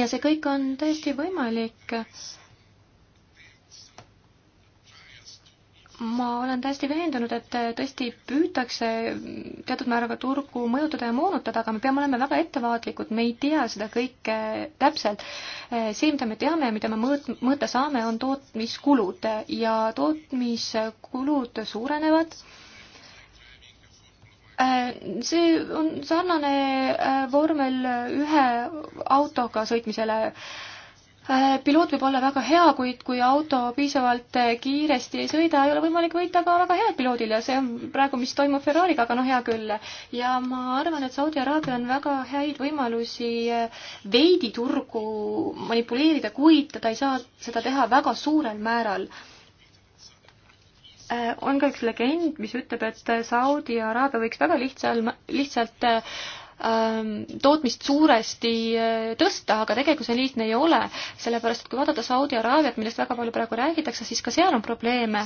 Speaker 2: ja see kõik on täiesti võimalik. ma olen täiesti veendunud, et tõesti püütakse teatud määral ka turgu mõjutada ja moonutada, aga me peame olema väga ettevaatlikud, me ei tea seda kõike täpselt. see, mida me teame ja mida me mõõt-, mõõta saame, on tootmiskulud ja tootmiskulud suurenevad see on sarnane vormel ühe autoga sõitmisele Äh, piloot võib olla väga hea, kuid kui auto piisavalt äh, kiiresti ei sõida, ei ole võimalik võita ka väga head piloodil ja see on praegu, mis toimub Ferrari'ga, aga noh, hea küll. ja ma arvan, et Saudi Araabial on väga häid võimalusi äh, veidi turgu manipuleerida, kuid ta ei saa seda teha väga suurel määral on ka üks legend, mis ütleb, et Saudi Araabia võiks väga lihtsal, lihtsalt Ähm, tootmist suuresti äh, tõsta, aga tegelikult see lihtne ei ole, sellepärast et kui vaadata Saudi Araabiat, millest väga palju praegu räägitakse, siis ka seal on probleeme.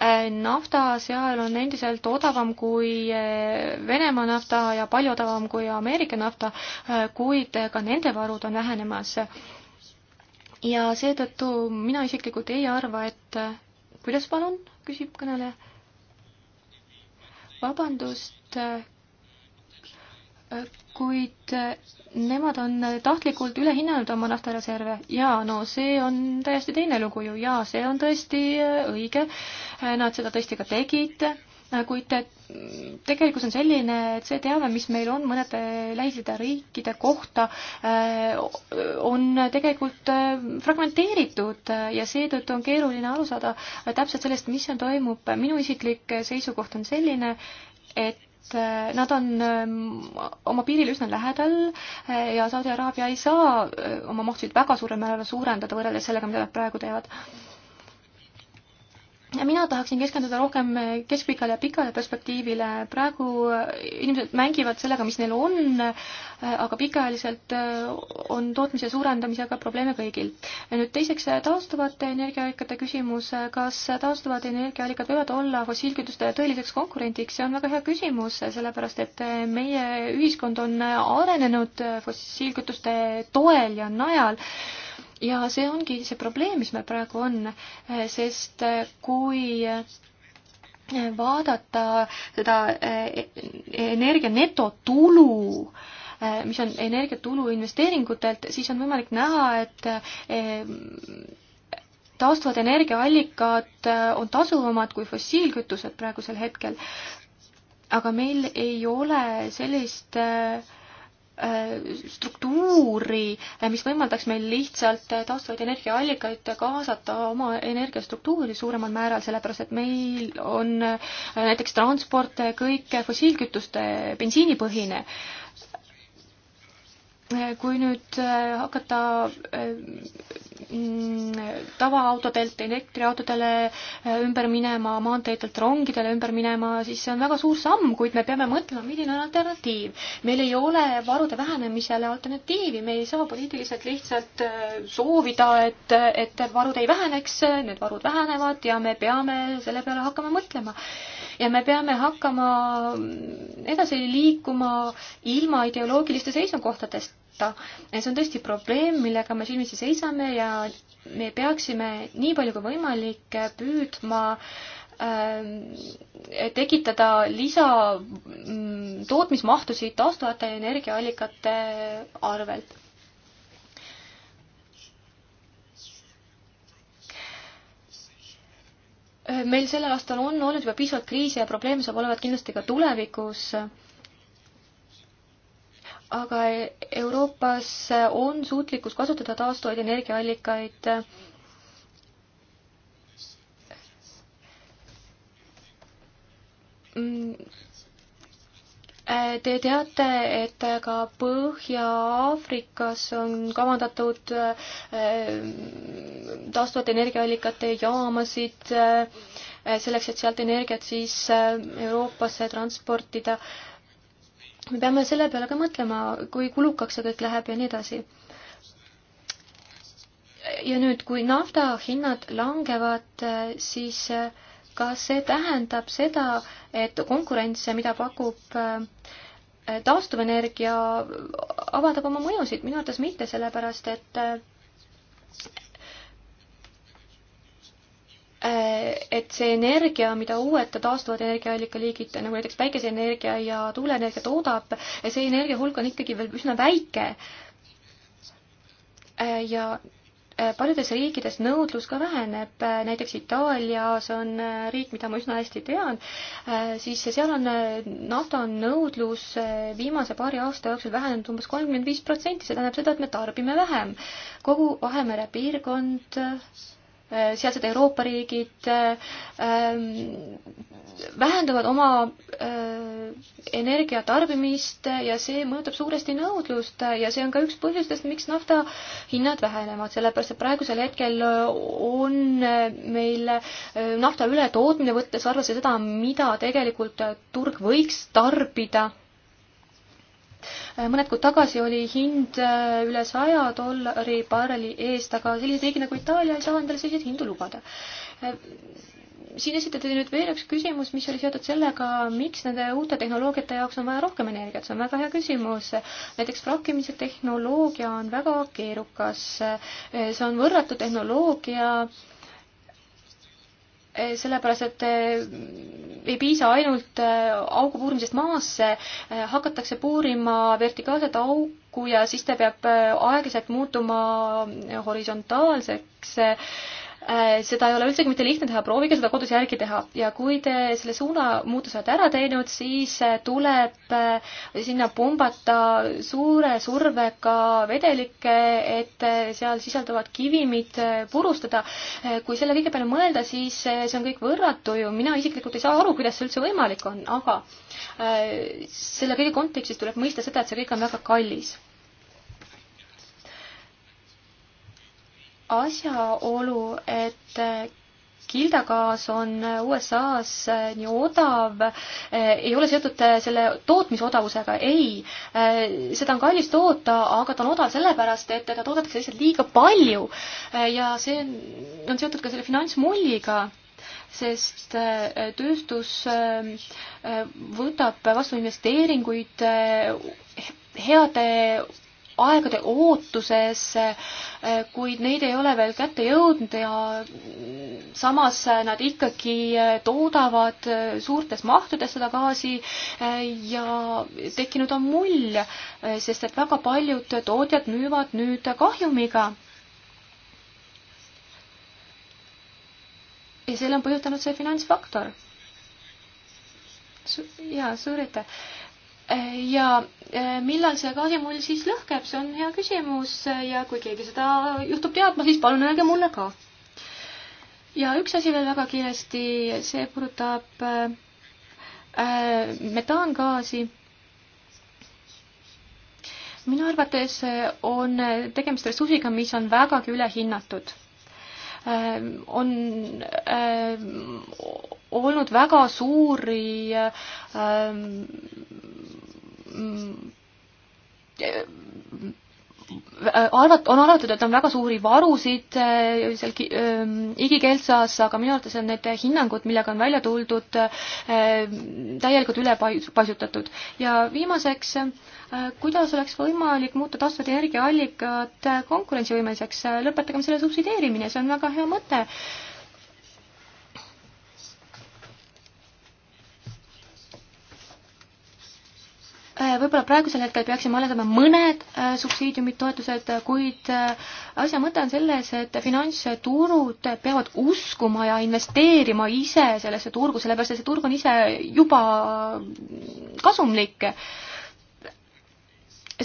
Speaker 2: Äh, nafta seal on endiselt odavam kui äh, Venemaa nafta ja palju odavam kui Ameerika nafta, kuid ka nende varud on vähenemas. ja seetõttu mina isiklikult ei arva, et kuidas palun, küsib kõneleja. vabandust kuid nemad on tahtlikult üle hinnanud oma naftareserve ja no see on täiesti teine lugu ju ja see on tõesti äh, õige. Äh, nad seda tõesti ka tegid, äh, kuid te, tegelikkus on selline, et see teave, mis meil on mõnede Lähis-Ida riikide kohta, on tegelikult fragmenteeritud ja seetõttu on keeruline aru saada täpselt sellest, mis seal toimub. minu isiklik seisukoht on selline, et Eh, nad on ehm, oma piiril üsna lähedal eh, ja Saudi Araabia ei saa eh, oma mahtusid väga suurel määral suurendada võrreldes sellega, mida nad praegu teevad ja mina tahaksin keskenduda rohkem keskpikale ja pikale perspektiivile. praegu inimesed mängivad sellega, mis neil on, aga pikaajaliselt on tootmise suurendamisega probleeme kõigil. nüüd teiseks taastuvate energiaallikate küsimus. kas taastuvad energiaallikad võivad olla fossiilkütuste tõeliseks konkurendiks? see on väga hea küsimus, sellepärast et meie ühiskond on arenenud fossiilkütuste toel ja najal ja see ongi see probleem, mis meil praegu on, eh, sest eh, kui eh, vaadata seda energia netotulu, mis on energiatulu investeeringutelt, siis on võimalik näha, et taastuvad energiaallikad on tasuvamad kui fossiilkütused praegusel hetkel. aga meil ei ole sellist äh, Äh, struktuuri, äh, mis võimaldaks meil lihtsalt taastuvaid energiaallikaid kaasata oma energiastruktuuri suuremal määral, sellepärast et meil on äh, näiteks transport kõik fossiilkütuste, bensiinipõhine kui nüüd äh, hakata äh, mm, tavaautodelt elektriautodele äh, ümber minema, maanteedelt rongidele ümber minema, siis see on väga suur samm, kuid me peame mõtlema, milline on alternatiiv. meil ei ole varude vähenemisele alternatiivi, me ei saa poliitiliselt lihtsalt soovida, et, et varud ei väheneks, need varud vähenevad ja me peame selle peale hakkama mõtlema. ja me peame hakkama mm, edasi liikuma ilma ideoloogiliste seisukohtadest võtta. see on tõesti probleem, millega me silmitsi seisame ja me peaksime nii palju kui võimalik püüdma ähm, tekitada lisa mm, tootmismahtusid taastuvate energiaallikate arvelt. meil sellel aastal on olnud juba piisavalt kriise ja probleeme saab olevat kindlasti ka tulevikus aga Euroopas on suutlikkus kasutada taastuvaid energiaallikaid Te teate, et ka Põhja-Aafrikas on kavandatud ehm, taastuvate energiaallikate jaamasid selleks, et sealt energiat siis ehm, Euroopasse transportida me peame selle peale ka mõtlema, kui kulukaks see kõik läheb ja nii edasi. ja nüüd, kui nafta hinnad langevad, äh, siis äh, kas see tähendab seda, et konkurents, mida pakub äh, taastuvenergia, avaldab oma mõjusid? minu arvates mitte, sellepärast et Äh, et see energia, mida uued taastuvad energiaallikaligid nagu näiteks päikeseenergia ja tuuleenergia toodab, see energia hulk on ikkagi veel üsna väike. Äh, ja äh, paljudes riikides nõudlus ka väheneb, näiteks Itaalias on riik, mida ma üsna hästi tean, siis seal on nafta on nõudlus viimase paari aasta jooksul vähenenud umbes kolmkümmend viis protsenti, see tähendab seda, et me tarbime vähem. kogu Vahemere piirkond Äh, sealsed Euroopa riigid ähm, vähendavad oma äh, energiatarbimist ja see mõjutab suuresti nõudlust ja see on ka üks põhjustest, miks nafta hinnad vähenevad, sellepärast et praegusel hetkel äh, on meil nafta ületootmine, võttes arvesse seda, mida tegelikult turg võiks tarbida Äh, mõned kuud tagasi oli hind äh, üle saja dollari barreli eest, aga sellised riigid nagu Itaalia ei saa endale selliseid hindu lubada. Äh, siin esitati nüüd veel üks küsimus, mis oli seotud sellega, miks nende uute tehnoloogiate jaoks on vaja rohkem energiat, see on väga hea küsimus. näiteks frakkimise tehnoloogia on väga keerukas, see on võrratu tehnoloogia Eh, sellepärast, et eh, ei piisa ainult eh, augu puurimisest maasse, hakatakse puurima vertikaalset auku ja siis ta peab aeglaselt muutuma horisontaalseks Äh, seda ei ole üldsegi mitte lihtne teha, proovige seda kodus järgi teha ja kui te selle suunamuutuse olete ära teinud, siis äh, tuleb äh, sinna pumbata suure survega vedelikke, et seal sisalduvad kivimid purustada. kui selle kõige peale mõelda, siis see on kõik võrratu ju, mina isiklikult ei saa aru, kuidas see üldse võimalik on, aga selle kõige kontekstis tuleb mõista seda, et see kõik on väga kallis asjaolu, et kildagaas on USA-s nii odav, ei ole seotud selle tootmisodavusega, ei. seda on kallis toota, aga ta on odav sellepärast, et teda toodetakse lihtsalt liiga palju. ja see on seotud ka selle finantsmulliga sest äh, tööstus äh, võtab vastu investeeringuid äh, heade aegade ootuses, kuid neid ei ole veel kätte jõudnud ja samas nad ikkagi toodavad suurtes mahtudes seda gaasi ja tekkinud on mull, sest et väga paljud tootjad müüvad nüüd kahjumiga ja selle on põhjustanud see finantsfaktor Su. jaa, suur aitäh ja e, millal see gaasimull siis lõhkeb, see on hea küsimus ja kui keegi seda juhtub teadma, siis palun öelge mulle ka. ja üks asi veel väga kiiresti, see puudutab äh, e, e, metaangaasi minu arvates on tegemist ressursiga, mis on vägagi ülehinnatud. on olnud väga suuri ähm, äh, arvat-, on arvatud, et on väga suuri varusid äh, seal ähm, igikeelsas, aga minu arvates on need hinnangud, millega on välja tuldud, äh, täielikult üle paisutatud. ja viimaseks, kuidas oleks võimalik muuta taastuvad energiaallikad konkurentsivõimeliseks, lõpetagem selle subsideerimine, see on väga hea mõte Äh, võib-olla praegusel hetkel peaksime alandama mõned äh, subsiidiumid, toetused, äh, kuid asja mõte on selles, et finantsturud peavad uskuma ja investeerima ise sellesse turgu, sellepärast et see turg on ise juba kasumlik.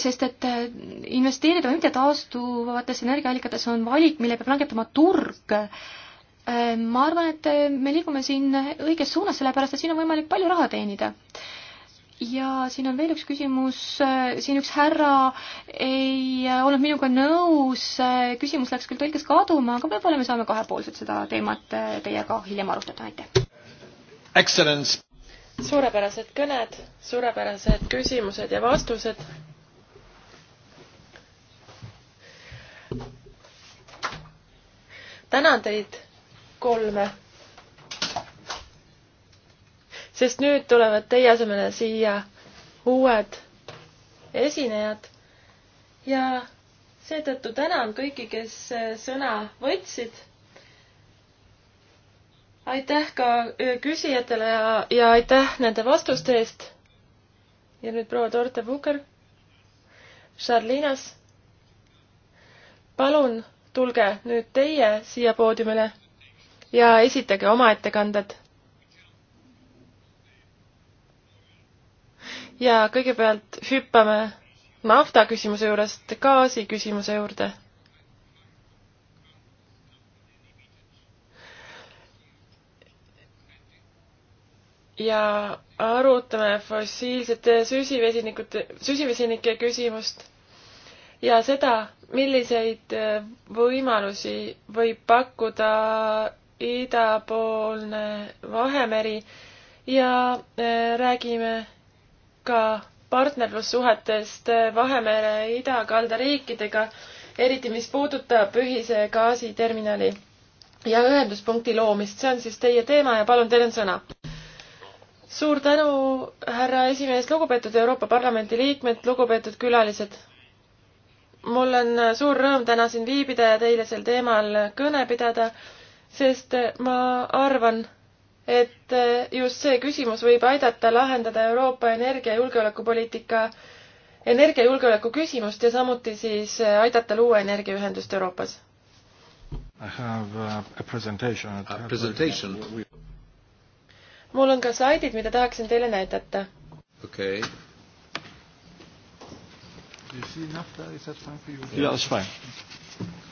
Speaker 2: sest et investeerida mitte taastuvatesse energiaallikatesse on valik, mille peab langetama turg ma arvan, et me liigume siin õiges suunas, sellepärast et siin on võimalik palju raha teenida ja siin on veel üks küsimus, siin üks härra ei olnud minuga nõus, küsimus läks küll tõlkes kaduma, aga võib-olla me saame kahepoolselt seda teemat teiega hiljem
Speaker 1: arutada, aitäh! Excellence! suurepärased kõned, suurepärased küsimused ja vastused. tänan teid kolme sest nüüd tulevad teie asemele siia uued esinejad ja seetõttu tänan kõiki, kes äh, sõna võtsid. aitäh ka äh, küsijatele ja, ja aitäh nende vastuste eest. ja nüüd proua Torte Puker. Charlinas, palun tulge nüüd teie siia poodiumile ja esitage oma ettekanded ja kõigepealt hüppame nafta küsimuse juurest gaasi küsimuse juurde. ja arutame fossiilsete süsivesinikute, süsivesinike küsimust ja seda, milliseid äh, võimalusi võib pakkuda idapoolne Vahemeri ja äh, räägime ka partnerlussuhetest Vahemere idakalda riikidega, eriti mis puudutab ühise gaasiterminali ja ühenduspunkti loomist, see on siis teie teema ja palun, teil on sõna. suur tänu, härra esimees, lugupeetud Euroopa Parlamendi liikmed, lugupeetud külalised. mul on suur rõõm täna siin viibida ja teile sel teemal kõne pidada, sest ma arvan, et äh, just see küsimus võib aidata lahendada Euroopa energiajulgeolekupoliitika, energiajulgeoleku küsimust ja samuti siis äh, aidata luua energiaühendust Euroopas. Uh, mul on ka slaidid, mida tahaksin teile näidata. okei okay..
Speaker 2: Do you see enough there? Is that fine for you? Yeah, that's fine.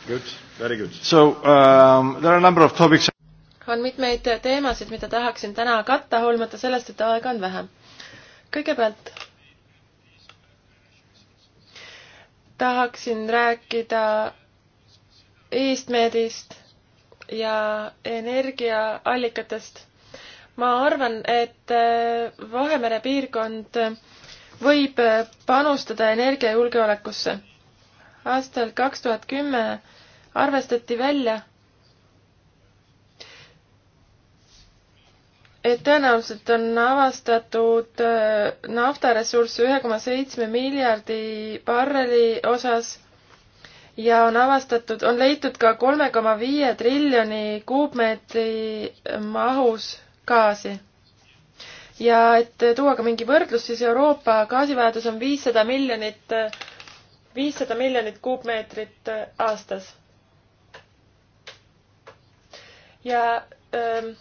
Speaker 1: Good, very good. So um, there are a number of topics on mitmeid teemasid, mida tahaksin täna katta, hoolimata sellest, et aega on vähe. kõigepealt tahaksin rääkida Eestmedist ja energiaallikatest. ma arvan, et äh, Vahemere piirkond võib äh, panustada energiajulgeolekusse. aastal kaks tuhat kümme arvestati välja et tõenäoliselt on avastatud äh, naftaressursse ühe koma seitsme miljardi barreli osas ja on avastatud, on leitud ka kolme koma viie triljoni kuupmeetri mahus gaasi. ja et tuua ka mingi võrdlus, siis Euroopa gaasivajadus on viissada miljonit, äh, viissada miljonit kuupmeetrit äh, aastas. ja öö, ähm,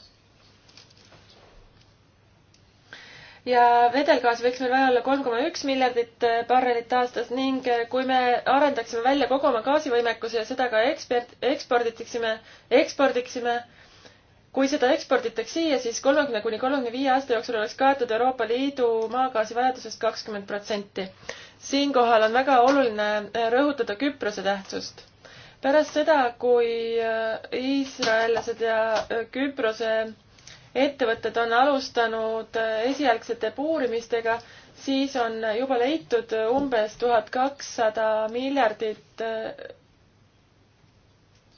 Speaker 1: ja vedelgaas võiks meil vaja olla kolm koma üks miljardit äh, barrelit aastas ning äh, kui me arendaksime välja kogu oma gaasivõimekuse ja seda ka ekspert, eksporditaksime, ekspordiksime, kui seda eksporditaks siia, siis kolmekümne kuni kolmekümne viie aasta jooksul oleks kaetud Euroopa Liidu maagaasi vajadusest kakskümmend protsenti. siinkohal on väga oluline äh, rõhutada Küprose tähtsust pärast seda, kui iisraellased ja Küprose ettevõtted on alustanud esialgsete puurimistega, siis on juba leitud umbes tuhat kakssada miljardit äh,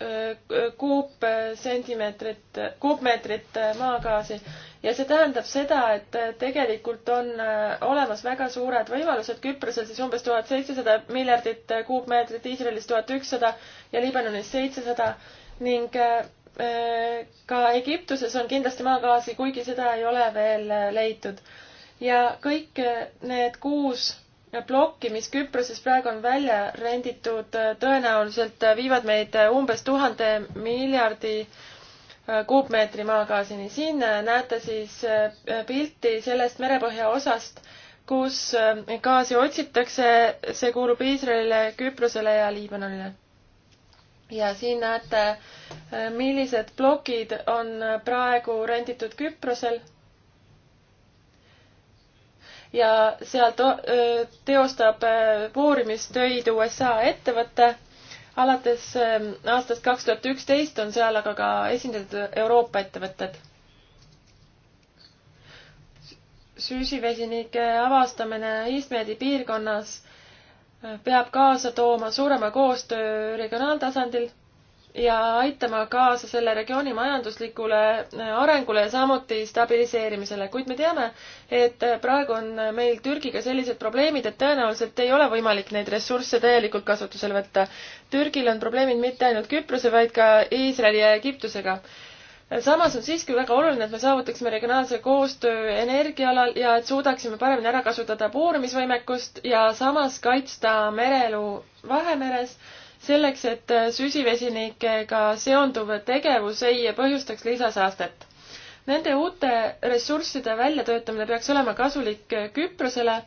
Speaker 1: äh, kuupsentimeetrit, kuupmeetrit maagaasi ja see tähendab seda, et tegelikult on äh, olemas väga suured võimalused, Küprosel siis umbes tuhat seitsesada miljardit kuupmeetrit, Iisraelis tuhat ükssada ja Liibanonis seitsesada ning ka Egiptuses on kindlasti maagaasi, kuigi seda ei ole veel leitud. ja kõik need kuus plokki, mis Küproses praegu on välja renditud, tõenäoliselt viivad meid umbes tuhande miljardi äh, kuupmeetri maagaasini. siin äh, näete siis äh, pilti sellest merepõhja osast, kus gaasi otsitakse. see kuulub Iisraelile, Küprosele ja Liibanonile ja siin näete, äh, millised plokid on äh, praegu renditud Küprosel. ja seal äh, teostab voorimistöid USA ettevõte. alates aastast kaks tuhat üksteist on seal aga ka esindatud Euroopa ettevõtted. süsivesinike avastamine Ismedi piirkonnas peab kaasa tooma suurema koostöö regionaaltasandil ja aitama kaasa selle regiooni majanduslikule äh, arengule ja samuti stabiliseerimisele, kuid me teame, et äh, praegu on meil Türgiga sellised probleemid, et tõenäoliselt ei ole võimalik neid ressursse täielikult kasutusele võtta. Türgil on probleemid mitte ainult Küprose, vaid ka Iisraeli ja Egiptusega samas on siiski väga oluline, et me saavutaksime regionaalse koostöö energiaalal ja et suudaksime paremini ära kasutada puurimisvõimekust ja samas kaitsta merelu Vahemeres selleks, et süsivesinikega seonduv tegevus ei põhjustaks lisasaastet. Nende uute ressursside väljatöötamine peaks olema kasulik Küprosele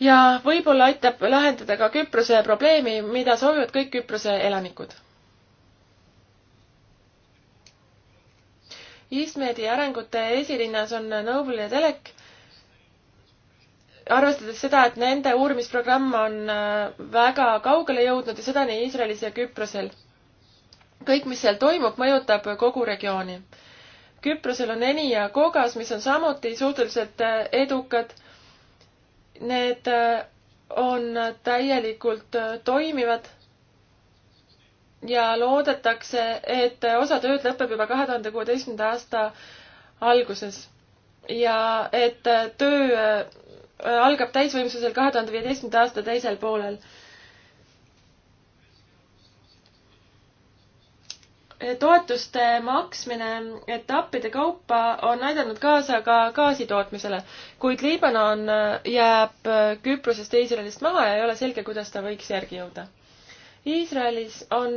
Speaker 1: ja võib-olla aitab lahendada ka Küprose probleemi, mida soovivad kõik Küprose elanikud ISMED-i arengute esirinnas on Noble ja Telek. arvestades seda, et nende uurimisprogramm on äh, väga kaugele jõudnud ja seda nii Iisraelis ja Küprosel. kõik, mis seal toimub, mõjutab kogu regiooni. Küprosel on Eni ja Kogas, mis on samuti suhteliselt äh, edukad. Need äh, on täielikult toimivad ja loodetakse, et osa tööd lõpeb juba kahe tuhande kuueteistkümnenda aasta alguses ja et töö äh, algab täisvõimsusel kahe tuhande viieteistkümnenda aasta teisel poolel. toetuste maksmine etappide kaupa on aidanud kaasa ka gaasitootmisele, kuid Liibanon äh, jääb äh, Küprosest ja Iisraelist maha ja ei ole selge, kuidas ta võiks järgi jõuda Iisraelis on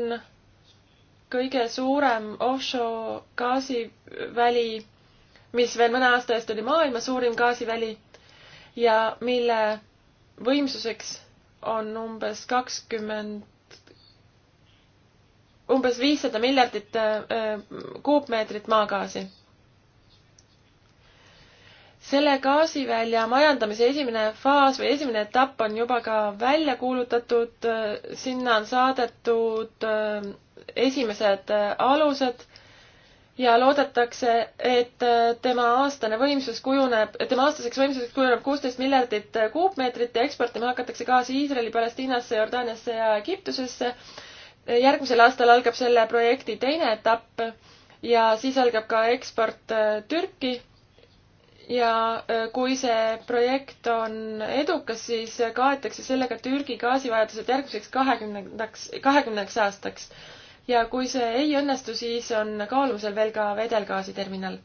Speaker 1: kõige suurem offshore gaasiväli, mis veel mõne aasta eest oli maailma suurim gaasiväli ja mille võimsuseks on umbes kakskümmend, umbes viissada miljardit äh, äh, kuupmeetrit maagaasi selle gaasivälja majandamise esimene faas või esimene etapp on juba ka välja kuulutatud, sinna on saadetud äh, esimesed äh, alused ja loodetakse, et äh, tema aastane võimsus kujuneb, tema aastaseks võimsuseks kujuneb kuusteist miljardit kuupmeetrit ja eksportima hakatakse gaasi Iisraeli, Palestiinasse, Jordaaniasse ja Egiptusesse. järgmisel aastal algab selle projekti teine etapp ja siis algab ka eksport Türki ja äh, kui see projekt on edukas, siis kaetakse sellega Türgi gaasivajadused järgmiseks kahekümnendaks, kahekümneks aastaks. ja kui see ei õnnestu, siis on kaalumisel veel ka vedelgaasiterminal.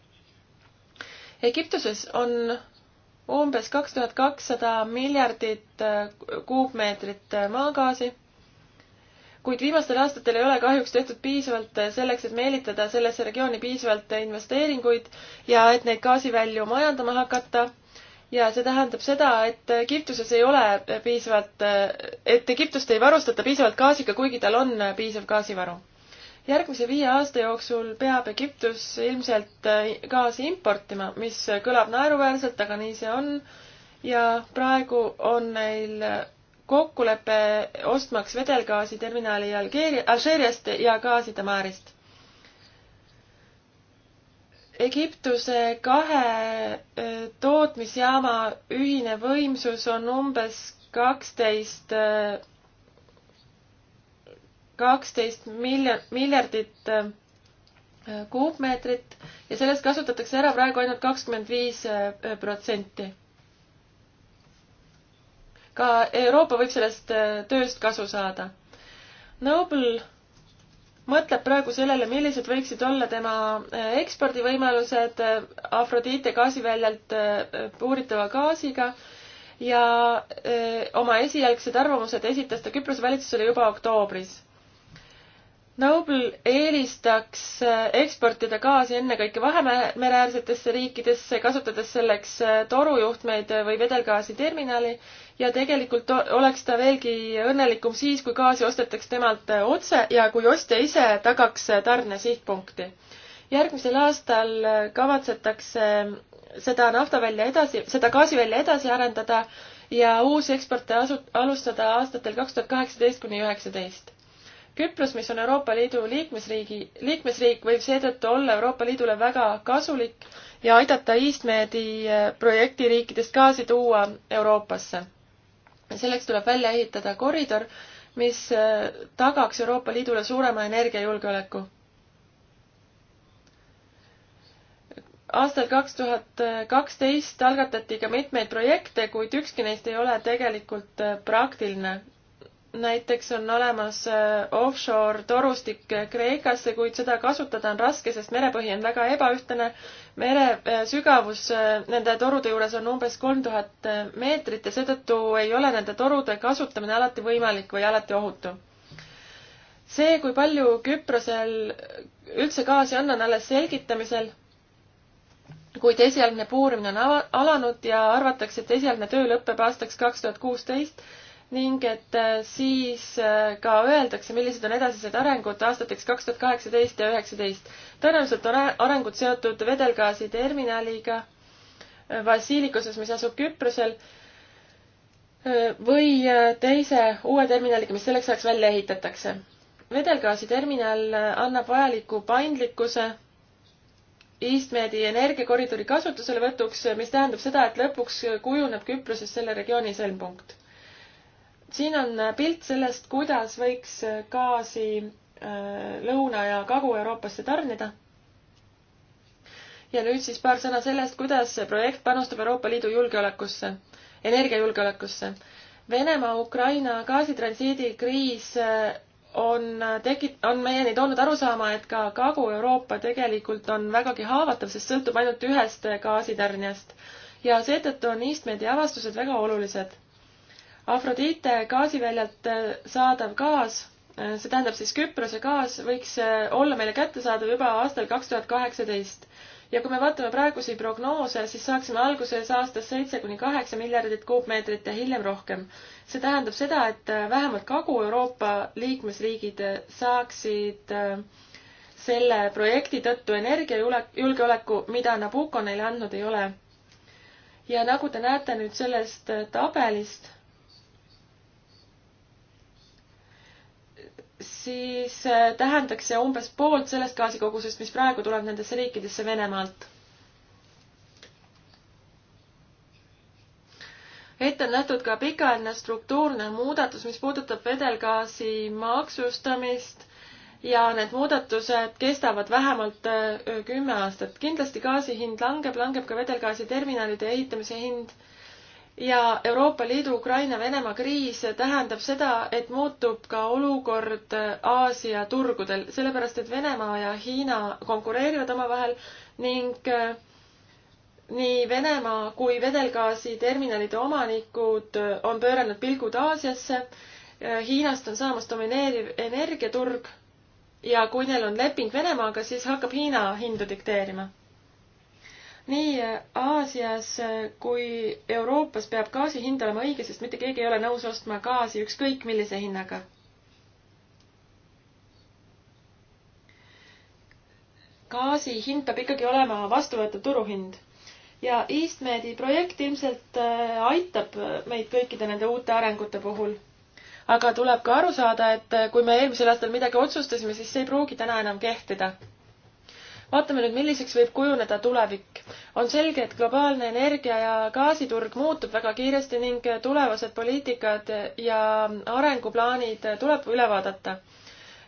Speaker 1: Egiptuses on umbes kaks tuhat kakssada miljardit äh, kuupmeetrit maagaasi kuid viimastel aastatel ei ole kahjuks tehtud piisavalt selleks, et meelitada sellesse regiooni piisavalt investeeringuid ja et neid gaasivälju majandama hakata. ja see tähendab seda, et Egiptuses ei ole piisavalt, et Egiptust ei varustata piisavalt gaasiga, kuigi tal on piisav gaasivaru järgmise viie aasta jooksul peab Egiptus ilmselt gaasi importima, mis kõlab naeruväärselt, aga nii see on. ja praegu on neil kokkulepe ostmaks vedelgaasi terminali Algeeria, Alžeeriast ja gaasi Tamarist. Egiptuse kahe tootmisjaama ühine võimsus on umbes kaksteist, kaksteist miljon, miljardit kuupmeetrit ja sellest kasutatakse ära praegu ainult kakskümmend viis protsenti ka Euroopa võib sellest äh, tööst kasu saada. Noble mõtleb praegu sellele, millised võiksid olla tema äh, ekspordivõimalused äh, Afrodite gaasiväljalt puuritava gaasiga ja öö, oma esialgsed arvamused esitas ta Küprose valitsusele juba oktoobris. Noble eelistaks äh, eksportida gaasi ennekõike Vahemereäärsetesse riikidesse, kasutades selleks äh, torujuhtmeid äh, või vedelgaasiterminali ja tegelikult oleks ta veelgi õnnelikum siis, kui gaasi ostetaks temalt otse ja kui ostja ise tagaks tarne sihtpunkti. järgmisel aastal kavatsetakse seda nafta välja edasi, seda gaasi välja edasi arendada ja uusi eksporte asu-, alustada aastatel kaks tuhat kaheksateist kuni üheksateist Küpros, mis on Euroopa Liidu liikmesriigi, liikmesriik, võib seetõttu olla Euroopa Liidule väga kasulik ja aidata EastMedi äh, projekti riikidest gaasi tuua Euroopasse. selleks tuleb välja ehitada koridor, mis äh, tagaks Euroopa Liidule suurema energiajulgeoleku. aastal kaks tuhat äh, kaksteist algatati ka mitmeid projekte, kuid ükski neist ei ole tegelikult praktiline näiteks on olemas äh, offshore torustik Kreekasse, kuid seda kasutada on raske, sest merepõhi on väga ebaühtlane. mere äh, sügavus äh, nende torude juures on umbes kolm tuhat meetrit ja seetõttu ei ole nende torude kasutamine alati võimalik või alati ohutu. see, kui palju Küprosel üldse gaasi on, on alles selgitamisel, kuid esialgne puurimine on alanud ja arvatakse, et esialgne töö lõpeb aastaks kaks tuhat kuusteist ning et äh, siis äh, ka öeldakse, millised on edasised arengud aastateks kaks tuhat kaheksateist ja üheksateist. tõenäoliselt on arengud seotud vedelgaasi terminaliga Vassilikuses, äh, mis asub Küprosel või teise uue terminaliga, mis selleks ajaks välja ehitatakse. vedelgaasiterminal annab vajaliku paindlikkuse Eastmedi energiakoridori kasutuselevõtuks, mis tähendab seda, et lõpuks kujuneb Küproses selle regiooni sõlmpunkt siin on pilt sellest, kuidas võiks gaasi äh, Lõuna- ja Kagu-Euroopasse tarnida. ja nüüd siis paar sõna sellest, kuidas see projekt panustab Euroopa Liidu julgeolekusse, energiajulgeolekusse. Venemaa-Ukraina gaasitransiidi kriis äh, on tekit-, on meieni toonud arusaama, et ka Kagu-Euroopa tegelikult on vägagi haavatav, sest sõltub ainult ühest gaasitarnijast. ja seetõttu on Eastmedi avastused väga olulised. Afrodite gaasiväljalt äh, saadav gaas, äh, see tähendab siis Küprose gaas, võiks äh, olla meile kättesaadav juba aastal kaks tuhat kaheksateist. ja kui me vaatame praegusi prognoose, siis saaksime alguses aastas seitse kuni kaheksa miljardit kuupmeetrit ja hiljem rohkem. see tähendab seda, et vähemalt Kagu-Euroopa liikmesriigid saaksid selle projekti tõttu energiajulgeoleku, mida Nabucco neile andnud ei ole. ja nagu te näete nüüd sellest tabelist, siis äh, tähendaks see umbes poolt sellest gaasikogusest, mis praegu tuleb nendesse riikidesse Venemaalt. ette on nähtud ka pikaajaline struktuurne muudatus, mis puudutab vedelgaasi maksustamist ja need muudatused kestavad vähemalt äh, kümme aastat. kindlasti gaasi hind langeb, langeb ka vedelgaasi terminalide ehitamise hind ja Euroopa Liidu Ukraina-Venemaa kriis tähendab seda, et muutub ka olukord Aasia turgudel, sellepärast et Venemaa ja Hiina konkureerivad omavahel ning äh, nii Venemaa kui vedelgaasiterminalide omanikud on pööranud pilgud Aasiasse. Äh, Hiinast on saamas domineeriv energiaturg ja kui neil on leping Venemaaga, siis hakkab Hiina hindu dikteerima nii äh, Aasias äh, kui Euroopas peab gaasi hind olema õige, sest mitte keegi ei ole nõus ostma gaasi ükskõik millise hinnaga. gaasi hind peab ikkagi olema vastuvõetav turuhind ja EastMedi projekt ilmselt äh, aitab meid kõikide nende uute arengute puhul. aga tuleb ka aru saada, et kui me eelmisel aastal midagi otsustasime, siis see ei pruugi täna enam kehtida vaatame nüüd, milliseks võib kujuneda tulevik. on selge, et globaalne energia ja gaasiturg muutub väga kiiresti ning tulevased poliitikad ja arenguplaanid tuleb üle vaadata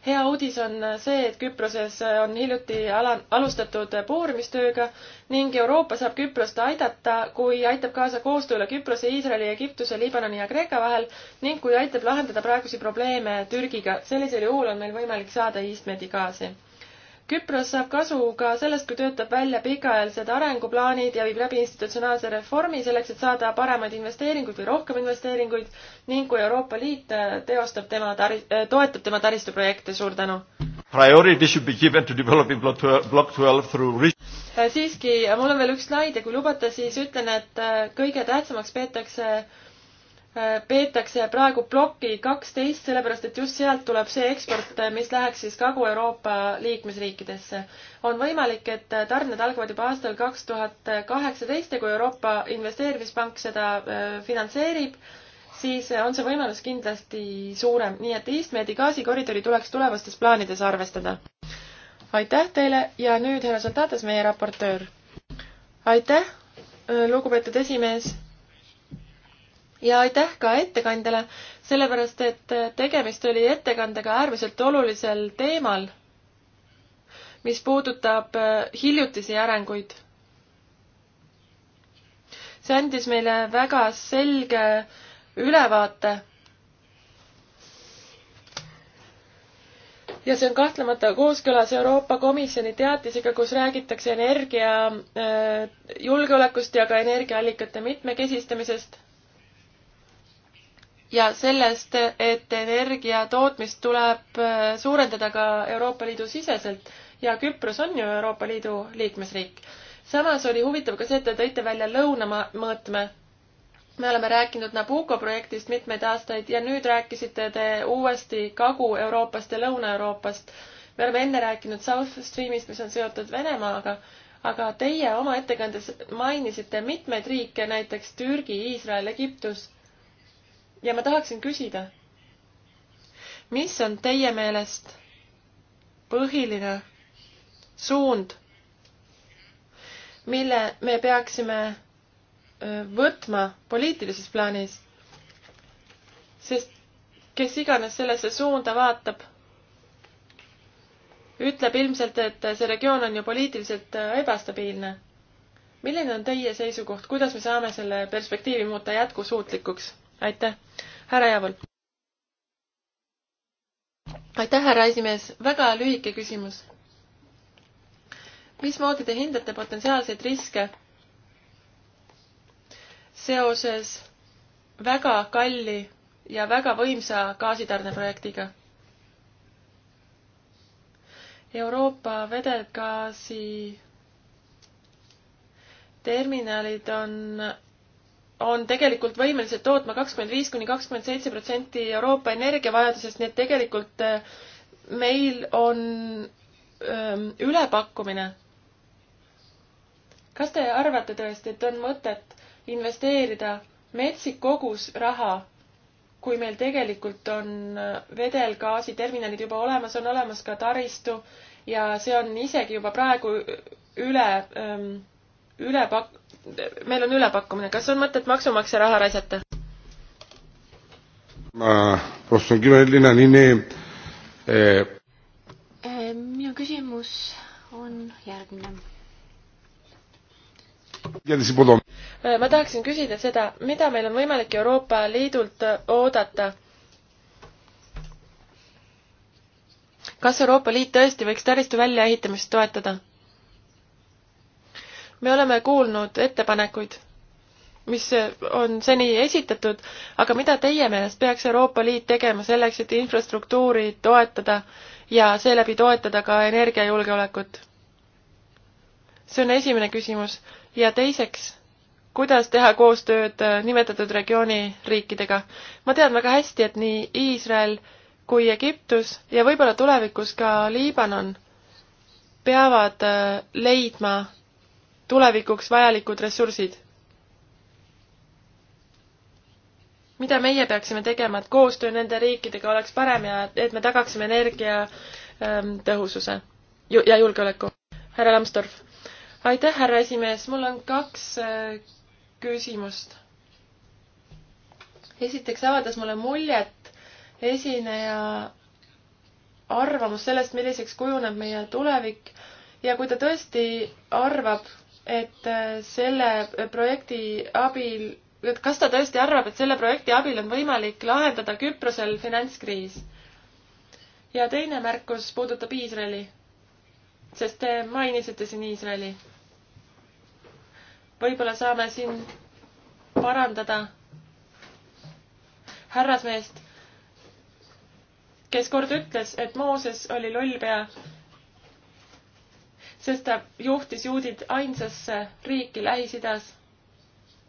Speaker 1: hea uudis on see, et Küproses on hiljuti ala, alustatud puurimistööga ning Euroopa saab Küprost aidata, kui aitab kaasa koostööle Küprose, Iisraeli, Egiptuse, Liibanoni ja Kreeka vahel ning kui aitab lahendada praegusi probleeme Türgiga. sellisel juhul on meil võimalik saada Eastmedi gaasi. Küpros saab kasu ka sellest, kui töötab välja pikaajalised arenguplaanid ja viib läbi institutsionaalse reformi selleks, et saada paremaid investeeringuid või rohkem investeeringuid ning kui Euroopa Liit äh, teostab tema tari-, äh, toetab tema taristuprojekte, suur tänu! Through... Äh, siiski, mul on veel üks slaid ja kui lubate, siis ütlen, et kõige tähtsamaks peetakse Äh, peetakse praegu ploki kaksteist, sellepärast et just sealt tuleb see eksport, äh, mis läheks siis Kagu-Euroopa liikmesriikidesse. on võimalik, et äh, tarned algavad juba aastal kaks tuhat kaheksateist ja kui Euroopa Investeerimispank seda finantseerib, siis on see võimalus kindlasti suurem, nii et Eastmedi gaasikoridori tuleks tulevastes plaanides arvestada. aitäh teile ja nüüd härra Soltatas, meie raportöör. aitäh, lugupeetud esimees ja aitäh ka ettekandjale, sellepärast et tegemist oli ettekandega äärmiselt olulisel teemal, mis puudutab äh, hiljutisi arenguid. see andis meile väga selge ülevaate. ja see on kahtlemata kooskõlas Euroopa Komisjoni teatisega, kus räägitakse energia äh, julgeolekust ja ka energiaallikate mitmekesistamisest ja sellest, et energia tootmist tuleb äh, suurendada ka Euroopa Liidu siseselt ja Küpros on ju Euroopa Liidu liikmesriik. samas oli huvitav ka see, et te tõite välja lõunamaa mõõtme. me oleme rääkinud Nabucco projektist mitmeid aastaid ja nüüd rääkisite te uuesti Kagu-Euroopast ja Lõuna-Euroopast. me oleme enne rääkinud South Streamist, mis on seotud Venemaaga, aga teie oma ettekandes mainisite mitmeid riike, näiteks Türgi, Iisrael, Egiptus ja ma tahaksin küsida, mis on teie meelest põhiline suund, mille me peaksime võtma poliitilises plaanis, sest kes iganes sellesse suunda vaatab, ütleb ilmselt, et see regioon on ju poliitiliselt ebastabiilne. milline on teie seisukoht, kuidas me saame selle perspektiivi muuta jätkusuutlikuks? aitäh, härra Javol. aitäh, härra esimees, väga lühike küsimus. mismoodi te hindate potentsiaalseid riske seoses väga kalli ja väga võimsa gaasitarneprojektiga? Euroopa vedelgaasi terminalid on on tegelikult võimelised tootma kakskümmend viis kuni kakskümmend seitse protsenti Euroopa energiavajadusest, nii et tegelikult äh, meil on ähm, ülepakkumine. kas te arvate tõesti, et on mõtet investeerida metsik kogus raha, kui meil tegelikult on äh, vedelgaasiterminalid juba olemas, on olemas ka taristu ja see on isegi juba praegu üle, ähm, üle pak-, meil on ülepakkumine, kas on mõtet maksumaksja raha raisata? Eh, eh, minu küsimus on järgmine
Speaker 3: eh,
Speaker 1: ma tahaksin küsida seda, mida meil on võimalik Euroopa Liidult oodata? kas Euroopa Liit tõesti võiks taristu väljaehitamist toetada? me oleme kuulnud ettepanekuid, mis on seni esitatud, aga mida teie meelest peaks Euroopa Liit tegema selleks, et infrastruktuuri toetada ja seeläbi toetada ka energiajulgeolekut? see on esimene küsimus ja teiseks, kuidas teha koostööd nimetatud regiooni riikidega? ma tean väga hästi, et nii Iisrael kui Egiptus ja võib-olla tulevikus ka Liibanon peavad leidma tulevikuks vajalikud ressursid. mida meie peaksime tegema, et koostöö nende riikidega oleks parem ja et me tagaksime energia ähm, tõhususe ja julgeoleku? härra Lambsdorff. aitäh, härra esimees, mul on kaks äh, küsimust. esiteks avaldas mulle muljet esineja arvamus sellest, milliseks kujuneb meie tulevik ja kui ta tõesti arvab, et äh, selle projekti abil, et kas ta tõesti arvab, et selle projekti abil on võimalik lahendada Küprosel finantskriis? ja teine märkus puudutab Iisraeli, sest te mainisite siin Iisraeli. võib-olla saame siin parandada härrasmeest, kes kord ütles, et Mooses oli lollpea sest ta juhtis juudid ainsasse riiki Lähis-Idas,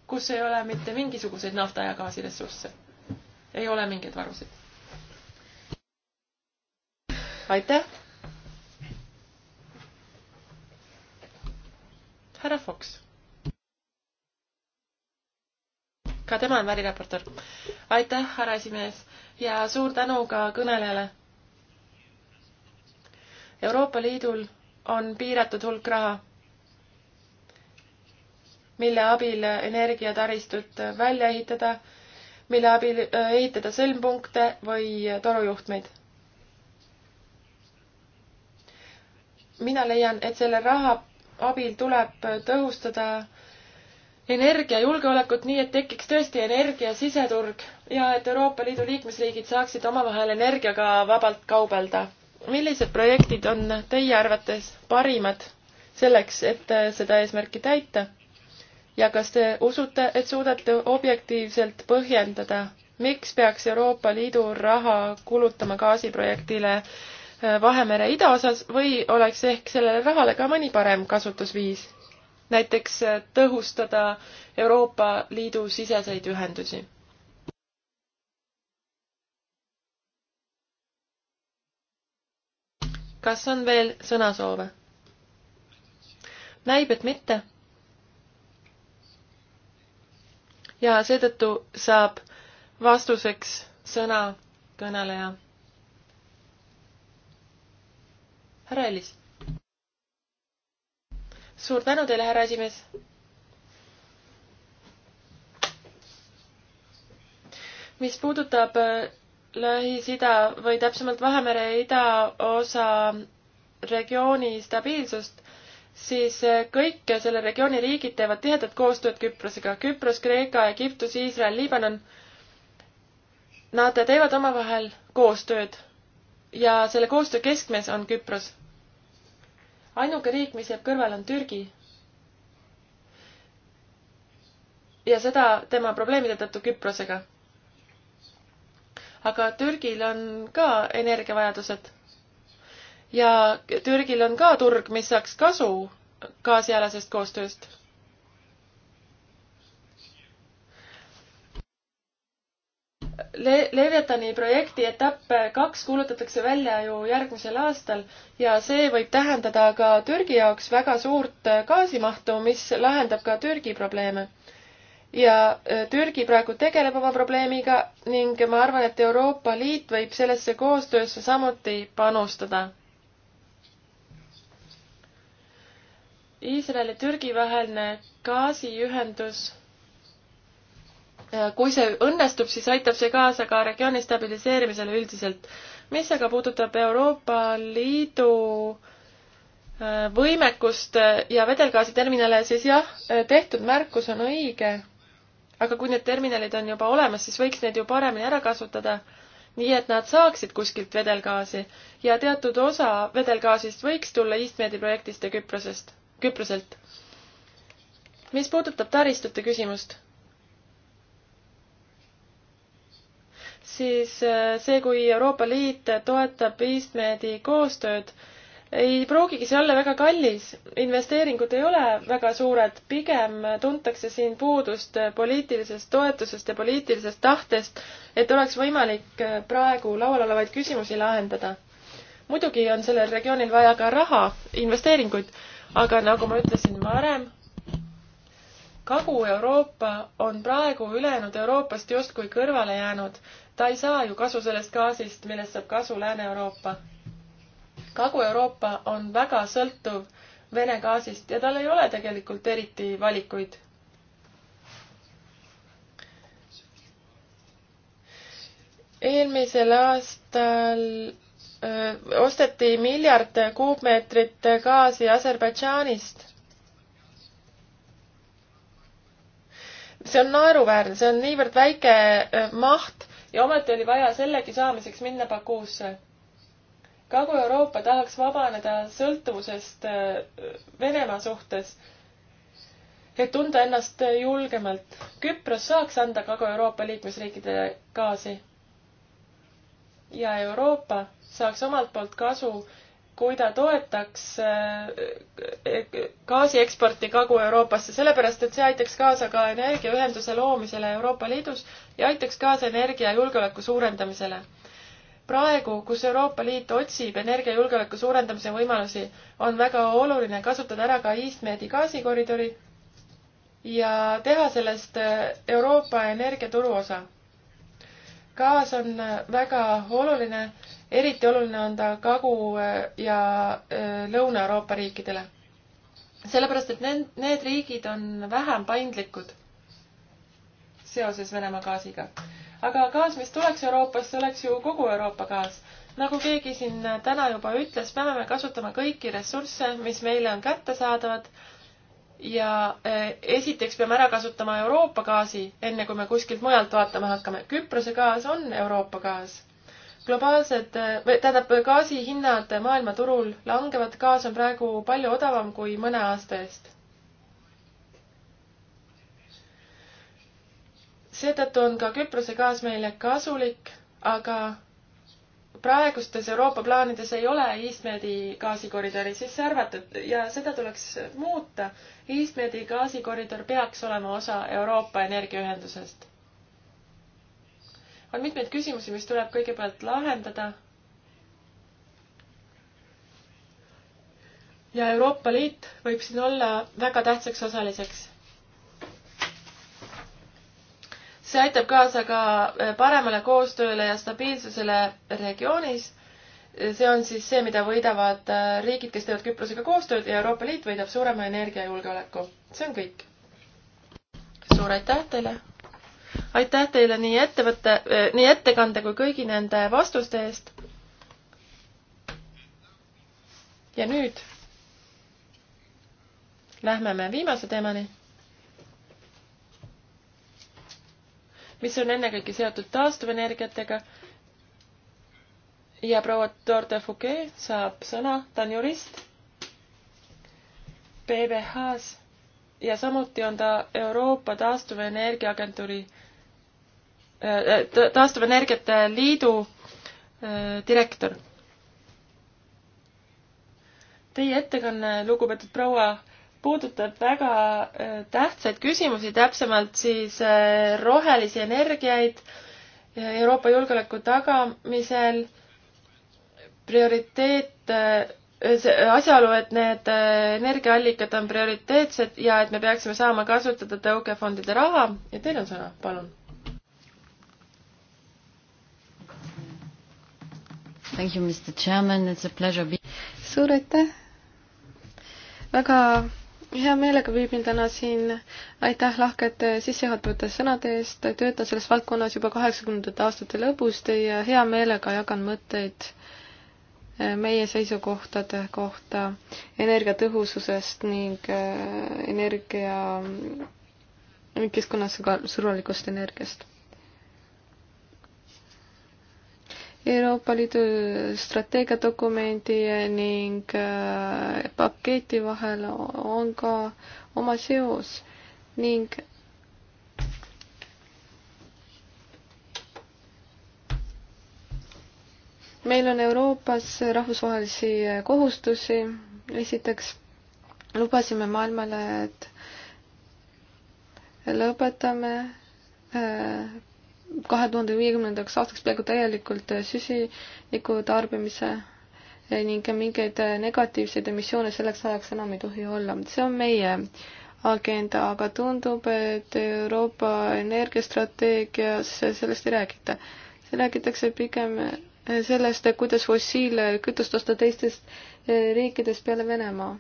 Speaker 1: kus ei ole mitte mingisuguseid nafta ja gaasiressursse. ei ole mingeid varusid. aitäh. härra Fox. ka tema on väliraportor. aitäh, härra esimees ja suur tänu ka kõnelejale. Euroopa Liidul on piiratud hulk raha, mille abil energiataristut välja ehitada, mille abil äh, ehitada sõlmpunkte või torujuhtmeid. mina leian, et selle raha abil tuleb tõhustada energiajulgeolekut nii, et tekiks tõesti energia siseturg ja et Euroopa Liidu liikmesriigid saaksid omavahel energiaga vabalt kaubelda millised projektid on teie arvates parimad selleks, et äh, seda eesmärki täita? ja kas te usute, et suudate objektiivselt põhjendada, miks peaks Euroopa Liidu raha kulutama gaasiprojektile äh, Vahemere idaosas või oleks ehk sellele rahale ka mõni parem kasutusviis? näiteks äh, tõhustada Euroopa Liidu siseseid ühendusi kas on veel sõnasoove? näib, et mitte. ja seetõttu saab vastuseks sõna kõneleja. härra Ellis. suur tänu teile, härra esimees. mis puudutab äh, Lähis-Ida või täpsemalt Vahemere idaosa regiooni stabiilsust, siis kõik selle regiooni riigid teevad tihedat koostööd Küprosega. Küpros, Kreeka, Egiptus, Iisrael, Liibanon. Nad teevad omavahel koostööd ja selle koostöö keskmes on Küpros. ainuke riik, mis jääb kõrvale, on Türgi. ja seda tema probleemide tõttu Küprosega aga Türgil on ka energiavajadused. ja Türgil on ka turg, mis saaks kasu gaasialasest koostööst. Le-, Leviatani projekti etapp kaks kuulutatakse välja ju järgmisel aastal ja see võib tähendada ka Türgi jaoks väga suurt gaasimahtu, mis lahendab ka Türgi probleeme ja äh, Türgi praegu tegeleb oma probleemiga ning ma arvan, et Euroopa Liit võib sellesse koostöösse samuti panustada. Iisraeli ja Türgi vaheline gaasiühendus, äh, kui see õnnestub, siis aitab see kaasa ka regiooni stabiliseerimisele üldiselt. mis aga puudutab Euroopa Liidu äh, võimekust ja vedelgaasiterminale, siis jah, tehtud märkus on õige aga kui need terminalid on juba olemas, siis võiks neid ju paremini ära kasutada, nii et nad saaksid kuskilt vedelgaasi ja teatud osa vedelgaasist võiks tulla Eastmedi projektist ja Küprosest, Küproselt. mis puudutab taristute küsimust, siis äh, see, kui Euroopa Liit toetab Eastmedi koostööd, ei pruugigi see olla väga kallis, investeeringud ei ole väga suured, pigem tuntakse siin puudust poliitilisest toetusest ja poliitilisest tahtest, et oleks võimalik praegu laual olevaid küsimusi lahendada. muidugi on sellel regioonil vaja ka raha, investeeringuid, aga nagu ma ütlesin varem, Kagu-Euroopa on praegu ülejäänud Euroopast justkui kõrvale jäänud. ta ei saa ju kasu sellest gaasist, millest saab kasu Lääne-Euroopa Kagu-Euroopa on väga sõltuv Vene gaasist ja tal ei ole tegelikult eriti valikuid. eelmisel aastal öö, osteti miljard kuupmeetrit gaasi Aserbaidžaanist. see on naeruväärne, see on niivõrd väike öö, maht ja ometi oli vaja sellegi saamiseks minna Bakuusse Kagu-Euroopa tahaks vabaneda sõltuvusest äh, Venemaa suhtes, et tunda ennast julgemalt. Küpros saaks anda Kagu-Euroopa liikmesriikidele gaasi. ja Euroopa saaks omalt poolt kasu, kui ta toetaks äh, e-, gaasi eksporti Kagu-Euroopasse, sellepärast et see aitaks kaasa ka energiaühenduse loomisele Euroopa Liidus ja aitaks kaasa energiajulgeoleku suurendamisele praegu, kus Euroopa Liit otsib energiajulgeoleku suurendamise võimalusi, on väga oluline kasutada ära ka Eastmedi gaasikoridori ja teha sellest Euroopa energiaturu osa. gaas on väga oluline, eriti oluline on ta Kagu- ja äh, Lõuna-Euroopa riikidele. sellepärast, et need, need riigid on vähem paindlikud seoses Venemaa gaasiga aga gaas, mis tuleks Euroopast, see oleks ju kogu Euroopa gaas. nagu keegi siin täna juba ütles, peame me kasutama kõiki ressursse, mis meile on kättesaadavad ja eh, esiteks peame ära kasutama Euroopa gaasi, enne kui me kuskilt mujalt vaatama hakkame. Küprose gaas on Euroopa gaas. globaalsed, eh, tähendab, gaasi hinnad maailmaturul langevad, gaas on praegu palju odavam kui mõne aasta eest seetõttu on ka Küprose gaas meile kasulik, aga praegustes Euroopa plaanides ei ole Eastmedi gaasikoridori sisse arvatud ja seda tuleks muuta. Eastmedi gaasikoridor peaks olema osa Euroopa energiaühendusest. on mitmeid küsimusi, mis tuleb kõigepealt lahendada. ja Euroopa Liit võib siin olla väga tähtsaks osaliseks see aitab kaasa ka äh, paremale koostööle ja stabiilsusele regioonis. see on siis see, mida võidavad äh, riigid, kes teevad Küprosega koostööd ja Euroopa Liit võidab suurema energiajulgeoleku. see on kõik. suur aitäh teile! aitäh teile nii ettevõtte, äh, nii ettekande kui kõigi nende vastuste eest. ja nüüd lähme me viimase teemani mis on ennekõike seotud taastuvenergiatega. ja proua Dorte Fouquet saab sõna, ta on jurist PBH-s ja samuti on ta Euroopa Taastuvenergia Agentuuri äh, äh, taastuvenergiate liidu äh, direktor. Teie ettekanne, lugupeetud proua, puudutab väga äh, tähtsaid küsimusi, täpsemalt siis äh, rohelisi energiaid äh, Euroopa julgeoleku tagamisel, prioriteet, see asjaolu, et need energiaallikad on prioriteetsed ja et me peaksime saama kasutada tõukefondide raha ja teil on sõna, palun.
Speaker 3: Thank you, Mr Chairman, it's a pleasure being suur aitäh! väga hea meelega viibin täna siin. aitäh lahkete sissejuhatavate sõnade eest, töötan selles valdkonnas juba kaheksakümnendate aastate lõpust ja hea meelega jagan mõtteid eh, meie seisukohtade kohta energiatõhususest ning eh, energia, mm, keskkonnasõbralikust energiast Euroopa Liidu strateegiadokumendi ning äh, paketi vahel on ka oma seos ning meil on Euroopas rahvusvahelisi kohustusi. esiteks lubasime maailmale, et lõpetame äh, kahe tuhande viiekümnendaks aastaks peaaegu täielikult süsiniku tarbimise eh, ning mingeid eh, negatiivseid emissioone selleks ajaks enam ei tohi olla. see on meie agenda, aga tundub, et Euroopa energiastrateegias sellest ei räägita. räägitakse pigem eh, sellest, kuidas fossiilkütust osta teistest riikidest peale Venemaa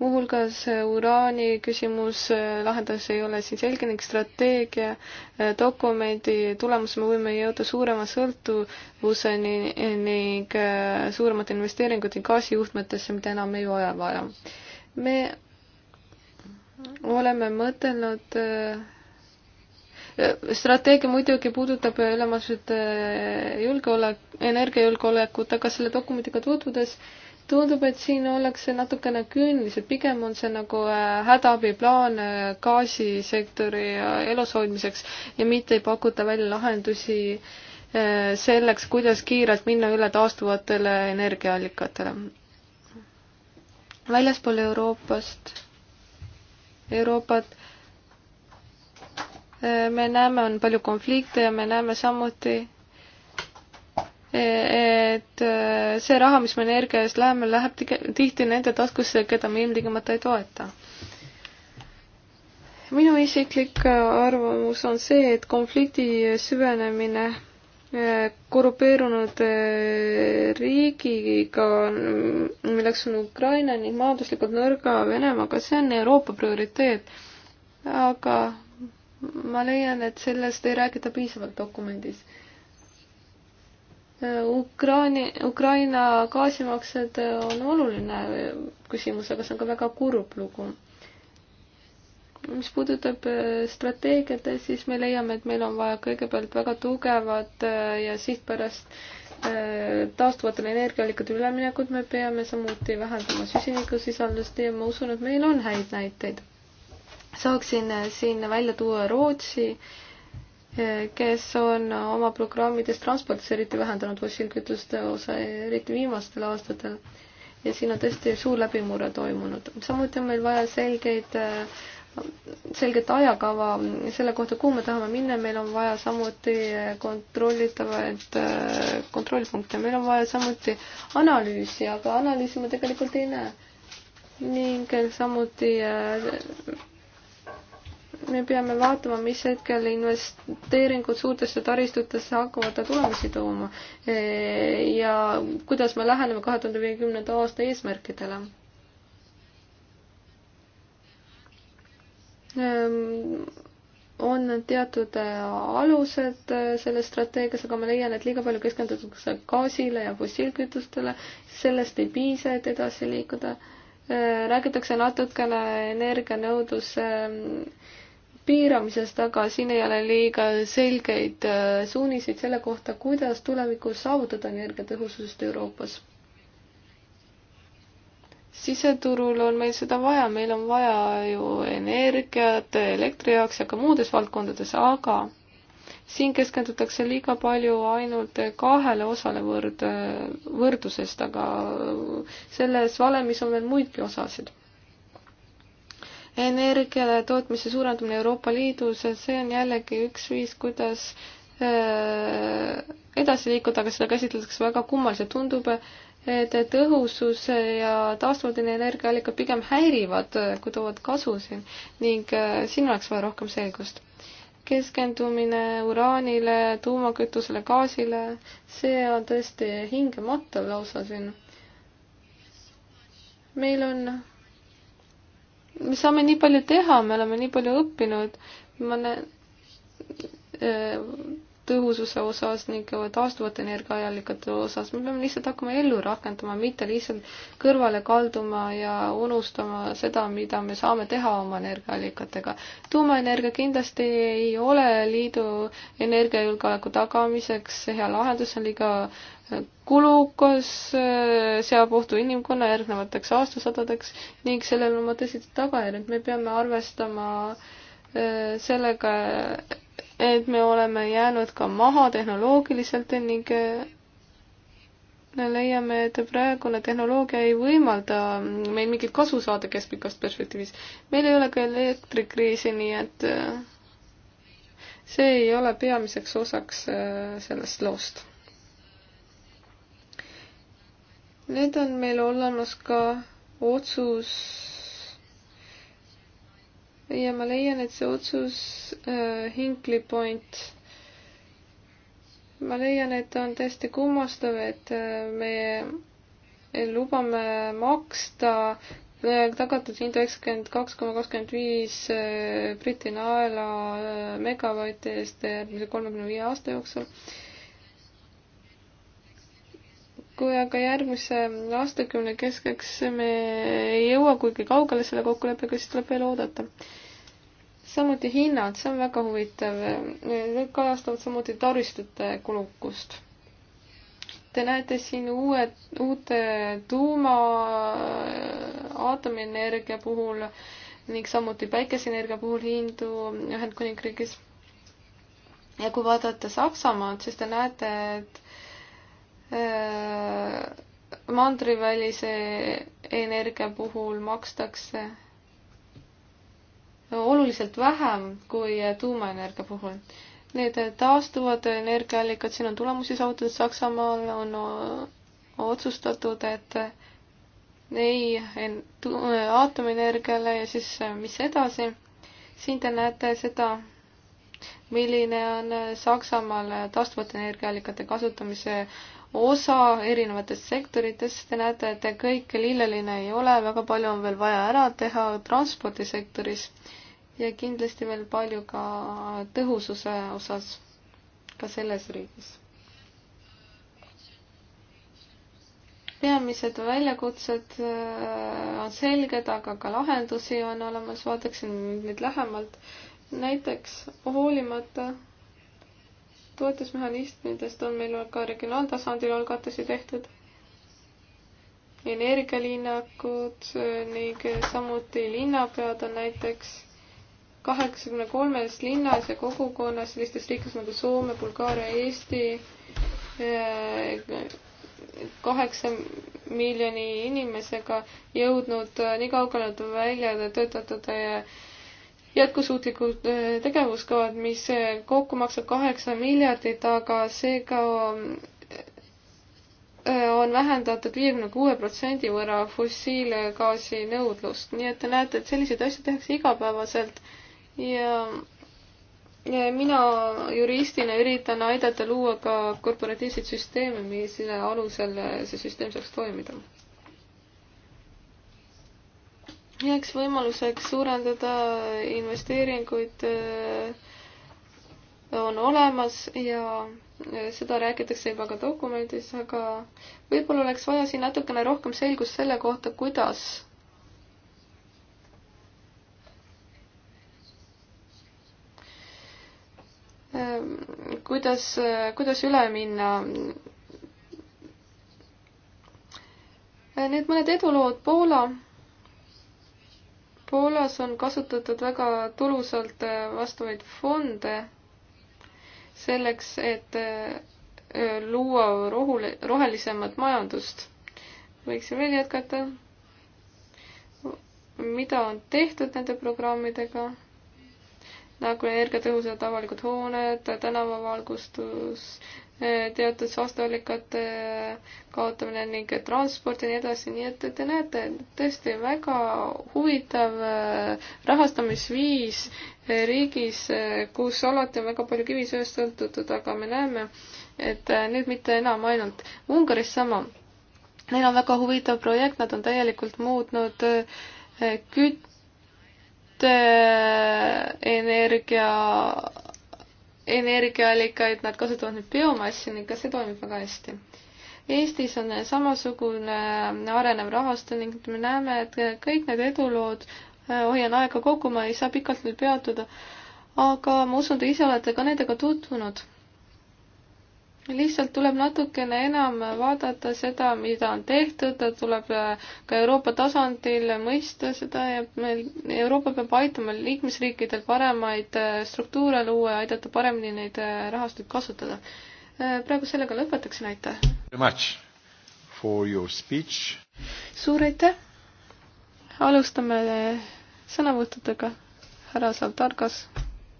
Speaker 3: muuhulgas eh, uraani küsimus, eh, lahendus ei ole siin selge ning strateegia eh, dokumendi tulemus me võime jõuda suurema sõltuvuseni ning suuremate investeeringute gaasijuhtmetesse, mida enam ei ole vaja. me oleme mõtelnud strateegia muidugi puudutab ülemaailmset julgeolek, energiajulgeolekut, aga selle dokumendiga tutvudes äh, tundub, et siin ollakse natukene küünilised, pigem on see nagu äh, hädaabiplaan äh, gaasisektori äh, elus hoidmiseks ja mitte ei pakuta välja lahendusi selleks, kuidas kiirelt minna üle taastuvatele energiaallikatele. väljaspool Euroopast, Euroopat me näeme, on palju konflikte ja me näeme samuti, et see raha, mis me energia eest läheme, läheb tihti nende taskusse, keda me ilmtingimata ei toeta. minu isiklik arvamus on see, et konflikti süvenemine eh, korrupeerunud eh, riigiga, milleks on Ukraina ning majanduslikult nõrga Venemaaga, see on Euroopa prioriteet. aga ma leian, et sellest ei räägita piisavalt dokumendis Ukraani, Ukraina gaasimaksed on oluline küsimus, aga see on ka väga kurb lugu. mis puudutab äh, strateegiat, siis me leiame, et meil on vaja kõigepealt väga tugevat äh, ja sihtpärast äh, taastuvatele energiaallikatele üleminekut, me peame samuti vähendama süsinikusisaldust ja ma usun, et meil on häid näiteid. saaksin siin välja tuua Rootsi äh, kes on oma programmides transpordis eriti vähendanud fossiilkütuste osa, eriti viimastel aastatel. ja siin on tõesti suur läbimurre toimunud. samuti on meil vaja selgeid, selget ajakava selle kohta, kuhu me tahame minna, meil on vaja samuti kontrollitavaid kontrollpunkte, meil on vaja samuti analüüsi, aga analüüsi ma tegelikult ei näe. ning samuti me peame vaatama, mis hetkel investeeringud suurtesse taristutesse hakkavad tulemusi tooma ja kuidas me läheneme kahe tuhande viiekümnenda aasta eesmärkidele. on teatud alused selles strateegias, aga ma leian, et liiga palju keskendutakse gaasile ja fossiilkütustele, sellest ei piisa, et edasi liikuda räägitakse natukene energianõudluse äh, piiramisest, aga siin ei ole liiga selgeid äh, suuniseid selle kohta, kuidas tulevikus saavutada energiatõhusust Euroopas. siseturul on meil seda vaja, meil on vaja ju energiat elektri jaoks ja ka muudes valdkondades, aga siin keskendutakse liiga palju ainult kahele osale võrd, võrdlusest, aga selles valemis on veel muidki osasid energiale tootmise suurendamine Euroopa Liidus, see on jällegi üks viis, kuidas äh, edasi liikuda, aga seda käsitletakse väga kummaliselt, tundub, et tõhusus ja taastuvate energiaallikad pigem häirivad, kui toovad kasu siin ning äh, siin oleks vaja rohkem selgust. keskendumine uraanile, tuumakütusele, gaasile, see on tõesti hingematav lausa siin. meil on me saame nii palju teha, me oleme nii palju õppinud, ma näen, äh, tõhususe osas ning taastuvate energiaallikate osas, me peame lihtsalt hakkama ellu rakendama, mitte lihtsalt kõrvale kalduma ja unustama seda, mida me saame teha oma energiaallikatega. tuumaenergia kindlasti ei ole liidu energiajulgeoleku tagamiseks hea lahendus, see on liiga kulukas, seab ohtu inimkonna järgnevateks aastasadadeks ning sellel on oma tõsised tagajärjed, me peame arvestama äh, sellega, et me oleme jäänud ka maha tehnoloogiliselt ning äh, leiame, et praegune tehnoloogia ei võimalda meil mingit kasu saada keskpikas perspektiivis. meil ei ole ka elektrikriisi, nii et äh, see ei ole peamiseks osaks äh, sellest loost. nüüd on meil olemas ka otsus ja ma leian, et see otsus äh, Hinkley Point, ma leian, et on täiesti kummastav, et äh, me lubame maksta äh, tagatud hind üheksakümmend kaks koma kakskümmend viis äh, Briti naela äh, megavati eest järgmise kolmekümne viie aasta jooksul äh, kui aga järgmise aastakümne keskeks me ei jõua kuigi kaugele selle kokkuleppega, siis tuleb veel oodata. samuti hinnad, see on väga huvitav. Need kajastavad samuti taristute kulukust. Te näete siin uue, uute tuuma aatomienergia puhul ning samuti päikeseenergia puhul hindu Ühendkuningriigis. ja kui vaadata Saksamaad, siis te näete, et Äh, mandrivälise energia puhul makstakse oluliselt vähem kui tuumaenergia puhul. Need taastuvad energiaallikad, siin on tulemusi saavutatud, Saksamaal on äh, otsustatud, et ei aatomienergiale ja siis äh, mis edasi. siin te näete seda, milline on Saksamaal taastuvate energiaallikate kasutamise äh, osa erinevatest sektoritest, te näete, et kõik lilleline ei ole, väga palju on veel vaja ära teha transpordisektoris ja kindlasti veel palju ka tõhususe osas ka selles riigis. peamised väljakutsed äh, on selged, aga ka lahendusi on olemas, vaataksin nüüd lähemalt. näiteks hoolimata toetusmehhanismidest on meil ka regionaaltasandil algatusi tehtud, energialinnakud ning samuti linnapead on näiteks kaheksakümne kolmes linnas ja kogukonnas sellistes riikides nagu Soome, Bulgaaria, Eesti eh, kaheksa miljoni inimesega jõudnud eh, nii kaugele, et on välja töötatud eh, jätkusuutlikud äh, tegevuskavad, mis äh, kokku maksab kaheksa miljardit, aga seega äh, on vähendatud viiekümne kuue protsendi võrra fossiilgaasi nõudlust, nii et te näete, et selliseid asju tehakse igapäevaselt ja, ja mina juristina üritan aidata luua ka korporatiivseid süsteeme, mille alusel see süsteem saaks toimida heaks võimaluseks suurendada investeeringuid äh, on olemas ja äh, seda räägitakse juba ka dokumendis, aga võib-olla oleks vaja siin natukene rohkem selgust selle kohta, kuidas ähm, kuidas, äh, kuidas üle minna Need mõned edulood Poola Poolas on kasutatud väga tulusalt äh, vastavaid fonde selleks, et äh, äh, luua rohule, rohelisemat majandust. võiksin veel jätkata. mida on tehtud nende programmidega? nagu energiatõhusad avalikud hooned, tänavavalgustus, teatud saasteallikate kaotamine ning transport ja nii edasi, nii et te näete, tõesti väga huvitav äh, rahastamisviis äh, riigis, äh, kus alati on väga palju kivisööst sõltutud, aga me näeme, et nüüd mitte enam ainult. Ungaris sama. Neil on väga huvitav projekt, nad on täielikult muutnud küt-, energia, energiaallikaid, nad kasutavad nüüd biomassi ning ka see toimib väga hästi. Eestis on samasugune arenev rahastu ning me näeme, et kõik need edulood, äh, hoian aega kokku, ma ei saa pikalt nüüd peatuda, aga ma usun, te ise olete ka nendega tutvunud lihtsalt tuleb natukene enam vaadata seda, mida on tehtud, tuleb äh, ka Euroopa tasandil mõista seda ja meil, Euroopa peab aitama liikmesriikidel paremaid äh, struktuure luua ja aidata paremini neid äh, rahastuid kasutada. praegu sellega lõpetaksin, aitäh! suur aitäh! alustame sõnavõttudega, härra Saltargas,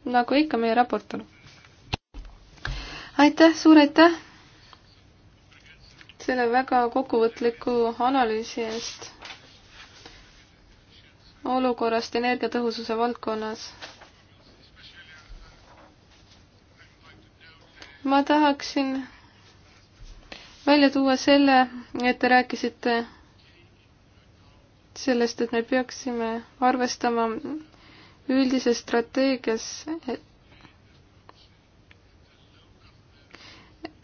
Speaker 3: nagu ikka meie raportor aitäh, suur aitäh selle väga kokkuvõtliku analüüsi eest olukorrast energiatõhususe valdkonnas. ma tahaksin välja tuua selle, et te rääkisite sellest, et me peaksime arvestama üldises strateegias, et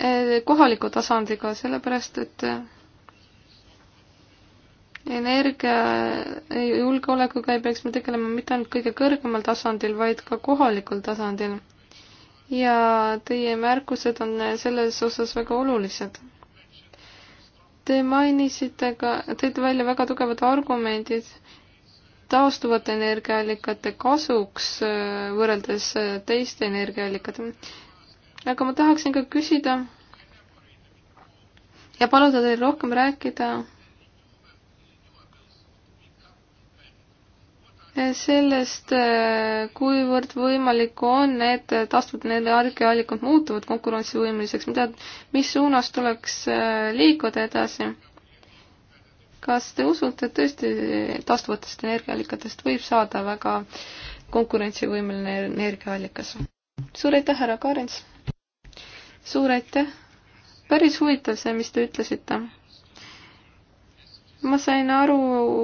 Speaker 3: Eh, kohaliku tasandiga, sellepärast et eh, energiajulgeolekuga eh, ei peaks me tegelema mitte ainult kõige kõrgemal tasandil, vaid ka kohalikul tasandil. ja teie märkused on selles osas väga olulised. Te mainisite ka, tõite välja väga tugevad argumendid taastuvate energiaallikate kasuks võrreldes teiste energiaallikatega aga ma tahaksin ka küsida ja paluda teil rohkem rääkida sellest, kuivõrd võimalik on need taastuvenergia allikad muutuvad konkurentsivõimeliseks, mida, mis suunas tuleks äh, liikuda edasi? kas te usute, et tõesti taastuvatest energiaallikatest võib saada väga konkurentsivõimeline energiaallikas? suur aitäh, härra Kaarents! suur aitäh. päris huvitav see, mis te ütlesite. ma sain aru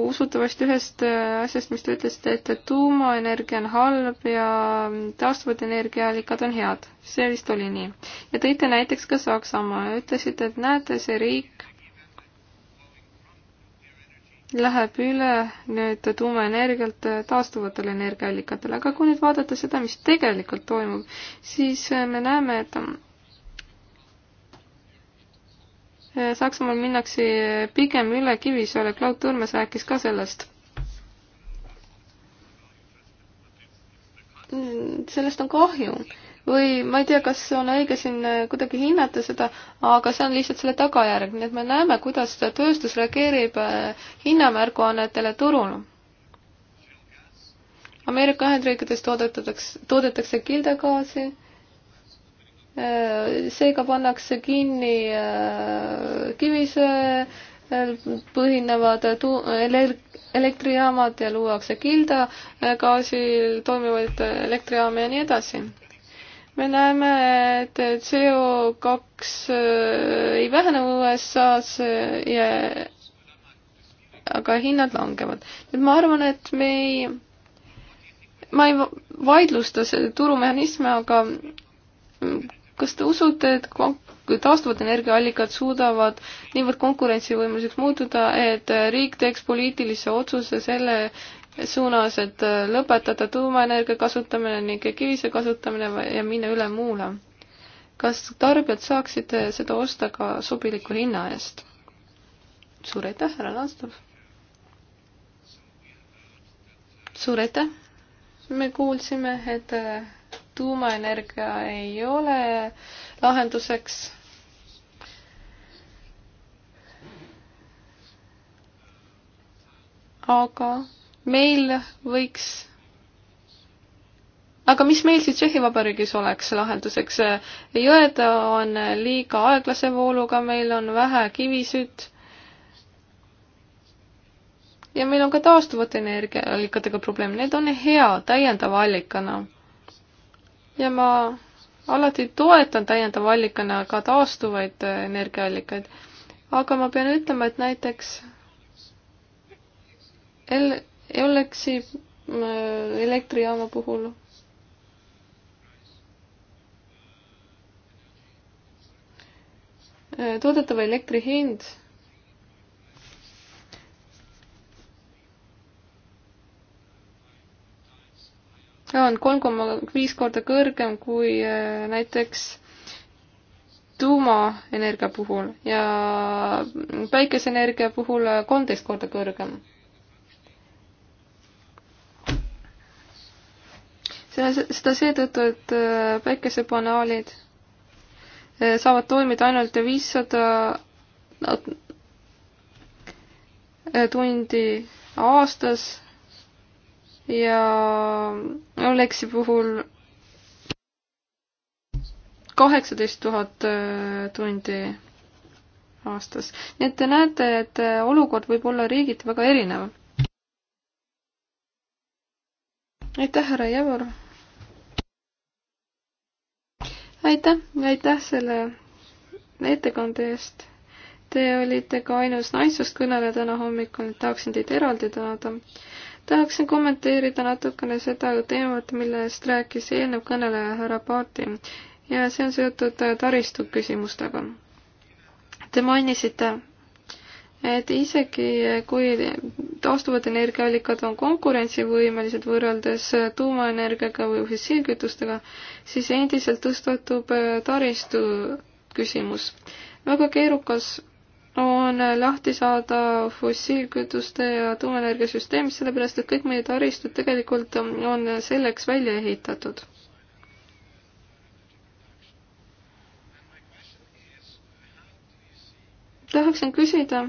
Speaker 3: usutavasti ühest äh, asjast, mis te ütlesite, et tuumaenergia on halb ja taastuvad energiaallikad on head. see vist oli nii. ja tõite näiteks ka Saksamaa ja ütlesite, et näete, see riik läheb üle nüüd tuumaenergialt taastuvatele energiaallikatele, aga kui nüüd vaadata seda, mis tegelikult toimub, siis äh, me näeme, et Eh, Saksamaal minnakse pigem üle Kivisöele, Klaud Turmes rääkis ka sellest. sellest on kahju või ma ei tea, kas on õige siin eh, kuidagi hinnata seda, aga see on lihtsalt selle tagajärg, nii et me näeme, kuidas tööstus reageerib eh, hinnamärguannetele turul. Ameerika Ühendriikides toodetakse, toodetakse kildegaasi Äh, seega pannakse kinni äh, kivisöe põhinevad tu-, elektrijaamad ja luuakse kilda äh, gaasil toimivaid elektrijaame ja nii edasi. me näeme, et CO kaks ei vähene USA-s ja aga hinnad langevad. et ma arvan, et me ei, ma ei vaidlusta selle turumehhanisme, aga mm, kas te usute, et taastuvad energiaallikad suudavad niivõrd konkurentsivõimeliseks muutuda, et riik teeks poliitilise otsuse selle suunas, et lõpetada tuumaenergia kasutamine ning kivise kasutamine ja minna üle muule. kas tarbijad saaksid seda osta ka sobiliku hinna eest? suur aitäh, härra Laastov! suur aitäh! me kuulsime, et tuumaenergia ei ole lahenduseks aga meil võiks, aga mis meil siis Tšehhi Vabariigis oleks lahenduseks? jõed on liiga aeglase vooluga, meil on vähe kivisütt ja meil on ka taastuvate energiaallikatega probleem, need on hea täiendava allikana ja ma alati toetan täiendava allikana ka taastuvaid äh, energiaallikaid. aga ma pean ütlema, et näiteks el-, Elexi äh, elektrijaama puhul äh, toodetava elektri hind on kolm koma viis korda kõrgem kui äh, näiteks tuumaenergia puhul ja päikeseenergia puhul äh, kolmteist korda kõrgem. seda, seda seetõttu, et äh, päikesepanaalid saavad toimida ainult viissada tundi aastas ja Alexi puhul kaheksateist tuhat äh, tundi aastas. nii et te näete, et äh, olukord võib olla riigiti väga erinev. aitäh, härra Javor! aitäh, aitäh selle ettekande eest. Te olite ka ainus naissoost kõneleja täna hommikul, tahaksin teid eraldi tänada tahaksin kommenteerida natukene seda teemat, millest rääkis eelnev kõneleja härra Paati ja see on seotud äh, taristu küsimustega. Te mainisite, et isegi äh, kui taastuvad energiaallikad on konkurentsivõimelised võrreldes äh, tuumaenergiaga või fossiilkütustega, siis endiselt tõstatub taristu küsimus. väga keerukas on lahti saada fossiilkütuste ja tuumaenergia süsteemist, sellepärast et kõik meie taristud tegelikult on selleks välja ehitatud tahaksin küsida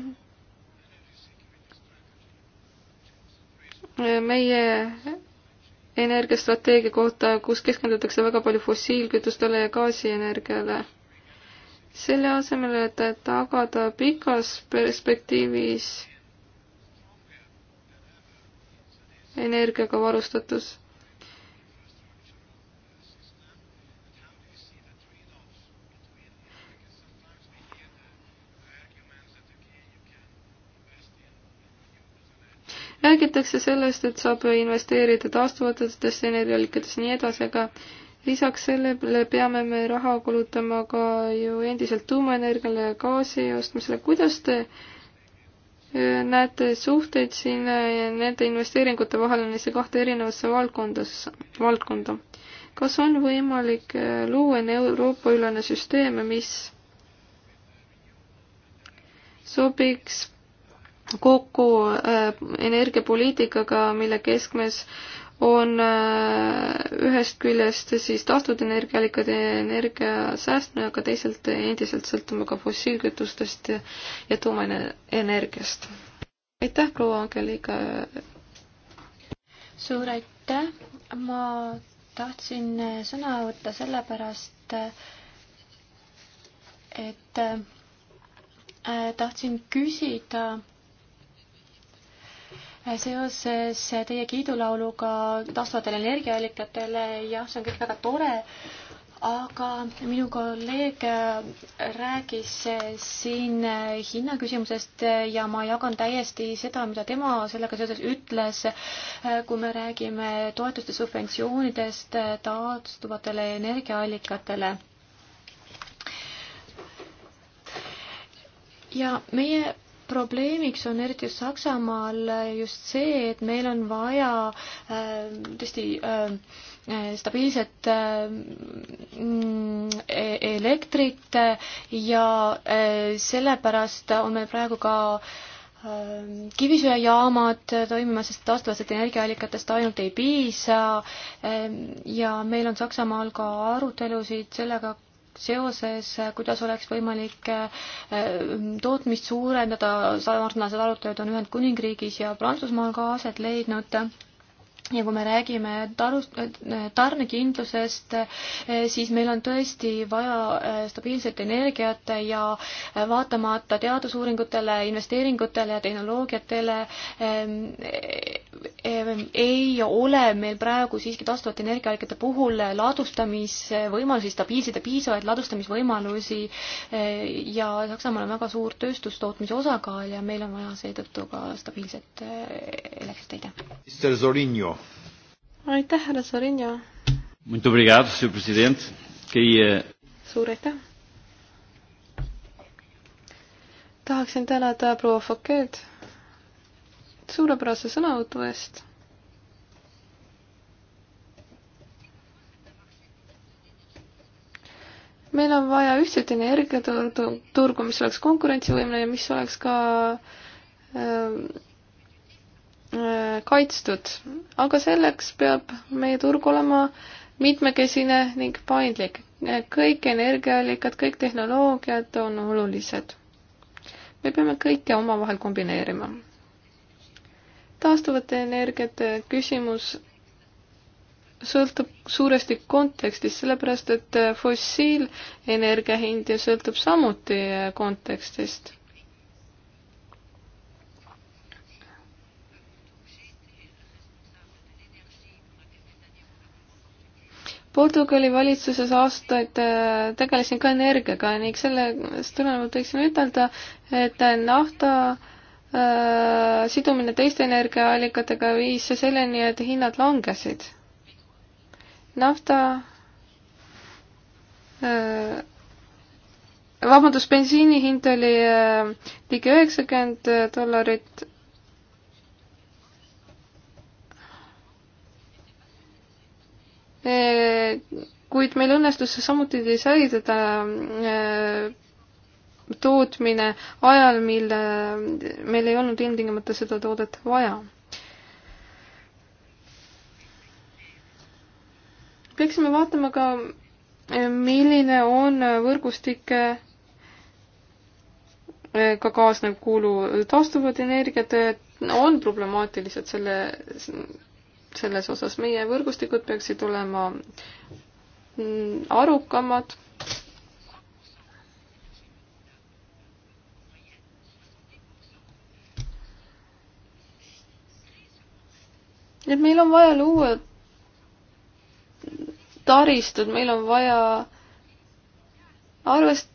Speaker 3: meie energiastrateegia kohta, kus keskendutakse väga palju fossiilkütustele ja gaasienergiale selle asemel, et tagada pikas perspektiivis energiaga varustatus. räägitakse sellest, et saab investeerida taastuvatesse energiaallikatesse ja nii edasi, aga lisaks sellele peame me raha kulutama ka ju endiselt tuumaenergiale ja gaasi ostmisele. kuidas te äh, näete suhteid siin äh, nende investeeringute vahel neisse kahte erinevasse valdkondasse, valdkonda? kas on võimalik äh, luua Euroopa ülene süsteem, mis sobiks kokku energiapoliitikaga, mille keskmes on äh, ühest küljest siis taastuvenergiaallikad ja energia säästmine, aga teisalt endiselt sõltume ka fossiilkütustest ja, ja tuumaenergiast. aitäh, proua Angelika! suur
Speaker 2: aitäh! ma tahtsin sõna võtta sellepärast, et äh, tahtsin küsida seoses teie kiidulauluga taastuvatele energiaallikatele, jah, see on kõik väga tore, aga minu kolleeg rääkis siin hinnaküsimusest ja ma jagan täiesti seda, mida tema sellega seoses ütles, kui me räägime toetuste subventsioonidest taastuvatele energiaallikatele ja meie probleemiks on eriti just Saksamaal just see, et meil on vaja ähm, tõesti ähm, äh, stabiilset ähm, e-, elektrit ja äh, sellepärast on meil praegu ka kivisöejaamad toimima, sest taastuvatest energiaallikatest ainult ei piisa ja meil on Saksamaal ka arutelusid sellega, seoses, kuidas oleks võimalik äh, tootmist suurendada, sarnased arutelud on Ühendkuningriigis ja Prantsusmaal ka aset leidnud ja kui me räägime tarust, tarnekindlusest, siis meil on tõesti vaja äh, stabiilset energiat ja äh, vaatamata teadusuuringutele, investeeringutele ja tehnoloogiatele ähm, ähm, ei ole meil praegu siiski taastuvate energiaallikate puhul ladustamisvõimalusi, stabiilseid ja piisavaid ladustamisvõimalusi äh, ja Saksamaal on väga suur tööstustootmise osakaal ja meil on vaja seetõttu ka stabiilset elektrit leida.
Speaker 1: Mr Zorinio
Speaker 3: aitäh, härra Sorinio. suur aitäh. tahaksin tänada proua Fouquet'd suurepärase sõnavõtu eest meil on vaja ühtset energiaturgu, mis oleks konkurentsivõimeline, mis oleks ka äh, Äh, kaitstud, aga selleks peab meie turg olema mitmekesine ning paindlik. kõik energiaallikad, kõik tehnoloogiad on olulised. me peame kõike omavahel kombineerima. taastuvate energiate küsimus sõltub suuresti kontekstist, sellepärast et fossiilenergia hind ju sõltub samuti kontekstist. Portugali valitsuses aastaid äh, tegelesin ka energiaga ning sellest tulenevalt võiksin ütelda, et nafta äh, sidumine teiste energiaallikatega viis selleni, et hinnad langesid. nafta äh,, vabandust, bensiini hind oli äh, ligi üheksakümmend dollarit Eh, kuid meil õnnestus samuti disainida eh, tootmine ajal, mil eh, meil ei olnud ilmtingimata seda toodet vaja. peaksime vaatama ka, milline on võrgustike ka kaasnev kulu. taastuvad energiad on problemaatilised selle selles osas. meie võrgustikud peaksid olema arukamad. et meil on vaja luua taristud, meil on vaja arvest-,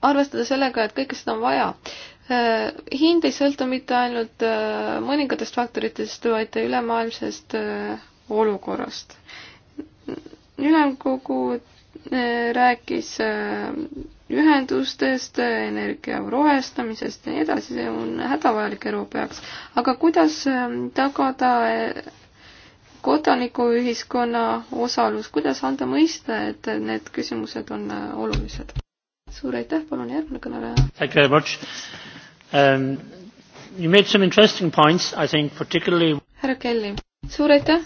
Speaker 3: arvestada sellega, et kõike seda on vaja. Äh, hind ei sõltu mitte ainult äh, mõningatest faktoritest, vaid ülemaailmsest äh, olukorrast. ülemkogu rääkis ühendustest, energia rohestamisest ja nii edasi, see on hädavajalik Euroopa jaoks. aga kuidas tagada kodanikuühiskonna osalus, kuidas anda mõista, et need küsimused on olulised? suur aitäh, palun järgmine kõneleja. Um, you made some interesting points, I think particularly. härra Kelly, suur aitäh!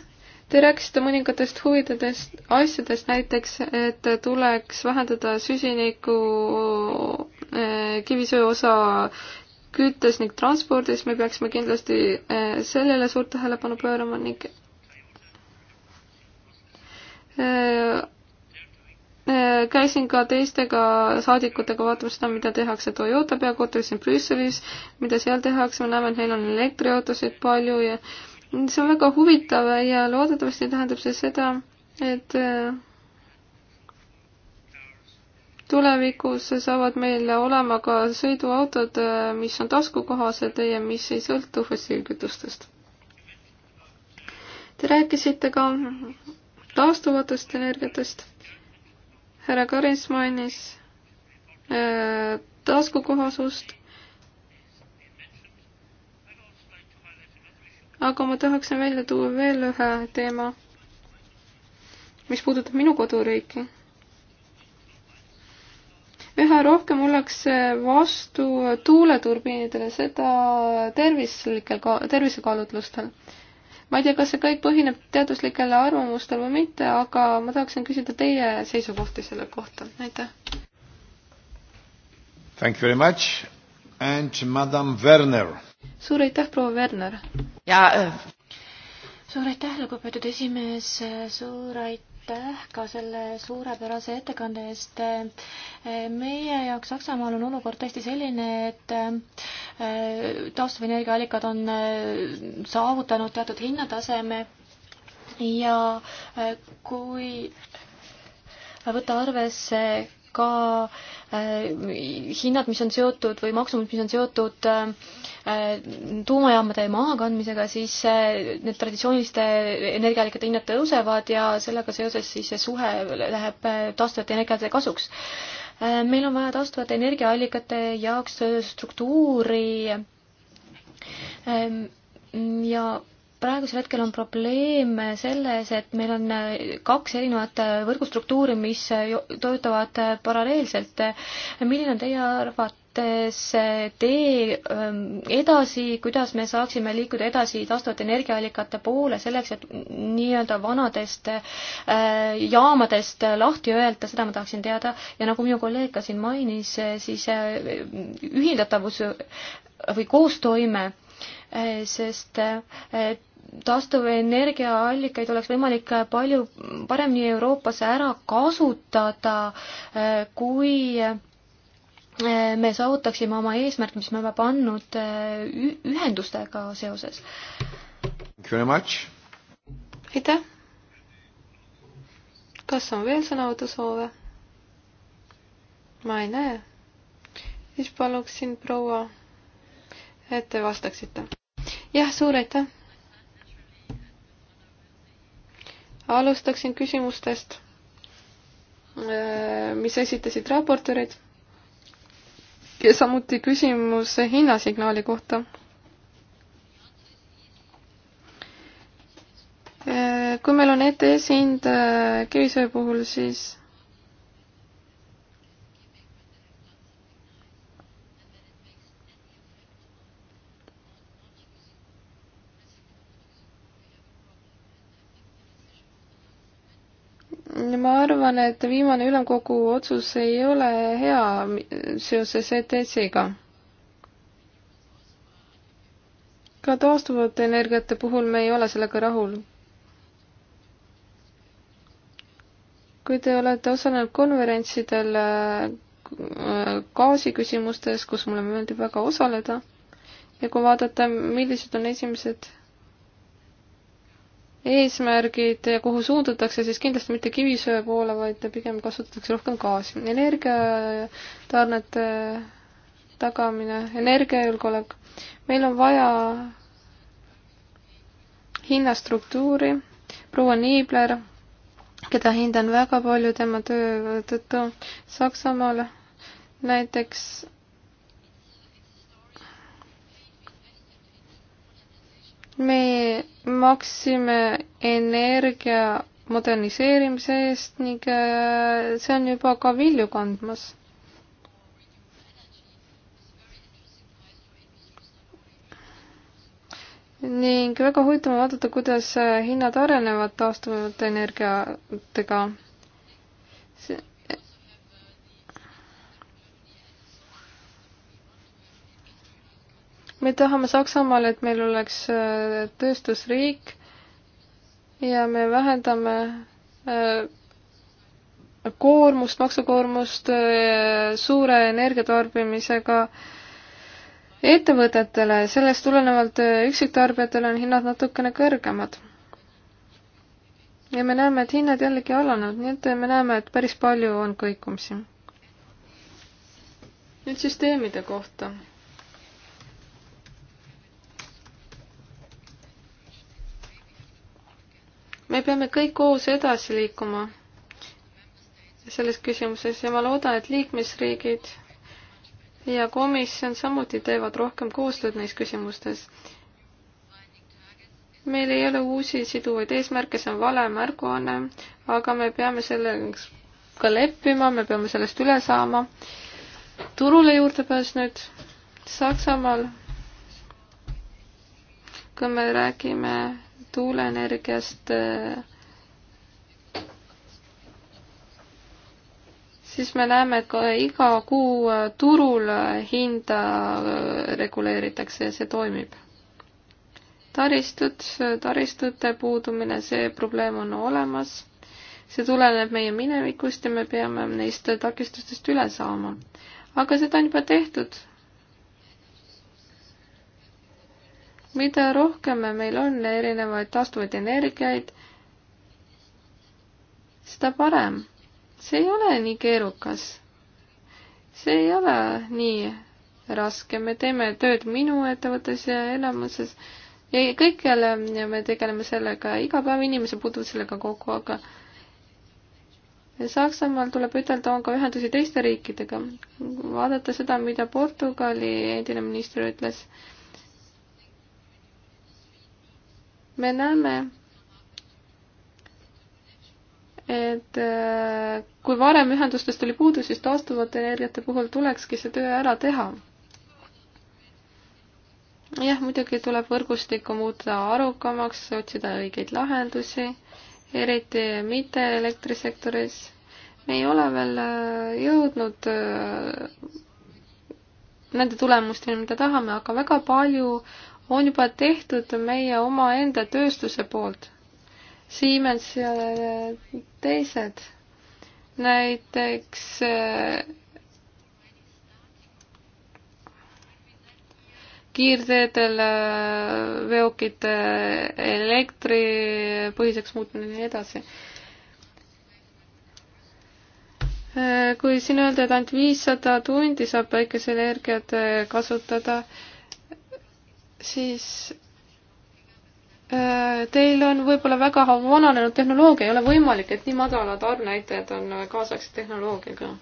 Speaker 3: Te rääkisite mõningatest huvidest asjadest, näiteks, et tuleks vähendada süsiniku eh, kivisöe osa küttes ning transpordis, me peaksime kindlasti eh, sellele suurt tähelepanu pöörama ning eh, Äh, käisin ka teistega saadikutega vaatamas seda, mida tehakse Toyota peakorteris siin Brüsselis, mida seal tehakse, me näeme, et neil on elektriautosid palju ja see on väga huvitav ja loodetavasti tähendab see seda, et äh, tulevikus saavad meil olema ka sõiduautod, äh, mis on taskukohased ja mis ei sõltu fossiilkütustest. Te rääkisite ka taastuvatest energiatest härra Karis mainis äh, taskukohasust. aga ma tahaksin välja tuua veel ühe teema, mis puudutab minu koduriiki. üha rohkem ollakse vastu tuuleturbiinidele, seda tervislikel, tervisekaalutlustel ma ei tea, kas see kõik põhineb teaduslikel arvamustel või mitte, aga ma tahaksin küsida teie seisukohti selle kohta, aitäh.
Speaker 1: Thank you very much and madam Werner.
Speaker 3: suur aitäh, proua Werner.
Speaker 1: ja äh,
Speaker 2: suur aitäh, lugupeetud esimees, suur aitäh aitäh ka selle suurepärase ettekande eest. meie jaoks Saksamaal on olukord tõesti selline, et äh, taastuvenergiaallikad on äh, saavutanud teatud hinnataseme ja äh, kui võtta arvesse ka äh, hinnad, mis on seotud või maksumus, mis on seotud äh, tuumajaamade mahakandmisega, siis äh, need traditsiooniliste energiaallikate hinnad tõusevad ja sellega seoses siis see suhe läheb taastuvate energiate kasuks. meil on vaja taastuvate energiaallikate jaoks struktuuri ja praegusel hetkel on probleem selles, et meil on äh, kaks erinevat äh, võrgustruktuuri, mis äh, töötavad paralleelselt. milline on teie arvates tee ähm, edasi, kuidas me saaksime liikuda edasi taastuvate energiaallikate poole selleks, et nii-öelda vanadest jaamadest lahti öelda, seda ma tahaksin teada. ja nagu minu kolleeg ka siin mainis, siis ühildatavus või koostoime sest taastuvenergiaallikaid oleks võimalik palju paremini Euroopas ära kasutada, eh, kui eh, me saavutaksime oma eesmärk, mis me oleme pannud eh,
Speaker 3: ühendustega seoses. aitäh! kas on veel sõnavõtusoove? ma ei näe. siis paluksin proua, et te vastaksite. jah, suur aitäh! alustaksin küsimustest, äh, mis esitasid raportöörid ja samuti küsimus hinnasignaali kohta. Äh, kui meil on ETS hind äh, kivisöe puhul, siis ma arvan, et viimane ülemkogu otsus ei ole hea seoses ETS-iga. ka taastuvate energiate puhul me ei ole sellega rahul. kui te olete osalenud konverentsidel äh, gaasiküsimustes, kus mulle meeldib väga osaleda ja kui vaadata, millised on esimesed eesmärgid ja kuhu suundutakse, siis kindlasti mitte kivisöe poole, vaid pigem kasutatakse rohkem gaasi. energiatarnete tagamine, energiajulgeolek. meil on vaja hinnastruktuuri, proua Niibler, keda hindan väga palju tema töö tõttu Saksamaal, näiteks me maksime energia moderniseerimise eest ning äh, see on juba ka vilju kandmas. ning väga huvitav on vaadata, kuidas hinnad arenevad taastuvate energiatega me tahame Saksamaal, et meil oleks äh, tööstusriik ja me vähendame äh, koormust, maksukoormust äh, suure energiatarbimisega ettevõtetele, sellest tulenevalt üksiktarbijatel on hinnad natukene kõrgemad. ja me näeme, et hinnad jällegi alanevad, nii et me näeme, et päris palju on kõikumisi. nüüd süsteemide kohta me peame kõik koos edasi liikuma selles küsimuses ja ma loodan, et liikmesriigid ja komisjon samuti teevad rohkem koostööd neis küsimustes. meil ei ole uusi siduvaid eesmärke, see on vale märguanne, aga me peame selleks ka leppima, me peame sellest üle saama. turule juurdepääs nüüd Saksamaal, kui me räägime tuuleenergiast, eh, siis me näeme, et ka iga kuu eh, turul eh, hinda reguleeritakse ja see toimib. taristud, taristute puudumine, see probleem on olemas. see tuleneb meie minevikust ja me peame neist takistustest üle saama. aga seda on juba tehtud mida rohkem meil on erinevaid taastuvaid energiaid, seda parem. see ei ole nii keerukas. see ei ole nii raske, me teeme tööd minu ettevõttes ja enamuses ja kõikjal ja me tegeleme sellega, iga päev inimesed puutuvad sellega kokku, aga Saksamaal tuleb ütelda, on ka ühendusi teiste riikidega. vaadata seda, mida Portugali endine minister ütles, me näeme, et äh, kui varem ühendustest oli puudu, siis taastuvate energiate puhul tulekski see töö ära teha. jah, muidugi tuleb võrgustikku muuta arukamaks, otsida õigeid lahendusi, eriti mitte elektrisektoris. me ei ole veel äh, jõudnud äh, nende tulemusteni, mida tahame, aga väga palju on juba tehtud meie omaenda tööstuse poolt. Siemens ja teised. näiteks äh, kiirteedel äh, veokite elektripõhiseks muutmine ja nii edasi äh, kui siin öelda, et ainult viissada tundi saab päikeseenergiat kasutada, siis äh, Teil on võib-olla väga vananenud tehnoloogia, ei ole võimalik, et nii madalad arvnäitajad on äh, kaasaegse tehnoloogiaga.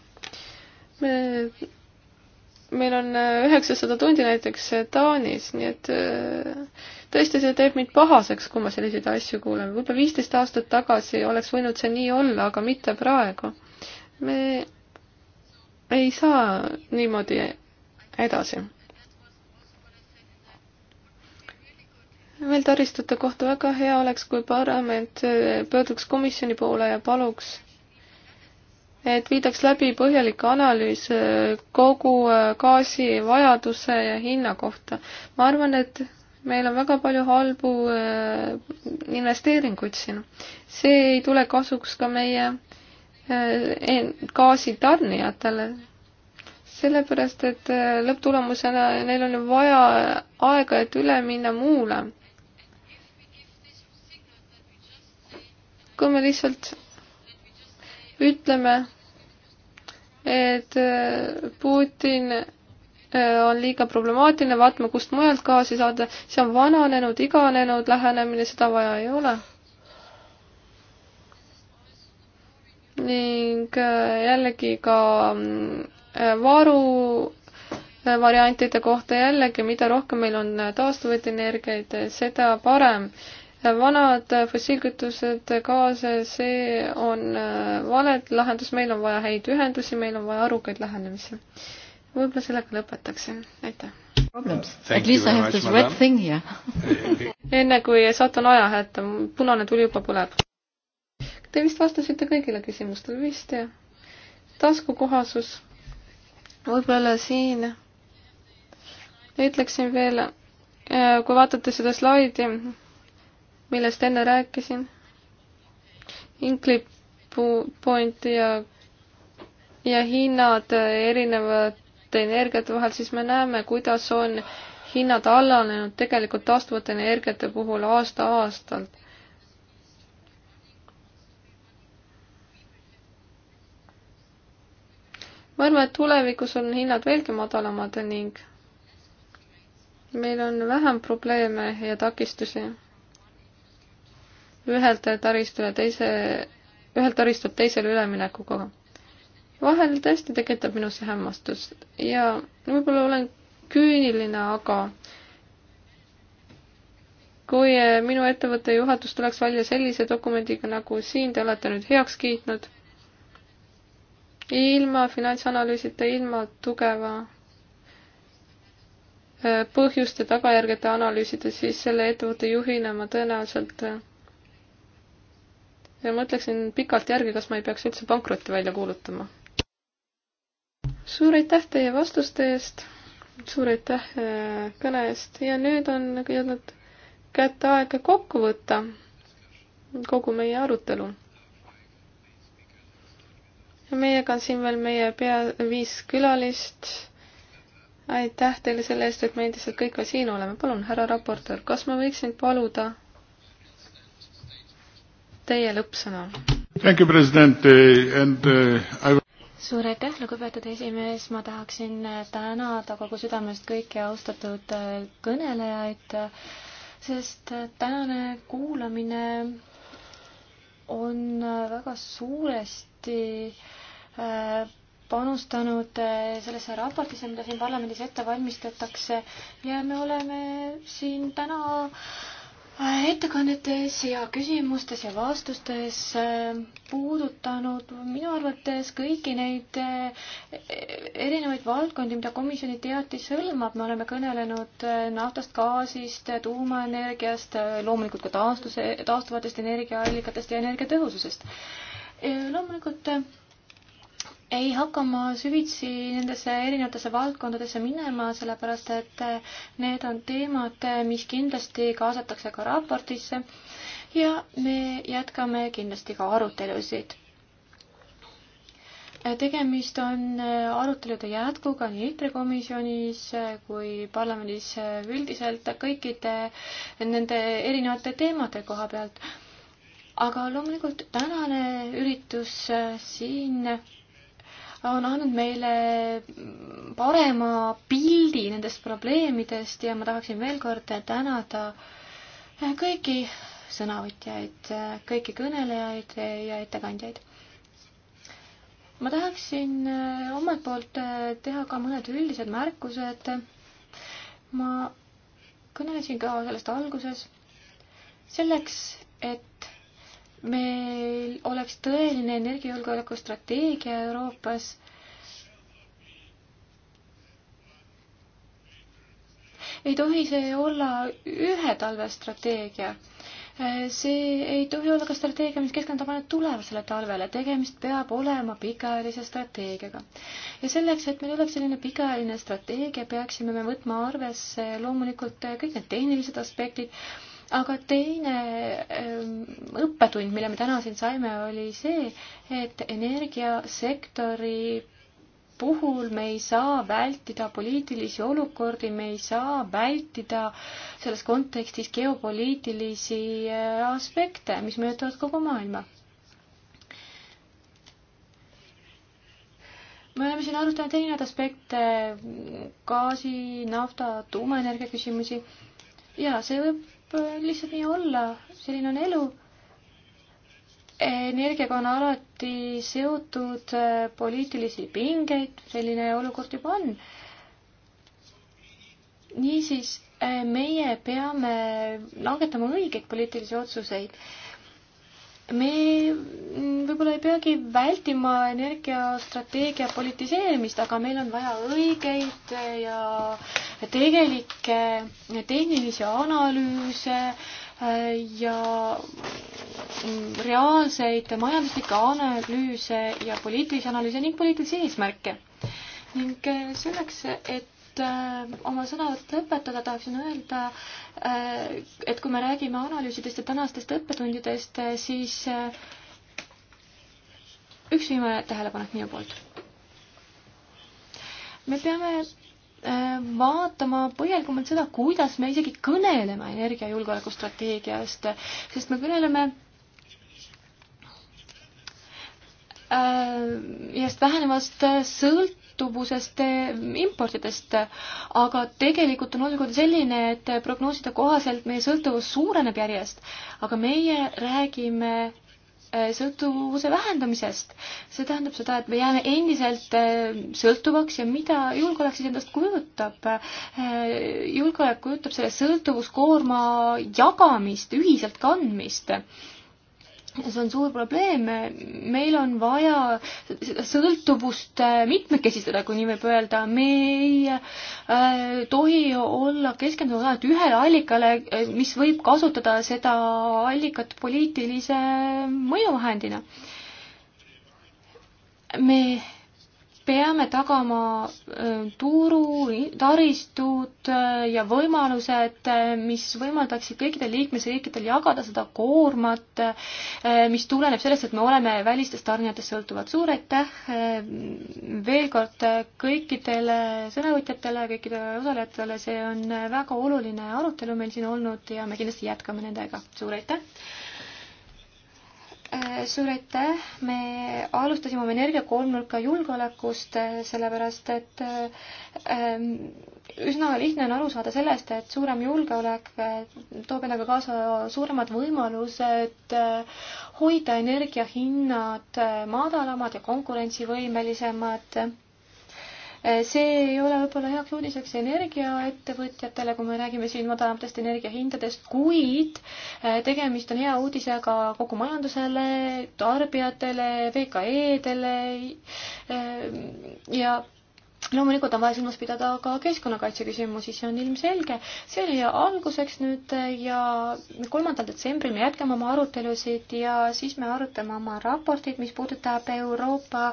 Speaker 3: me, meil on äh, üheksasada tundi näiteks Taanis, nii et tõesti, see teeb mind pahaseks, kui ma selliseid asju kuulen. võib-olla viisteist aastat tagasi oleks võinud see nii olla, aga mitte praegu. me ei saa niimoodi edasi veel taristute kohta väga hea oleks, kui parlament äh, pöörduks komisjoni poole ja paluks, et viidaks läbi põhjalik analüüs äh, kogu äh, gaasivajaduse ja hinna kohta. ma arvan, et meil on väga palju halbu investeeringuid siin. see ei tule kasuks ka meie gaasitarnijatele, sellepärast et lõpptulemusena neil on ju vaja aega, et üle minna muule kui me lihtsalt ütleme, et äh, Putin äh, on liiga problemaatiline, vaatame, kust mujalt gaasi saada, see on vananenud, iganenud lähenemine, seda vaja ei ole. ning äh, jällegi ka mm, varu variantide kohta jällegi, mida rohkem meil on taastuvaid energiaid, seda parem vanad fossiilkütused, gaas, see on äh, valed lahendus, meil on vaja häid ühendusi, meil on vaja arukaid lähenemisi. võib-olla sellega lõpetaksin, aitäh. At least I
Speaker 2: have this red thing here
Speaker 3: <laughs> enne kui satun ajahätta, punane tuli juba põleb. Te vist vastasite kõigile küsimustele, vist jah? taskukohasus, võib-olla siin ütleksin veel, äh, kui vaatate seda slaidi, millest enne rääkisin. Inkli point ja, ja hinnad erinevate energiate vahel, siis me näeme, kuidas on hinnad allanenud tegelikult taastuvate energiate puhul aasta-aastalt. ma arvan, et tulevikus on hinnad veelgi madalamad ning meil on vähem probleeme ja takistusi ühelt taristule teise, ühelt taristult teisele üleminekuga. vahel tõesti tekitab minusse hämmastust ja võib-olla olen küüniline, aga kui minu ettevõtte juhatus tuleks välja sellise dokumendiga, nagu siin te olete nüüd heaks kiitnud, ilma finantsanalüüsita, ilma tugeva äh, põhjuste tagajärgede analüüsida, siis selle ettevõtte juhina ma tõenäoliselt ja mõtleksin pikalt järgi, kas ma ei peaks üldse pankrotti välja kuulutama. suur aitäh teie vastuste eest, suur aitäh äh, kõne eest ja nüüd on jõudnud kätte aeg kokku võtta kogu meie arutelu. ja meiega on siin veel meie pea viis külalist. aitäh teile selle eest, et me endiselt kõik ka siin oleme. palun, härra raportöör, kas ma võiksin paluda teie lõppsõna.
Speaker 1: Eh, eh,
Speaker 3: suur aitäh,
Speaker 2: lugupeetud esimees, ma tahaksin eh, tänada kogu südamest kõiki austatud kõnelejaid, sest tänane kuulamine on väga suuresti panustanud sellesse raportisse, mida siin parlamendis ette valmistatakse ja me oleme siin täna ettekannetes ja küsimustes ja vastustes äh, puudutanud minu arvates kõiki neid äh, erinevaid valdkondi, mida komisjoni teatis hõlmab, me oleme kõnelenud äh, naftast, gaasist, tuumaenergiast, loomulikult ka taastuse, taastuvatest energiaallikatest ja energiatõhususest. loomulikult ei hakka ma süvitsi nendesse erinevatesse valdkondadesse minema, sellepärast et need on teemad, mis kindlasti kaasatakse ka raportisse ja me jätkame kindlasti ka arutelusid. tegemist on arutelude jätkuga nii EKRE komisjonis kui parlamendis üldiselt kõikide nende erinevate teemade koha pealt. aga loomulikult tänane üritus siin on andnud meile parema pildi nendest probleemidest ja ma tahaksin veel kord tänada kõiki sõnavõtjaid, kõiki kõnelejaid ja ettekandjaid. ma tahaksin omalt poolt teha ka mõned üldised märkused. ma kõnelesin ka sellest alguses. selleks, et meil oleks tõeline energiajulgeoleku strateegia Euroopas. ei tohi see olla ühe talve strateegia. see ei tohi olla ka strateegia, mis keskendub ainult tulevasele talvele, tegemist peab olema pikaajalise strateegiaga. ja selleks, et meil oleks selline pikaajaline strateegia, peaksime me võtma arvesse loomulikult kõik need tehnilised aspektid aga teine ähm, õppetund, mille me täna siin saime, oli see, et energiasektori puhul me ei saa vältida poliitilisi olukordi, me ei saa vältida selles kontekstis geopoliitilisi äh, aspekte, mis mõjutavad kogu maailma. me oleme siin arutanud erinevaid aspekte, gaasi, nafta, tuumaenergia küsimusi ja see võib võib äh, lihtsalt nii olla, selline on elu. energiaga on alati seotud äh, poliitilisi pingeid, selline olukord juba on. niisiis, äh, meie peame langetama õigeid poliitilisi otsuseid me võib-olla ei peagi vältima energiastrateegia politiseerimist, aga meil on vaja õigeid ja tegelikke tehnilisi analüüse äh, ja reaalseid majanduslikke analüüse ja poliitilisi analüüse ning poliitilisi eesmärke. ning äh, selleks, et Äh, oma sõnavõtt lõpetada, tahaksin öelda, äh, et kui me räägime analüüsidest ja tänastest õppetundidest, äh, siis üks viimane tähelepanek minu poolt. me peame vaatama põhjalikumalt seda, kuidas me isegi kõneleme energiajulgeoleku strateegiast, sest me kõneleme järjest vähenevast sõlt-, sõltuvusest eh, importidest, aga tegelikult on olukord selline, et prognooside kohaselt meie sõltuvus suureneb järjest, aga meie räägime eh, sõltuvuse vähendamisest. see tähendab seda, et me jääme endiselt eh, sõltuvaks ja mida julgeolek siis endast kujutab? julgeolek kujutab selle sõltuvuskoorma jagamist, ühiselt kandmist see on suur probleem, meil on vaja sõltuvust äh, mitmekesistada, kui nii võib öelda, me ei äh, tohi olla keskendunud ainult ühele allikale, äh, mis võib kasutada seda allikat poliitilise mõjuvahendina. me peame tagama äh, turu, taristud äh, ja võimalused, äh, mis võimaldaksid kõikidel liikmesriikidel jagada seda koormat, mis tuleneb sellest, et me oleme välistest tarnijatest sõltuvad. suur aitäh veel kord kõikidele sõnavõtjatele, kõikidele osalejatele, see on väga oluline arutelu meil siin olnud ja me kindlasti jätkame nendega. suur aitäh! Äh, suur aitäh, me alustasime oma energiakolmnurka julgeolekust, äh, sellepärast et äh, ähm, üsna lihtne on aru saada sellest, et suurem julgeolek toob endaga kaasa suuremad võimalused hoida energiahinnad madalamad ja konkurentsivõimelisemad see ei ole võib-olla heaks uudiseks energiaettevõtjatele, kui me räägime siin madalatest energiahindadest, kuid äh, tegemist on hea uudisega kogu majandusele, tarbijatele, VKE-dele äh, ja loomulikult on vaja silmas pidada ka keskkonnakaitse küsimusi, see on ilmselge. see oli alguseks nüüd äh, ja kolmandal detsembril me jätkame oma arutelusid ja siis me arutame oma raportit, mis puudutab Euroopa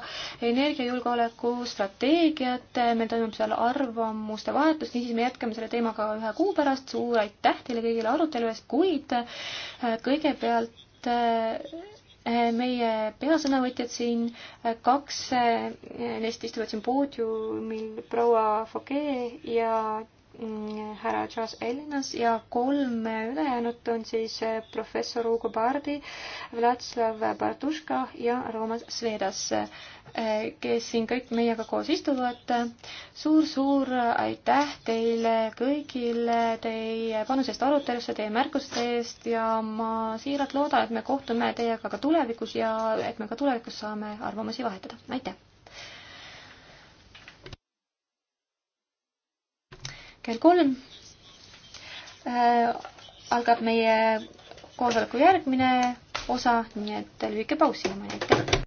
Speaker 2: energiajulgeoleku strateegiat. meil toimub seal arvamuste vahetus, niisiis me jätkame selle teemaga ühe kuu pärast. suur aitäh teile kõigile arutelu eest, kuid äh, kõigepealt äh, Eh, meie peasõnavõtjad siin, eh, kaks eh, neist istuvad siin poodiumil, proua Fouquet ja härra Charles Ellinas ja kolm ülejäänut on siis eh, professor Ugo Bardi, Vladislav Bartuška ja Roomas Svedas, eh, kes siin kõik meiega koos istuvad suur,. suur-suur aitäh teile kõigile teie panusest arutelusse, teie märkuste eest ja ma siiralt loodan, et me kohtume teiega ka tulevikus ja et me ka tulevikus saame arvamusi vahetada. aitäh! kell kolm äh, algab meie koosoleku järgmine osa, nii et lühike paus siiamaani, aitäh!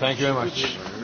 Speaker 1: Thank you very much.